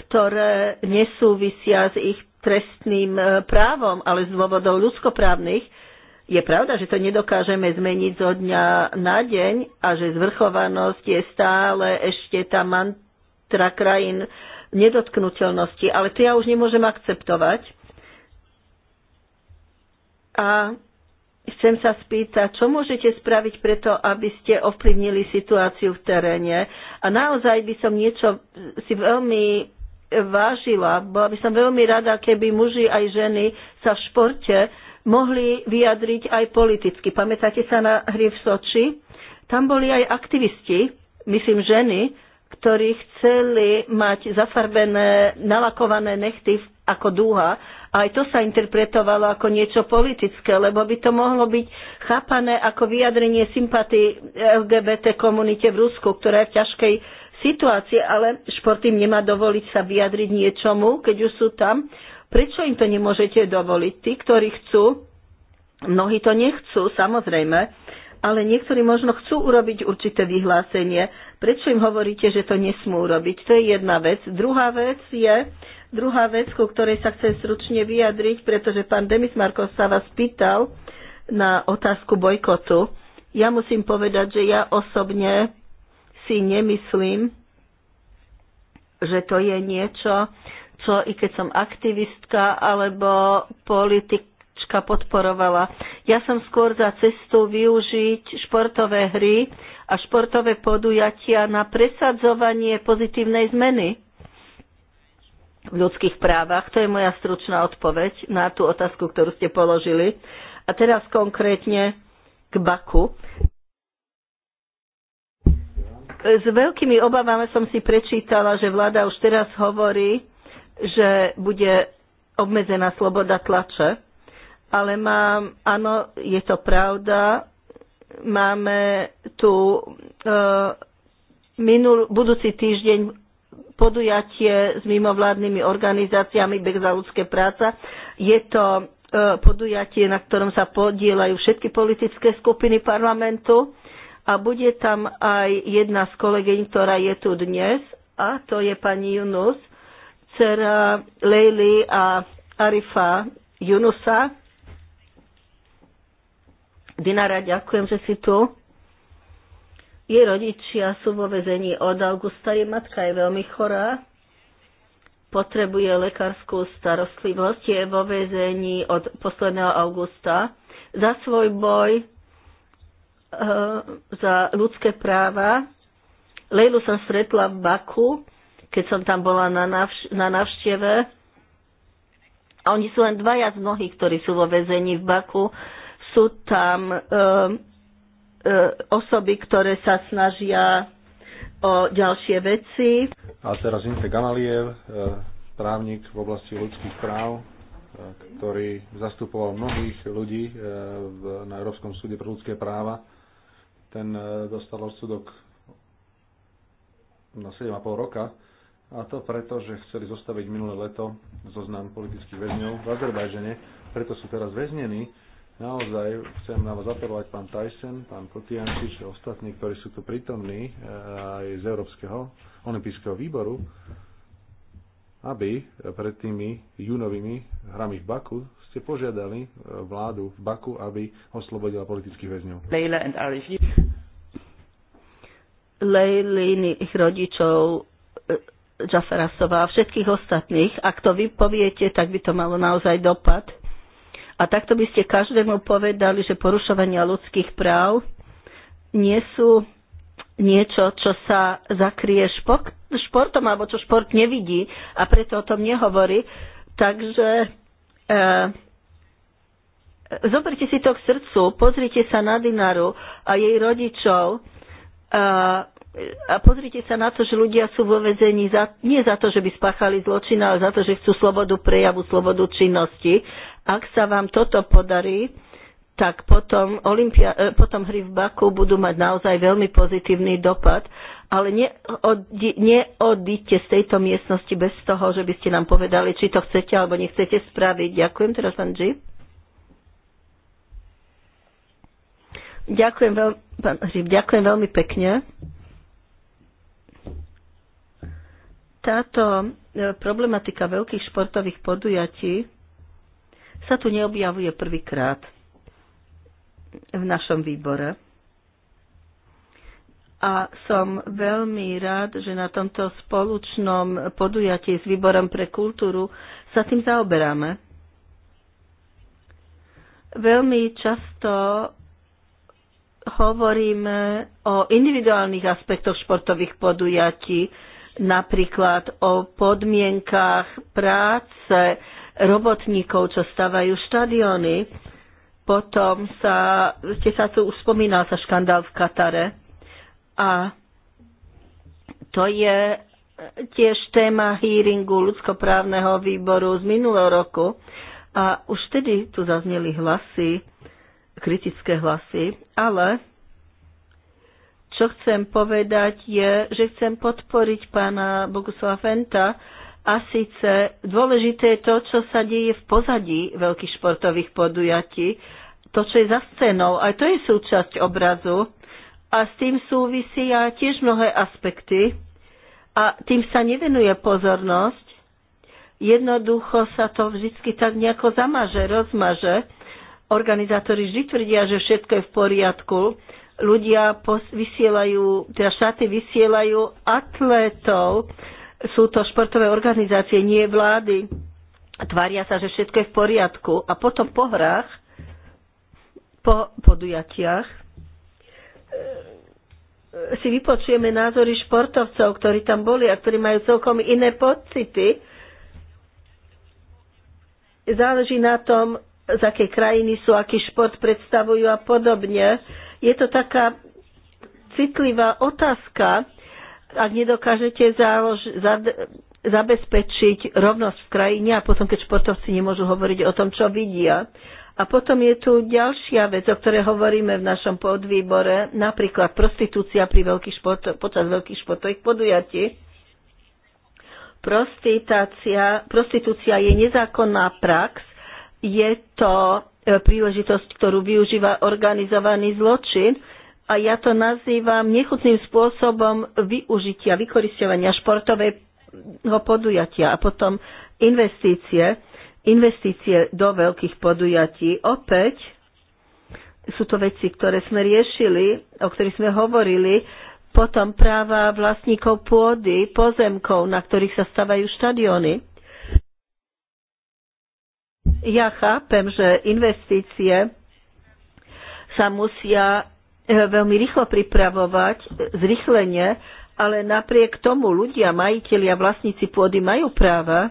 ktoré nesúvisia s ich trestným e, právom, ale z dôvodov ľudskoprávnych. Je pravda, že to nedokážeme zmeniť zo dňa na deň a že zvrchovanosť je stále ešte tá mantra krajín nedotknutelnosti, ale to ja už nemôžem akceptovať. A chcem sa spýtať, čo môžete spraviť preto, aby ste ovplyvnili situáciu v teréne. A naozaj by som niečo si veľmi vážila. Bola by som veľmi rada, keby muži aj ženy sa v športe mohli vyjadriť aj politicky. Pamätáte sa na hry v Soči? Tam boli aj aktivisti, myslím ženy, ktorí chceli mať zafarbené, nalakované nechty ako dúha aj to sa interpretovalo ako niečo politické, lebo by to mohlo byť chápané ako vyjadrenie sympatí LGBT komunite v Rusku, ktorá je v ťažkej situácii, ale šport im nemá dovoliť sa vyjadriť niečomu, keď už sú tam. Prečo im to nemôžete dovoliť? Tí, ktorí chcú, mnohí to nechcú, samozrejme, ale niektorí možno chcú urobiť určité vyhlásenie. Prečo im hovoríte, že to nesmú urobiť? To je jedna vec. Druhá vec je, Druhá vec, ku ktorej sa chcem stručne vyjadriť, pretože pán Demis Markov sa vás pýtal na otázku bojkotu. Ja musím povedať, že ja osobne si nemyslím, že to je niečo, čo i keď som aktivistka alebo politička podporovala. Ja som skôr za cestu využiť športové hry a športové podujatia na presadzovanie pozitívnej zmeny v ľudských právach. To je moja stručná odpoveď na tú otázku, ktorú ste položili. A teraz konkrétne k Baku. S veľkými obavami som si prečítala, že vláda už teraz hovorí, že bude obmedzená sloboda tlače. Ale mám, áno, je to pravda, máme tu e, minul, budúci týždeň podujatie s mimovládnymi organizáciami Bek za ľudské práca. Je to e, podujatie, na ktorom sa podielajú všetky politické skupiny parlamentu a bude tam aj jedna z kolegyň, ktorá je tu dnes a to je pani Junus, dcera Leily a Arifa Junusa. Dinara, ďakujem, že si tu. Jej rodičia sú vo vezení od augusta, jej matka je veľmi chorá, potrebuje lekárskú starostlivosť, je vo vezení od posledného augusta. Za svoj boj e, za ľudské práva Lejlu som stretla v Baku, keď som tam bola na, navš- na navšteve. A oni sú len dvaja z mnohých, ktorí sú vo vezení v Baku. Sú tam um, E, osoby, ktoré sa snažia o ďalšie veci. A teraz Inte Gamaliev, e, právnik v oblasti ľudských práv, e, ktorý zastupoval mnohých ľudí na Európskom súde pre ľudské práva. Ten dostal odsudok na 7,5 roka a to preto, že chceli zostaviť minulé leto zoznam politických väzňov v Azerbajžene, preto sú teraz väznení Naozaj chcem na vás apelovať pán Tyson, pán Kotiančič a ostatní, ktorí sú tu prítomní e, aj z Európskeho olympijského výboru, aby pred tými júnovými hrami v Baku ste požiadali e, vládu v Baku, aby oslobodila politických väzňov. Leila and Arif. Lejliny, ich rodičov, e, Jafarasova a všetkých ostatných. Ak to vy poviete, tak by to malo naozaj dopad a takto by ste každému povedali, že porušovania ľudských práv nie sú niečo, čo sa zakrie športom alebo čo šport nevidí a preto o tom nehovorí. Takže e, zoberte si to k srdcu, pozrite sa na Dinaru a jej rodičov. E, a pozrite sa na to, že ľudia sú vo vezení za, nie za to, že by spáchali zločin, ale za to, že chcú slobodu prejavu, slobodu činnosti. Ak sa vám toto podarí, tak potom, Olympia, e, potom hry v Baku budú mať naozaj veľmi pozitívny dopad, ale neodíďte z tejto miestnosti bez toho, že by ste nám povedali, či to chcete alebo nechcete spraviť. Ďakujem teraz, pán G. Ďakujem, veľ, pán Hryb, ďakujem veľmi pekne. Táto e, problematika veľkých športových podujatí sa tu neobjavuje prvýkrát v našom výbore. A som veľmi rád, že na tomto spoločnom podujatí s Výborom pre kultúru sa tým zaoberáme. Veľmi často hovoríme o individuálnych aspektoch športových podujatí, napríklad o podmienkach práce robotníkov, čo stavajú štadiony. Potom sa, ste sa tu spomínal sa škandál v Katare. A to je tiež téma hearingu ľudskoprávneho výboru z minulého roku. A už tedy tu zazneli hlasy, kritické hlasy, ale čo chcem povedať je, že chcem podporiť pána Boguslava Fenta a síce dôležité je to, čo sa deje v pozadí veľkých športových podujatí, to, čo je za scénou, aj to je súčasť obrazu a s tým súvisí aj tiež mnohé aspekty a tým sa nevenuje pozornosť. Jednoducho sa to vždy tak nejako zamaže, rozmaže. Organizátori vždy tvrdia, že všetko je v poriadku, ľudia vysielajú, teda štáty vysielajú atlétov. Sú to športové organizácie, nie vlády. Tvária sa, že všetko je v poriadku. A potom po hrách, po podujatiach, e, e, si vypočujeme názory športovcov, ktorí tam boli a ktorí majú celkom iné pocity. Záleží na tom, z akej krajiny sú, aký šport predstavujú a podobne. Je to taká citlivá otázka, ak nedokážete zálož, za, zabezpečiť rovnosť v krajine a potom, keď športovci nemôžu hovoriť o tom, čo vidia. A potom je tu ďalšia vec, o ktorej hovoríme v našom podvýbore, napríklad prostitúcia pri veľkých športo, počas veľkých športových podujatí. Prostitúcia je nezákonná prax, je to E, príležitosť, ktorú využíva organizovaný zločin. A ja to nazývam nechutným spôsobom využitia, vykoristovania športového podujatia a potom investície, investície do veľkých podujatí. Opäť sú to veci, ktoré sme riešili, o ktorých sme hovorili, potom práva vlastníkov pôdy, pozemkov, na ktorých sa stavajú štadióny ja chápem, že investície sa musia e, veľmi rýchlo pripravovať, zrychlenie, ale napriek tomu ľudia, majiteľi a vlastníci pôdy majú práva.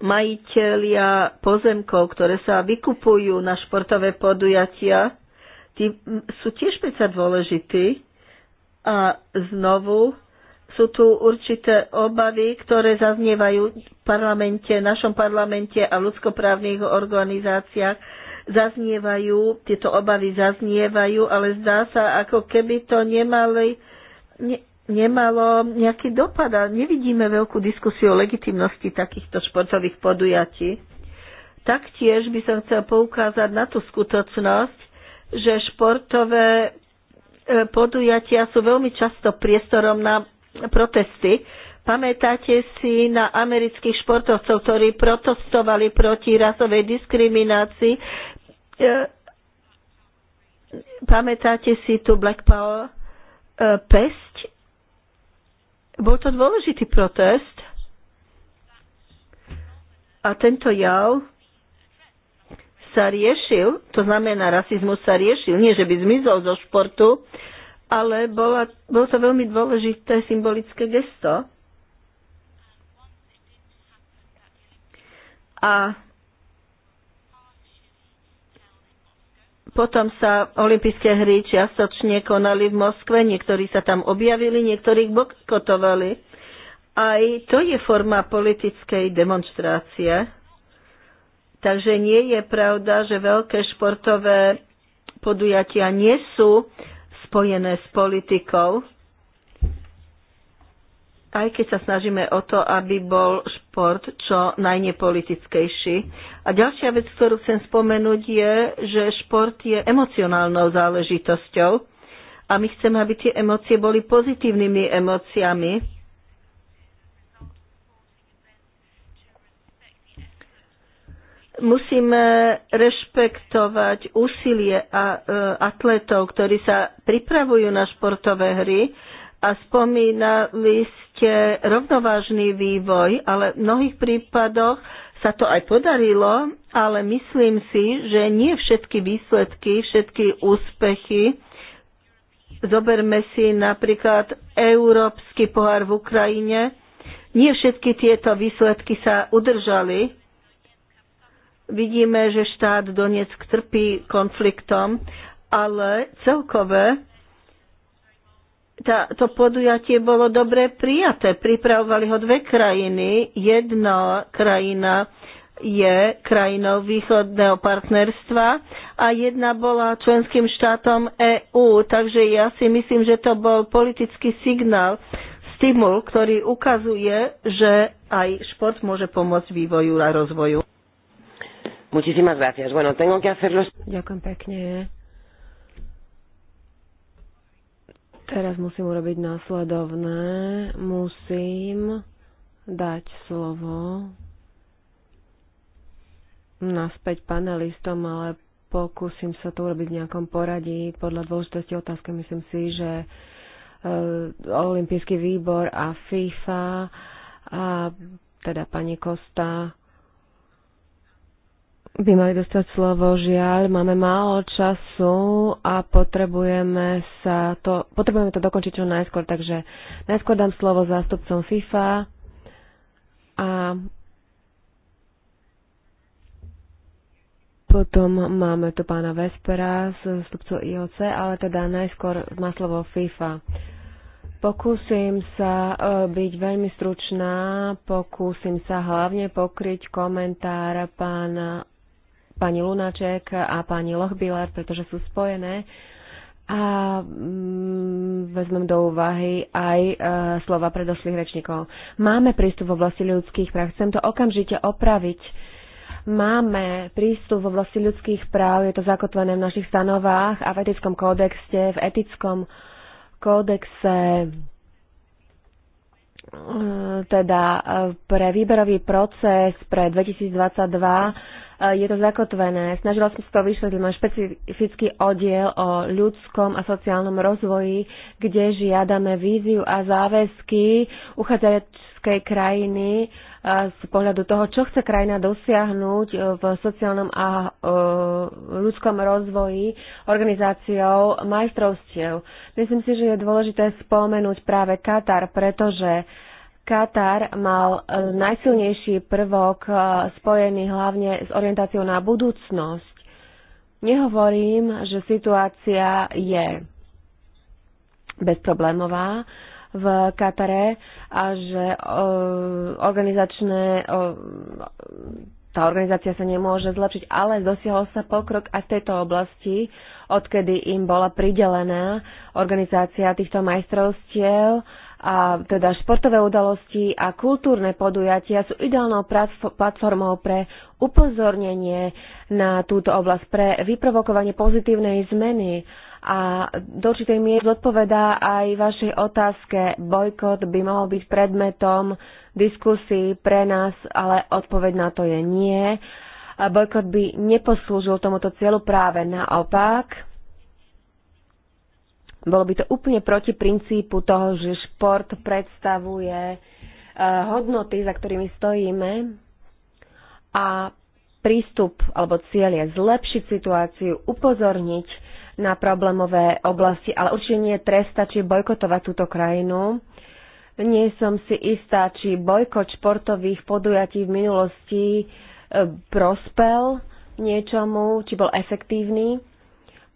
Majiteľia pozemkov, ktoré sa vykupujú na športové podujatia, tí sú tiež predsa dôležití. A znovu sú tu určité obavy, ktoré zaznievajú v parlamente, v našom parlamente a v ľudskoprávnych organizáciách. Zaznievajú, tieto obavy zaznievajú, ale zdá sa, ako keby to nemali, ne, nemalo nejaký dopad a nevidíme veľkú diskusiu o legitimnosti takýchto športových podujatí. Taktiež by som chcel poukázať na tú skutočnosť, že športové e, podujatia sú veľmi často priestorom na protesty. Pamätáte si na amerických športovcov, ktorí protestovali proti rasovej diskriminácii? E, pamätáte si tu Black Power e, pesť? Bol to dôležitý protest. A tento jav sa riešil, to znamená, rasizmus sa riešil, nie že by zmizol zo športu, ale bola, bolo to veľmi dôležité symbolické gesto. A potom sa olympijské hry čiastočne konali v Moskve, niektorí sa tam objavili, niektorých bokotovali. Aj to je forma politickej demonstrácie. Takže nie je pravda, že veľké športové podujatia nie sú spojené s politikou, aj keď sa snažíme o to, aby bol šport čo najnepolitickejší. A ďalšia vec, ktorú chcem spomenúť, je, že šport je emocionálnou záležitosťou a my chceme, aby tie emócie boli pozitívnymi emóciami musíme rešpektovať úsilie a, e, atletov, ktorí sa pripravujú na športové hry a spomínali ste rovnovážny vývoj, ale v mnohých prípadoch sa to aj podarilo, ale myslím si, že nie všetky výsledky, všetky úspechy Zoberme si napríklad Európsky pohár v Ukrajine. Nie všetky tieto výsledky sa udržali, Vidíme, že štát Donetsk trpí konfliktom, ale celkové tá, to podujatie bolo dobre prijaté. Pripravovali ho dve krajiny. Jedna krajina je krajinou východného partnerstva a jedna bola členským štátom EÚ. Takže ja si myslím, že to bol politický signál, stimul, ktorý ukazuje, že aj šport môže pomôcť vývoju a rozvoju. Muchísimas gracias. Bueno, tengo que hacerlo... Ďakujem pekne. Teraz musím urobiť následovné. Musím dať slovo naspäť panelistom, ale pokúsim sa to urobiť v nejakom poradí. Podľa dôležitosti otázky myslím si, že eh, Olympijský výbor a FIFA a teda pani Kosta by mali dostať slovo. Žiaľ, máme málo času a potrebujeme, sa to, potrebujeme to dokončiť čo najskôr. Takže najskôr dám slovo zástupcom FIFA a potom máme tu pána Vespera, zástupcu IOC, ale teda najskôr má slovo FIFA. Pokúsim sa e, byť veľmi stručná, pokúsim sa hlavne pokryť komentár pána pani Lunaček a pani Lochbiller, pretože sú spojené. A mm, vezmem do úvahy aj e, slova predošlých rečníkov. Máme prístup v oblasti ľudských práv. Chcem to okamžite opraviť. Máme prístup v oblasti ľudských práv, je to zakotvené v našich stanovách a v etickom kódexe, v etickom kódexe e, teda e, pre výberový proces pre 2022 E, je to zakotvené. Snažila som sa to vyšetriť, mám špecifický oddiel o ľudskom a sociálnom rozvoji, kde žiadame víziu a záväzky uchádzačskej krajiny e, z pohľadu toho, čo chce krajina dosiahnuť e, v sociálnom a ľudskom rozvoji organizáciou majstrovstiev. Myslím si, že je dôležité spomenúť práve Katar, pretože Katar mal e, najsilnejší prvok e, spojený hlavne s orientáciou na budúcnosť. Nehovorím, že situácia je bezproblémová v Katare a že e, organizačné, tá organizácia sa nemôže zlepšiť, ale dosiahol sa pokrok aj v tejto oblasti, odkedy im bola pridelená organizácia týchto majstrovstiev a teda športové udalosti a kultúrne podujatia sú ideálnou platformou pre upozornenie na túto oblasť, pre vyprovokovanie pozitívnej zmeny a do určitej miery zodpovedá aj vašej otázke. Bojkot by mohol byť predmetom diskusí pre nás, ale odpoveď na to je nie. A bojkot by neposlúžil tomuto cieľu práve naopak bolo by to úplne proti princípu toho, že šport predstavuje eh, hodnoty, za ktorými stojíme a prístup alebo cieľ je zlepšiť situáciu, upozorniť na problémové oblasti, ale určite nie trestať či bojkotovať túto krajinu. Nie som si istá, či bojkot športových podujatí v minulosti eh, prospel niečomu, či bol efektívny.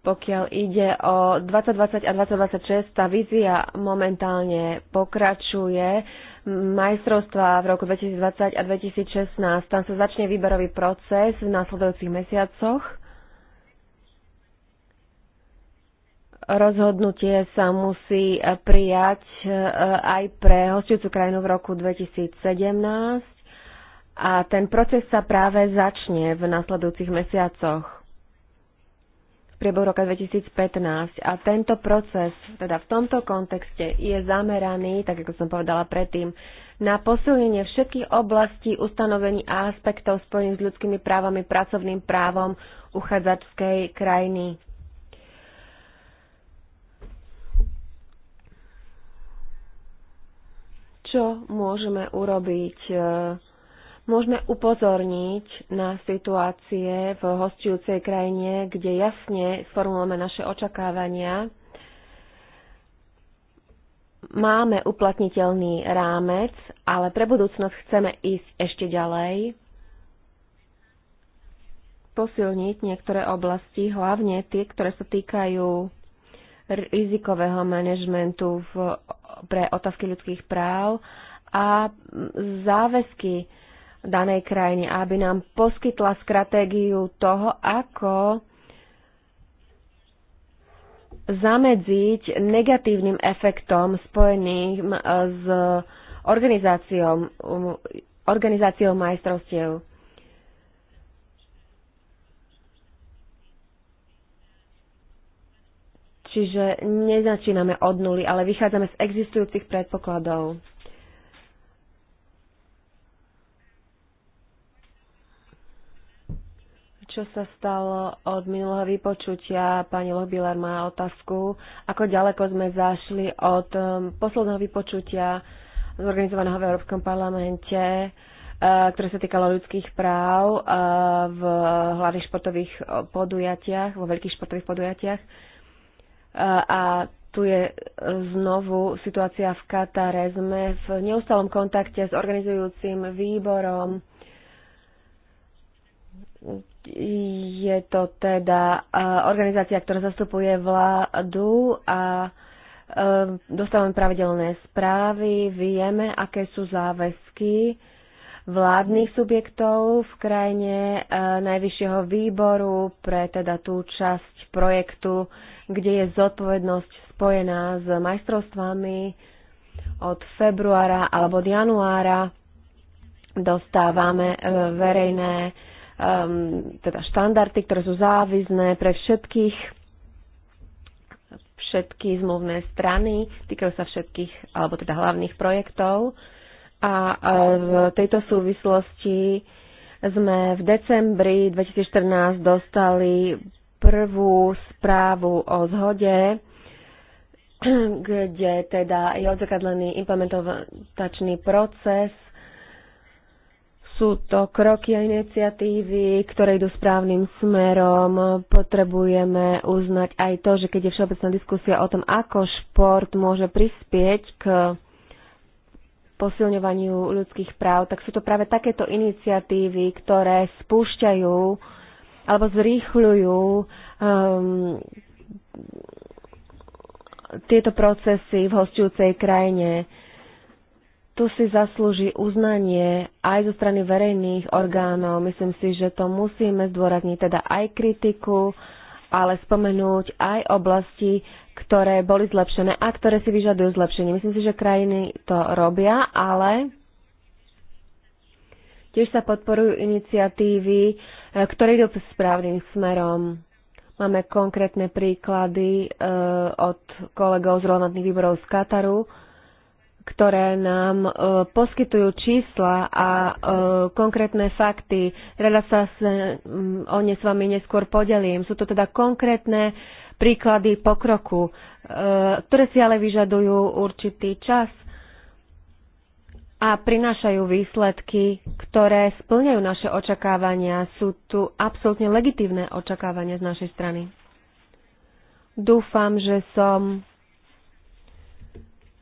Pokiaľ ide o 2020 a 2026, tá vízia momentálne pokračuje. Majstrovstva v roku 2020 a 2016, tam sa začne výberový proces v následujúcich mesiacoch. Rozhodnutie sa musí prijať eh, aj pre hostujúcu krajinu v roku 2017 a ten proces sa práve začne v následujúcich mesiacoch priebehu roka 2015. A tento proces, teda v tomto kontexte, je zameraný, tak ako som povedala predtým, na posilnenie všetkých oblastí ustanovení a aspektov spojených s ľudskými právami, pracovným právom uchádzačskej krajiny. Čo môžeme urobiť? Eh, môžeme upozorniť na situácie v hostujúcej krajine, kde jasne sformulujeme naše očakávania. Máme uplatniteľný rámec, ale pre budúcnosť chceme ísť ešte ďalej, posilniť niektoré oblasti, hlavne tie, ktoré sa týkajú rizikového manažmentu pre otázky ľudských práv a záväzky danej krajine, aby nám poskytla stratégiu toho, ako zamedziť negatívnym efektom spojeným eh, s organizáciou, organizáciou majstrovstiev. Čiže nezačíname od nuly, ale vychádzame z existujúcich predpokladov. čo sa stalo od minulého vypočutia. Pani Lohbiler má otázku, ako ďaleko sme zašli od um, posledného vypočutia zorganizovaného v Európskom parlamente, uh, ktoré sa týkalo ľudských práv uh, v hlavných športových uh, podujatiach, vo veľkých športových podujatiach. A tu je znovu situácia v Katare. Sme v neustalom kontakte s organizujúcim výborom je to teda e, organizácia, ktorá zastupuje vládu a e, dostávame pravidelné správy, vieme, aké sú záväzky vládnych subjektov v krajine e, Najvyššieho výboru pre teda tú časť projektu, kde je zodpovednosť spojená s majstrovstvami od februára alebo od januára dostávame verejné um, teda štandardy, ktoré sú závisné pre všetkých všetky zmluvné strany, týkajú sa všetkých, alebo teda hlavných projektov. A v tejto súvislosti sme v decembri 2014 dostali prvú správu o zhode, kde teda je odzakadlený implementačný proces sú to kroky a iniciatívy, ktoré idú správnym smerom. Potrebujeme uznať aj to, že keď je všeobecná diskusia o tom, ako šport môže prispieť k posilňovaniu ľudských práv, tak sú to práve takéto iniciatívy, ktoré spúšťajú alebo zrýchľujú um, tieto procesy v hostujúcej krajine tu si zaslúži uznanie aj zo strany verejných orgánov. Myslím si, že to musíme zdôrazniť, teda aj kritiku, ale spomenúť aj oblasti, ktoré boli zlepšené a ktoré si vyžadujú zlepšenie. Myslím si, že krajiny to robia, ale tiež sa podporujú iniciatívy, e, ktoré idú správnym smerom. Máme konkrétne príklady e, od kolegov z rovnatných výborov z Kataru, ktoré nám e, poskytujú čísla a e, konkrétne fakty. Rada sa s, o ne s vami neskôr podelím. Sú to teda konkrétne príklady pokroku, e, ktoré si ale vyžadujú určitý čas a prinášajú výsledky, ktoré splňajú naše očakávania. Sú tu absolútne legitívne očakávania z našej strany. Dúfam, že som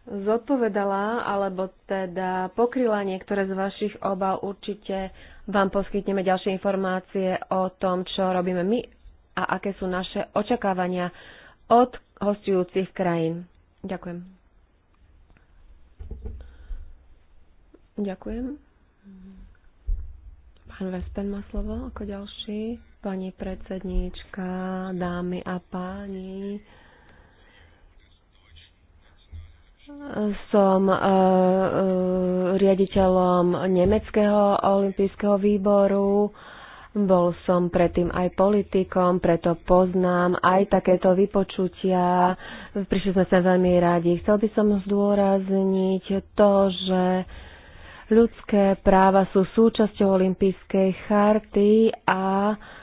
zodpovedala, alebo teda pokryla niektoré z vašich obav, určite vám poskytneme ďalšie informácie o tom, čo robíme my a aké sú naše očakávania od hostujúcich krajín. Ďakujem. Ďakujem. Pán Vespen má slovo ako ďalší. Pani predsednička, dámy a páni. Som uh, riaditeľom Nemeckého olympijského výboru. Bol som predtým aj politikom, preto poznám aj takéto vypočutia. Prišli sme sa veľmi radi. Chcel by som zdôrazniť to, že ľudské práva sú súčasťou olympijskej charty a uh,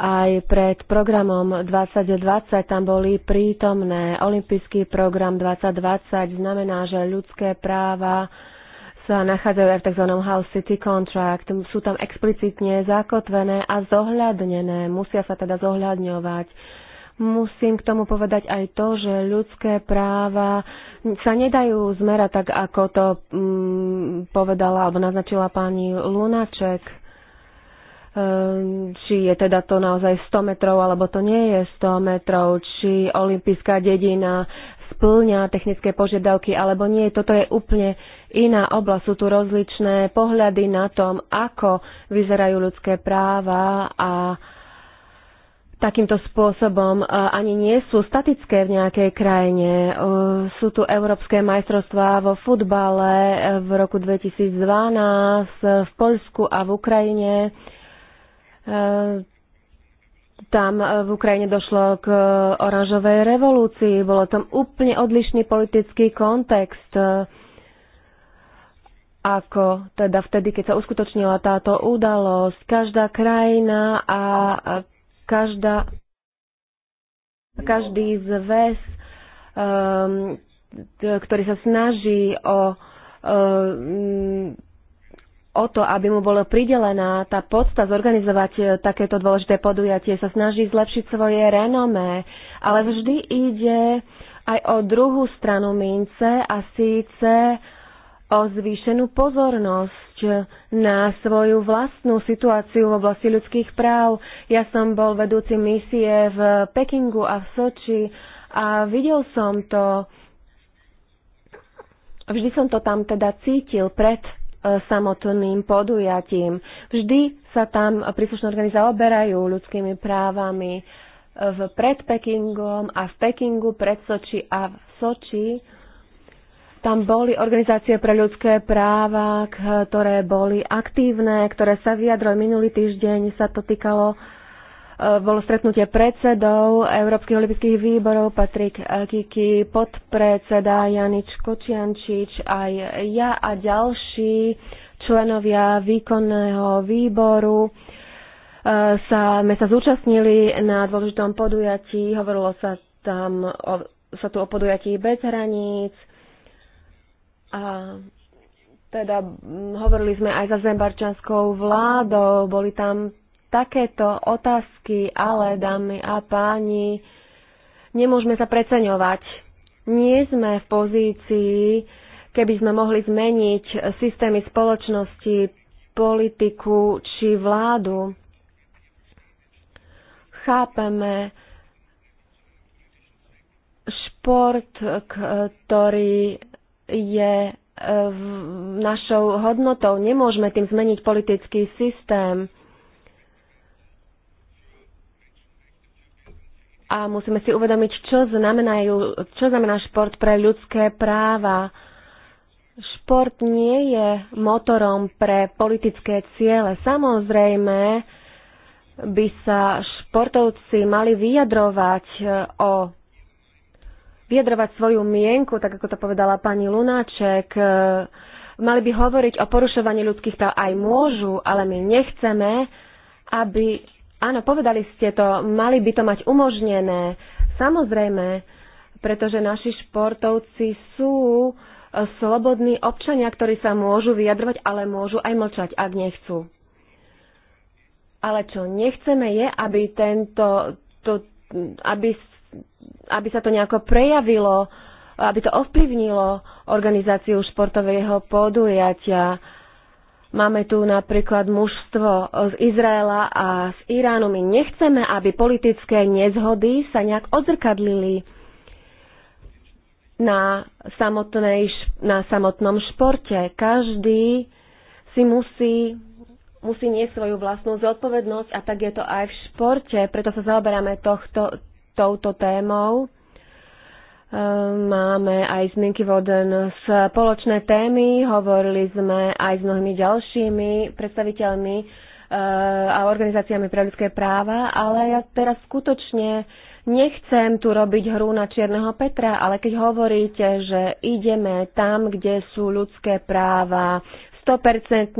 aj pred programom 2020 tam boli prítomné. Olympijský program 2020 znamená, že ľudské práva sa nachádzajú aj v tzv. House City Contract. Sú tam explicitne zakotvené a zohľadnené. Musia sa teda zohľadňovať. Musím k tomu povedať aj to, že ľudské práva sa nedajú zmerať tak, ako to mm, povedala alebo naznačila pani Lunaček Ehm, či je teda to naozaj 100 metrov, alebo to nie je 100 metrov, či olimpijská dedina splňa technické požiadavky, alebo nie. Toto je úplne iná oblasť. Sú tu rozličné pohľady na tom, ako vyzerajú ľudské práva a takýmto spôsobom e, ani nie sú statické v nejakej krajine. E, sú tu európske majstrovstvá vo futbale e, v roku 2012 v Poľsku a v Ukrajine E, tam v Ukrajine došlo k oranžovej revolúcii, bolo tam úplne odlišný politický kontext e, ako teda vtedy, keď sa uskutočnila táto udalosť. Každá krajina a každá, každý zväz, e, ktorý sa snaží o o to, aby mu bolo pridelená tá podsta zorganizovať e, takéto dôležité podujatie, sa snaží zlepšiť svoje renomé, ale vždy ide aj o druhú stranu mince a síce o zvýšenú pozornosť na svoju vlastnú situáciu v oblasti ľudských práv. Ja som bol vedúci misie v Pekingu a v Soči a videl som to, vždy som to tam teda cítil pred samotným podujatím. Vždy sa tam príslušné orgány zaoberajú ľudskými právami v pred Pekingom a v Pekingu, pred Soči a v Soči. Tam boli organizácie pre ľudské práva, ktoré boli aktívne, ktoré sa vyjadrili. Minulý týždeň sa to týkalo bolo stretnutie predsedov Európskych olympijských výborov, Patrik Kiki, podpredseda Janič Kočiančič, aj ja a ďalší členovia výkonného výboru e, sa, sme sa zúčastnili na dôležitom podujatí. Hovorilo sa tam o, sa tu o podujatí bez hraníc. A teda hovorili sme aj za zembarčanskou vládou, boli tam takéto otázky, ale dámy a páni, nemôžeme sa preceňovať. Nie sme v pozícii, keby sme mohli zmeniť systémy spoločnosti, politiku či vládu. Chápeme šport, ktorý je e, našou hodnotou. Nemôžeme tým zmeniť politický systém a musíme si uvedomiť, čo, znamenajú, čo znamená šport pre ľudské práva. Šport nie je motorom pre politické ciele. Samozrejme, by sa športovci mali vyjadrovať e, o vyjadrovať svoju mienku, tak ako to povedala pani Lunáček, e, mali by hovoriť o porušovaní ľudských práv aj môžu, ale my nechceme, aby Áno, povedali ste to, mali by to mať umožnené. Samozrejme, pretože naši športovci sú e, slobodní občania, ktorí sa môžu vyjadrovať, ale môžu aj mlčať, ak nechcú. Ale čo nechceme je, aby, tento, to, aby, aby sa to nejako prejavilo, aby to ovplyvnilo organizáciu športového podujatia Máme tu napríklad mužstvo z Izraela a z Iránu. My nechceme, aby politické nezhody sa nejak odzrkadlili na, samotnej, na samotnom športe. Každý si musí, musí nie svoju vlastnú zodpovednosť a tak je to aj v športe, preto sa zaoberáme tohto, touto témou. Máme aj zmienky voden spoločné témy, hovorili sme aj s mnohými ďalšími predstaviteľmi e, a organizáciami pre ľudské práva, ale ja teraz skutočne nechcem tu robiť hru na Čierneho Petra, ale keď hovoríte, že ideme tam, kde sú ľudské práva 100%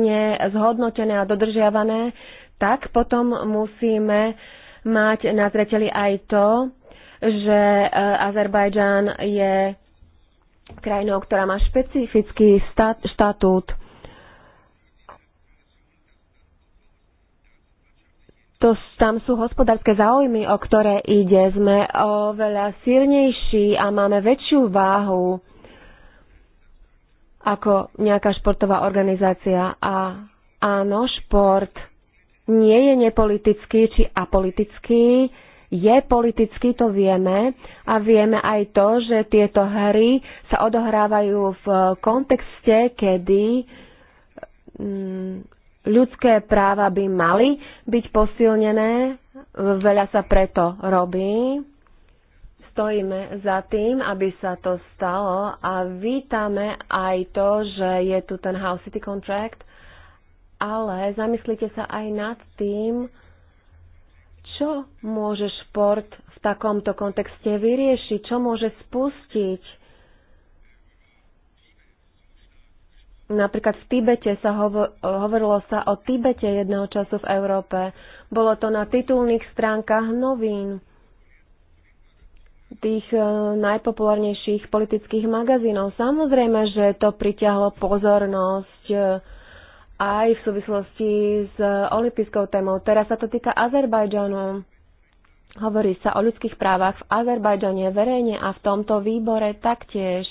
zhodnotené a dodržiavané, tak potom musíme mať na zreteli aj to, že e, Azerbajdžan je krajinou, ktorá má špecifický stat- štatút. To, tam sú hospodárske záujmy, o ktoré ide. Sme oveľa silnejší a máme väčšiu váhu ako nejaká športová organizácia. A áno, šport nie je nepolitický či apolitický je politický, to vieme. A vieme aj to, že tieto hry sa odohrávajú v kontexte, kedy mm, ľudské práva by mali byť posilnené. Veľa sa preto robí. Stojíme za tým, aby sa to stalo a vítame aj to, že je tu ten House City Contract, ale zamyslite sa aj nad tým, čo môže šport v takomto kontexte vyriešiť? Čo môže spustiť? Napríklad v Tibete sa hovo- hovorilo sa o Tibete jedného času v Európe. Bolo to na titulných stránkach novín tých e, najpopulárnejších politických magazínov. Samozrejme, že to priťahlo pozornosť e, aj v súvislosti s olympijskou témou. Teraz sa to týka Azerbajdžanu. Hovorí sa o ľudských právach v Azerbajdžane verejne a v tomto výbore taktiež.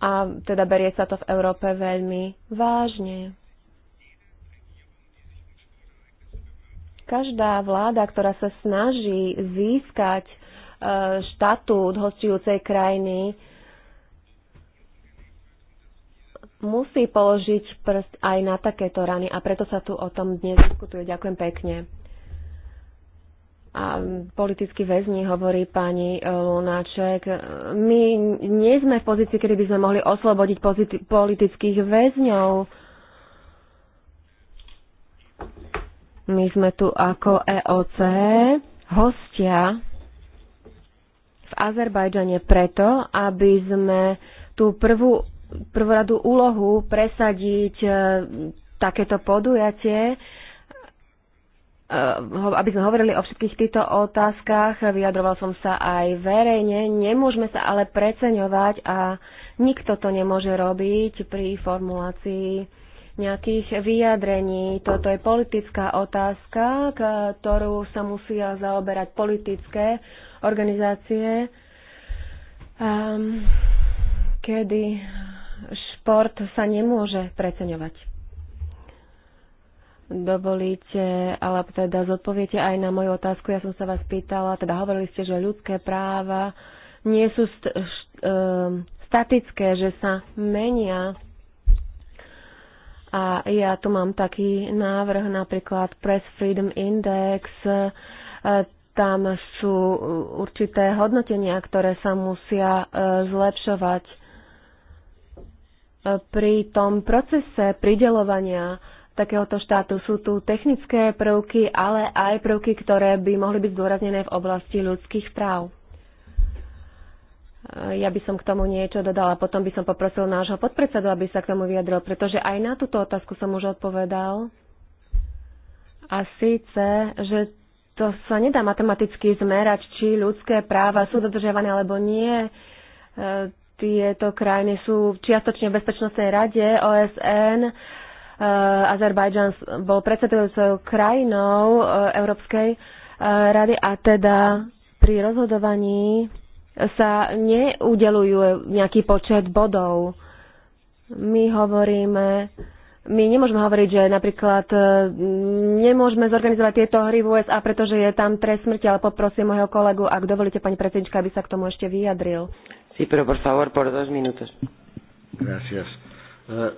A teda berie sa to v Európe veľmi vážne. Každá vláda, ktorá sa snaží získať e, štatút hostujúcej krajiny, musí položiť prst aj na takéto rany a preto sa tu o tom dnes diskutuje. Ďakujem pekne. A politickí väzni, hovorí pani Lunáček, my nie sme v pozícii, kedy by sme mohli oslobodiť politických väzňov. My sme tu ako EOC hostia v Azerbajdžane preto, aby sme tú prvú prvoradú úlohu presadiť e, takéto podujatie, e, aby sme hovorili o všetkých týchto otázkach, vyjadroval som sa aj verejne, nemôžeme sa ale preceňovať a nikto to nemôže robiť pri formulácii nejakých vyjadrení. Toto je politická otázka, ktorú sa musia zaoberať politické organizácie. Um, kedy šport sa nemôže preceňovať. Dovolíte, ale teda zodpoviete aj na moju otázku. Ja som sa vás pýtala, teda hovorili ste, že ľudské práva nie sú st- št- um, statické, že sa menia. A ja tu mám taký návrh, napríklad Press Freedom Index, e, tam sú určité hodnotenia, ktoré sa musia e, zlepšovať pri tom procese pridelovania takéhoto štátu. Sú tu technické prvky, ale aj prvky, ktoré by mohli byť zdôraznené v oblasti ľudských práv. E, ja by som k tomu niečo dodala, potom by som poprosil nášho podpredsedu, aby sa k tomu vyjadril, pretože aj na túto otázku som už odpovedal. A síce, že to sa nedá matematicky zmerať, či ľudské práva sú dodržiavané alebo nie e, tieto krajiny sú čiastočne v Bezpečnostnej rade OSN. E, Azerbajdžan bol predsedujúcou krajinou e, Európskej e, rady a teda pri rozhodovaní sa neudelujú nejaký počet bodov. My hovoríme, my nemôžeme hovoriť, že napríklad nemôžeme zorganizovať tieto hry v USA, pretože je tam trest smrti, ale poprosím môjho kolegu, ak dovolíte, pani predsednička, aby sa k tomu ešte vyjadril. Sí, pero por favor, por dos minutos. Gracias. Uh,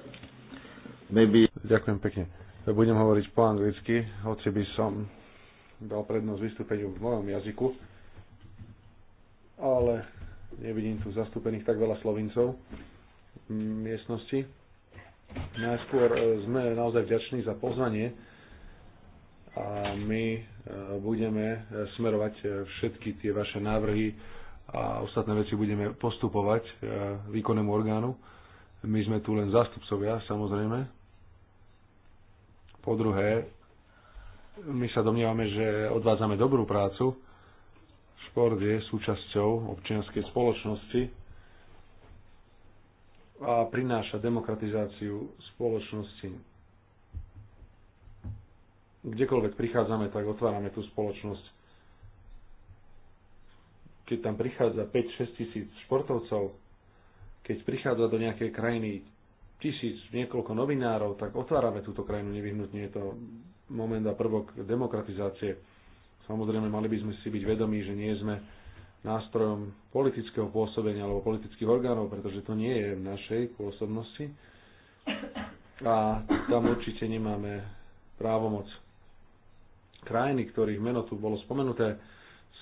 maybe... Ďakujem pekne. Budem hovoriť po anglicky, hoci by som dal prednosť vystúpeniu v mojom jazyku, ale nevidím tu zastúpených tak veľa slovincov v miestnosti. Najskôr eh, sme naozaj vďační za pozvanie a my eh, budeme smerovať všetky tie vaše návrhy a ostatné veci budeme postupovať e, výkonnému orgánu. My sme tu len zástupcovia, samozrejme. Po druhé, my sa domnievame, že odvádzame dobrú prácu. Šport je súčasťou občianskej spoločnosti a prináša demokratizáciu spoločnosti. Kdekoľvek prichádzame, tak otvárame tú spoločnosť keď tam prichádza 5-6 tisíc športovcov, keď prichádza do nejakej krajiny tisíc, niekoľko novinárov, tak otvárame túto krajinu nevyhnutne. Je to moment a prvok demokratizácie. Samozrejme, mali by sme si byť vedomí, že nie sme nástrojom politického pôsobenia alebo politických orgánov, pretože to nie je v našej pôsobnosti. A tam určite nemáme právomoc. Krajiny, ktorých meno tu bolo spomenuté,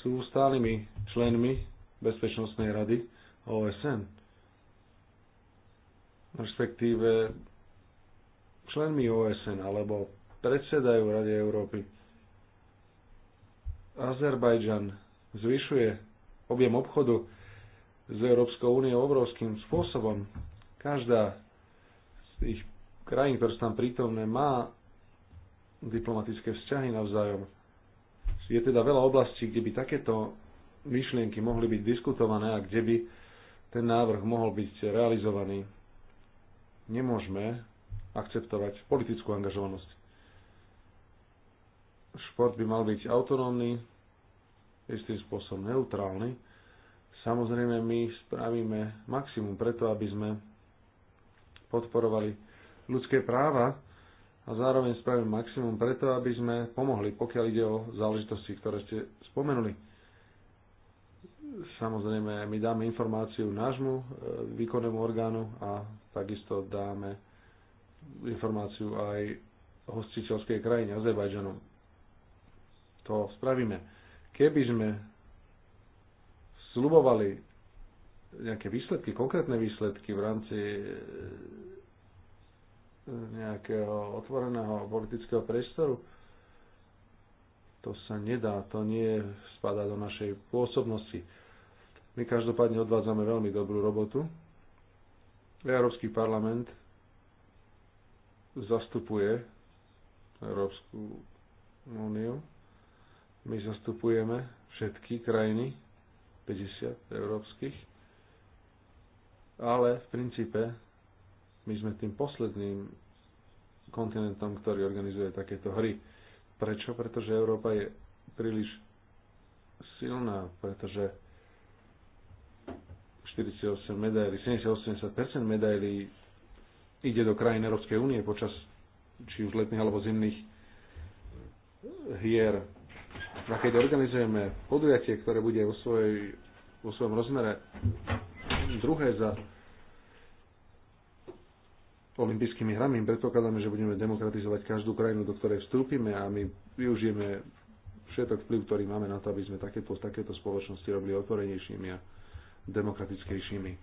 sú stálymi členmi Bezpečnostnej rady OSN. Respektíve členmi OSN alebo predsedajú Rade Európy. Azerbajdžan zvyšuje objem obchodu s Európskou úniou obrovským spôsobom. Každá z tých krajín, ktoré sú tam prítomné, má diplomatické vzťahy navzájom je teda veľa oblastí, kde by takéto myšlienky mohli byť diskutované a kde by ten návrh mohol byť realizovaný. Nemôžeme akceptovať politickú angažovanosť. Šport by mal byť autonómny, istým spôsobom neutrálny. Samozrejme, my spravíme maximum preto, aby sme podporovali ľudské práva, a zároveň spravím maximum preto, aby sme pomohli, pokiaľ ide o záležitosti, ktoré ste spomenuli. Samozrejme, my dáme informáciu nášmu e, výkonnému orgánu a takisto dáme informáciu aj hostiteľskej krajine, Azerbajdžanu. To spravíme. Keby sme slubovali nejaké výsledky, konkrétne výsledky v rámci e, nejakého otvoreného politického priestoru. To sa nedá, to nie spadá do našej pôsobnosti. My každopádne odvádzame veľmi dobrú robotu. Európsky parlament zastupuje Európsku úniu. My zastupujeme všetky krajiny, 50 európskych, ale v princípe my sme tým posledným kontinentom, ktorý organizuje takéto hry. Prečo? Pretože Európa je príliš silná, pretože 48 medailí, 70-80% medailí ide do krajín Európskej únie počas či už letných alebo zimných hier. A keď organizujeme podujatie, ktoré bude vo, svojej, vo svojom rozmere druhé za olympijskými hrami. Predpokladáme, že budeme demokratizovať každú krajinu, do ktorej vstúpime a my využijeme všetok vplyv, ktorý máme na to, aby sme takéto, takéto spoločnosti robili otvorenejšími a demokratickejšími. E,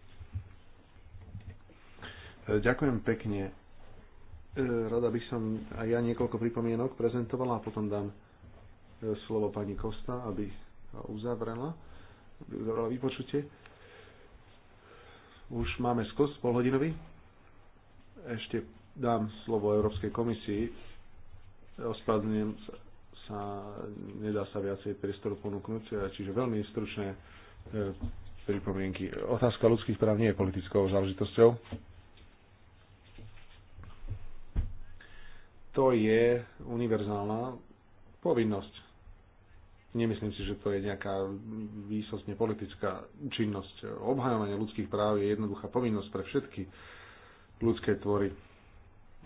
ďakujem pekne. E, rada by som aj ja niekoľko pripomienok prezentovala a potom dám e, slovo pani Kosta, aby uzavrela, uzavrela vypočutie. Už máme skos polhodinový. Ešte dám slovo Európskej komisii. Ospravedlňujem sa, nedá sa viacej priestoru ponúknuť, e, čiže veľmi stručné e, pripomienky. Otázka ľudských práv nie je politickou záležitosťou. To je univerzálna povinnosť. Nemyslím si, že to je nejaká výsostne politická činnosť. Obhajovanie ľudských práv je jednoduchá povinnosť pre všetky ľudské tvory.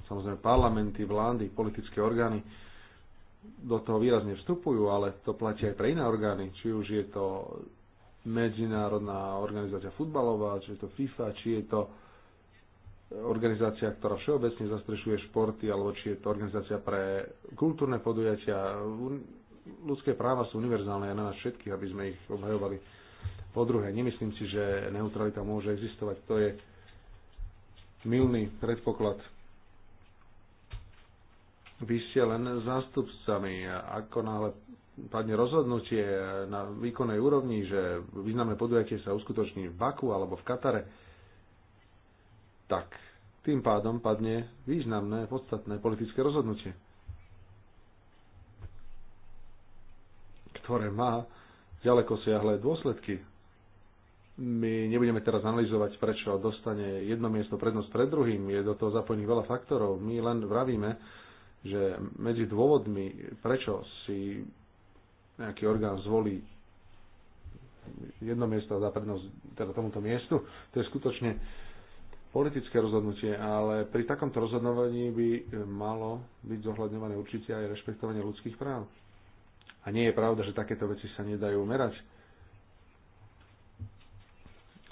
Samozrejme parlamenty, vlády, politické orgány do toho výrazne vstupujú, ale to platí aj pre iné orgány, či už je to medzinárodná organizácia futbalová, či je to FIFA, či je to organizácia, ktorá všeobecne zastrešuje športy, alebo či je to organizácia pre kultúrne podujatia. Ľudské práva sú univerzálne aj na nás všetkých, aby sme ich obhajovali. Po druhé, nemyslím si, že neutralita môže existovať. To je milný predpoklad. Vy ste len zástupcami. Ako náhle padne rozhodnutie na výkonnej úrovni, že významné podujatie sa uskutoční v Baku alebo v Katare, tak tým pádom padne významné, podstatné politické rozhodnutie, ktoré má ďaleko siahle dôsledky my nebudeme teraz analyzovať, prečo dostane jedno miesto prednosť pred druhým, je do toho zapojených veľa faktorov. My len vravíme, že medzi dôvodmi, prečo si nejaký orgán zvolí jedno miesto a dá prednosť teda tomuto miestu, to je skutočne politické rozhodnutie, ale pri takomto rozhodovaní by malo byť zohľadňované určite aj rešpektovanie ľudských práv. A nie je pravda, že takéto veci sa nedajú merať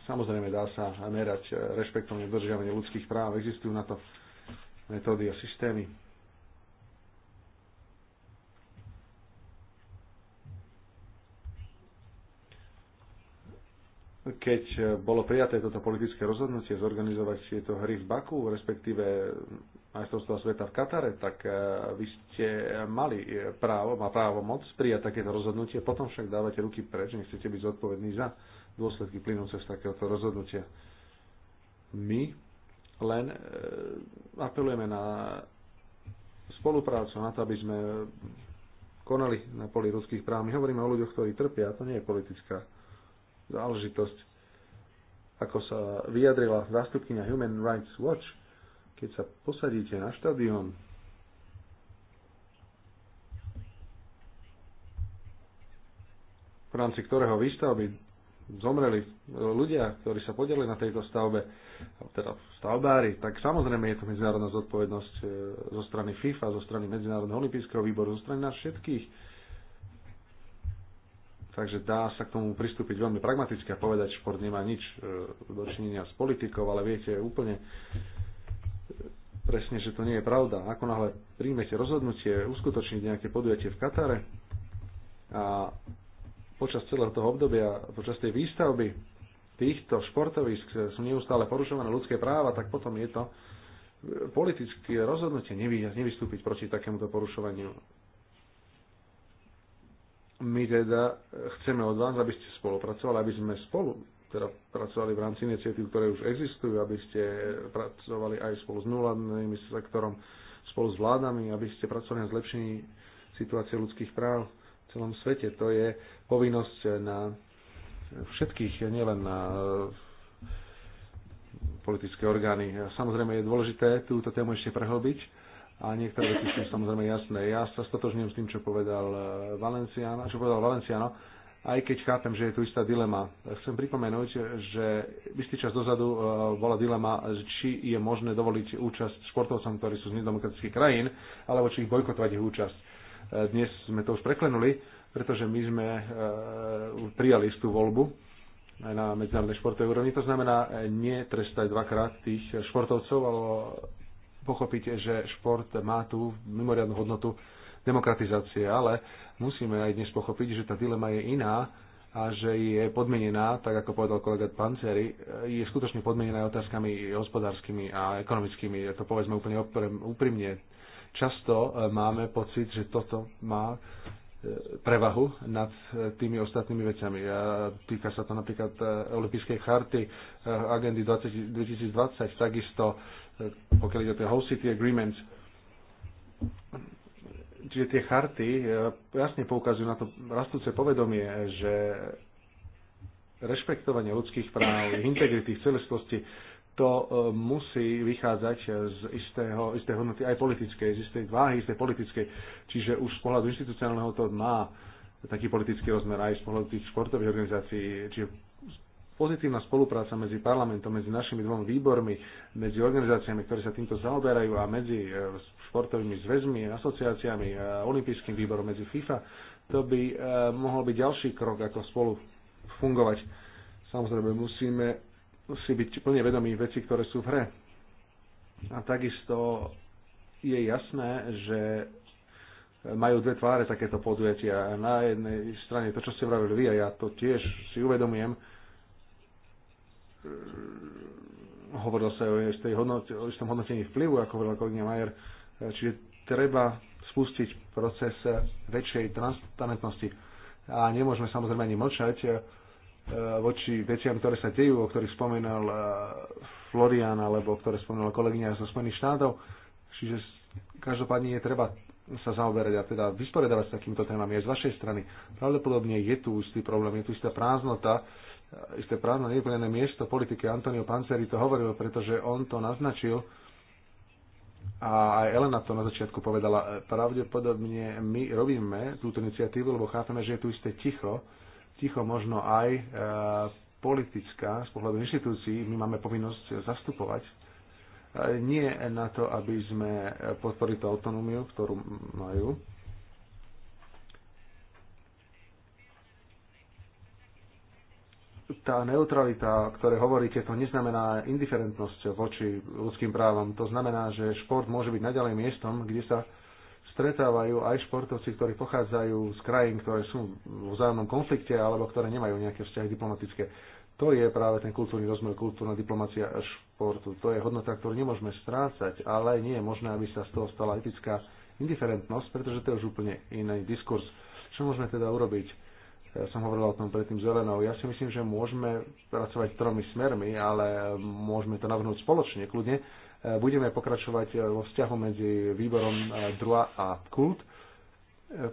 Samozrejme dá sa merať eh, rešpektovne dodržiavanie ľudských práv, existujú na to metódy a systémy. Keď eh, bolo prijaté toto politické rozhodnutie zorganizovať tieto hry v Baku, respektíve majstrovstva sveta v Katare, tak eh, vy ste mali právo, má právo moc prijať takéto rozhodnutie, potom však dávate ruky preč, nechcete byť zodpovední za dôsledky plynúce z takéhoto rozhodnutia. My len e, apelujeme na spoluprácu, na to, aby sme konali na poli ruských práv. My hovoríme o ľuďoch, ktorí trpia, to nie je politická záležitosť. Ako sa vyjadrila zástupkynia Human Rights Watch, keď sa posadíte na štadión v rámci ktorého výstavby zomreli e, ľudia, ktorí sa podeli na tejto stavbe, teda stavbári, tak samozrejme je to medzinárodná zodpovednosť e, zo strany FIFA, zo strany Medzinárodného olympijského výboru, zo strany nás všetkých. Takže dá sa k tomu pristúpiť veľmi pragmaticky a povedať, že šport nemá nič e, dočinenia s politikou, ale viete úplne presne, že to nie je pravda. Ako náhle príjmete rozhodnutie uskutočniť nejaké podujatie v Katare a počas celého toho obdobia, počas tej výstavby týchto športovisk sú neustále porušované ľudské práva, tak potom je to e, politické rozhodnutie nevystúpiť proti takémuto porušovaniu. My teda e, chceme od vás, aby ste spolupracovali, aby sme spolu teda pracovali v rámci iniciatív, ktoré už existujú, aby ste e, pracovali aj spolu s nuladným sektorom, spolu s vládami, aby ste pracovali na zlepšení situácie ľudských práv v celom svete. To je povinnosť na všetkých, nielen na eh, politické orgány. Samozrejme je dôležité túto tému ešte prehlbiť a niektoré veci sú samozrejme jasné. Ja sa stotožňujem s tým, čo povedal eh, Valenciano, čo povedal Valenciano, aj keď chápem, že je tu istá dilema. Chcem pripomenúť, že istý čas dozadu eh, bola dilema, či je možné dovoliť účasť športovcom, ktorí sú z nedemokratických krajín, alebo či ich bojkotovať ich účasť. Dnes sme to už preklenuli pretože my sme eh, prijali istú voľbu aj na medzinárodnej športovej úrovni. To znamená eh, netrestať dvakrát tých športovcov, alebo pochopiť, že šport má tú mimoriadnu hodnotu demokratizácie, ale musíme aj dnes pochopiť, že tá dilema je iná a že je podmenená, tak ako povedal kolega Panceri, eh, je skutočne podmenená otázkami hospodárskymi a ekonomickými. To povedzme úplne úprimne. Často máme pocit, že toto má E, prevahu nad tými ostatnými vecami. A týka sa to napríklad e, Olympijskej charty, e, agendy 2020, takisto pokiaľ ide o tie Whole City Agreements. Čiže tie charty jasne poukazujú na to rastúce povedomie, že rešpektovanie ľudských práv, integrity, celistvosti to e, musí vychádzať z istého, istej hodnoty aj politickej, z istej váhy, z tej politickej. Čiže už z pohľadu institucionálneho to má taký politický rozmer aj z pohľadu tých športových organizácií. Čiže pozitívna spolupráca medzi parlamentom, medzi našimi dvom výbormi, medzi organizáciami, ktoré sa týmto zaoberajú a medzi e, športovými zväzmi, asociáciami, e, olympijským výborom, medzi FIFA, to by mohol byť ďalší krok, ako spolu fungovať. Samozrejme, musíme musí byť plne vedomý veci, ktoré sú v hre. A takisto je jasné, že majú dve tváre takéto podujatia. Na jednej strane to, čo ste vravili vy, a ja to tiež si uvedomujem, e, hovoril sa o, istej hodnote, o istom hodnotení vplyvu, ako hovorila kolegyňa Majer, e, čiže treba spustiť proces väčšej transparentnosti. A nemôžeme samozrejme ani mlčať, Eh, voči veciam, ktoré sa dejú, o ktorých spomenal eh, Florian alebo ktoré spomenala kolegyňa zo Spojených štátov. Čiže každopádne je treba sa zaoberať a teda vysporiadavať s takýmto témami aj z vašej strany. Pravdepodobne je tu istý problém, je tu istá prázdnota, eh, isté prázdno nevyplnené miesto politike. Antonio Panceri to hovoril, pretože on to naznačil a aj Elena to na začiatku povedala. Pravdepodobne my robíme túto iniciatívu, lebo chápeme, že je tu isté ticho, ticho možno aj e, politická z pohľadu inštitúcií. My máme povinnosť zastupovať e, nie na to, aby sme podporili tú autonómiu, ktorú majú. Tá neutralita, o ktorej hovoríte, to neznamená indiferentnosť voči ľudským právam. To znamená, že šport môže byť naďalej miestom, kde sa stretávajú aj športovci, ktorí pochádzajú z krajín, ktoré sú v vzájomnom konflikte alebo ktoré nemajú nejaké vzťahy diplomatické. To je práve ten kultúrny rozmer, kultúrna diplomacia športu. To je hodnota, ktorú nemôžeme strácať, ale nie je možné, aby sa z toho stala etická indiferentnosť, pretože to je už úplne iný diskurs. Čo môžeme teda urobiť? Ja som hovoril o tom predtým zelenou. Ja si myslím, že môžeme pracovať tromi smermi, ale môžeme to navrhnúť spoločne, kľudne Budeme pokračovať eh, vo vzťahu medzi výborom eh, Drua a Kult, eh,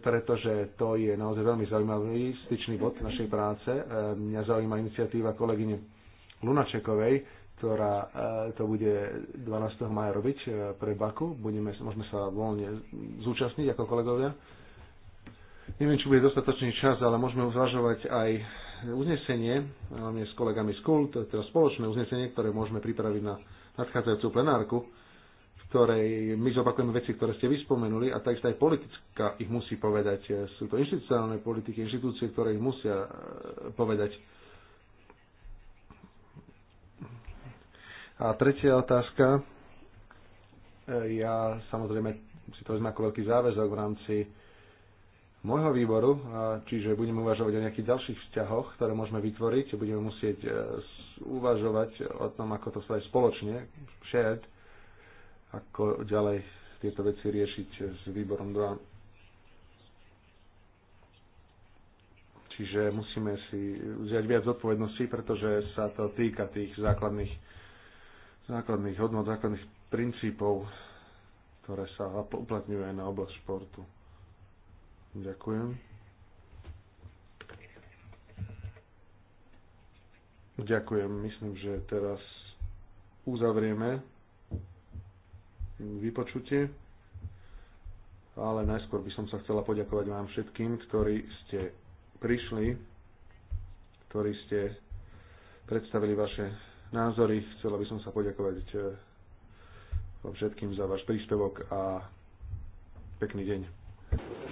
pretože to je naozaj veľmi zaujímavý styčný bod našej práce. Mňa zaujíma iniciatíva kolegyne Lunačekovej, ktorá to bude 12. maja robiť pre Baku. Budeme, môžeme sa voľne zúčastniť ako kolegovia. Neviem, či bude dostatočný čas, ale môžeme uzvažovať aj uznesenie, hlavne s kolegami z KULT, teda spoločné uznesenie, ktoré môžeme pripraviť na nadchádzajúcu plenárku, v ktorej my zopakujeme veci, ktoré ste vyspomenuli a takisto aj politická ich musí povedať. Sú to inštitucionálne politiky, inštitúcie, ktoré ich musia e, povedať. A tretia otázka. E, ja samozrejme si to vezmem ako veľký záväzok v rámci môjho výboru, čiže budeme uvažovať o nejakých ďalších vzťahoch, ktoré môžeme vytvoriť. Budeme musieť e, uvažovať o tom, ako to sa aj spoločne, shared, ako ďalej tieto veci riešiť e, s výborom 2. Čiže musíme si vziať viac zodpovedností, pretože sa to týka tých základných, základných hodnot, základných princípov, ktoré sa uplatňujú aj na oblasť športu. Ďakujem. Ďakujem. Myslím, že teraz uzavrieme vypočutie. Ale najskôr by som sa chcela poďakovať vám všetkým, ktorí ste prišli, ktorí ste predstavili vaše názory. Chcela by som sa poďakovať eh, všetkým za váš príspevok a pekný deň.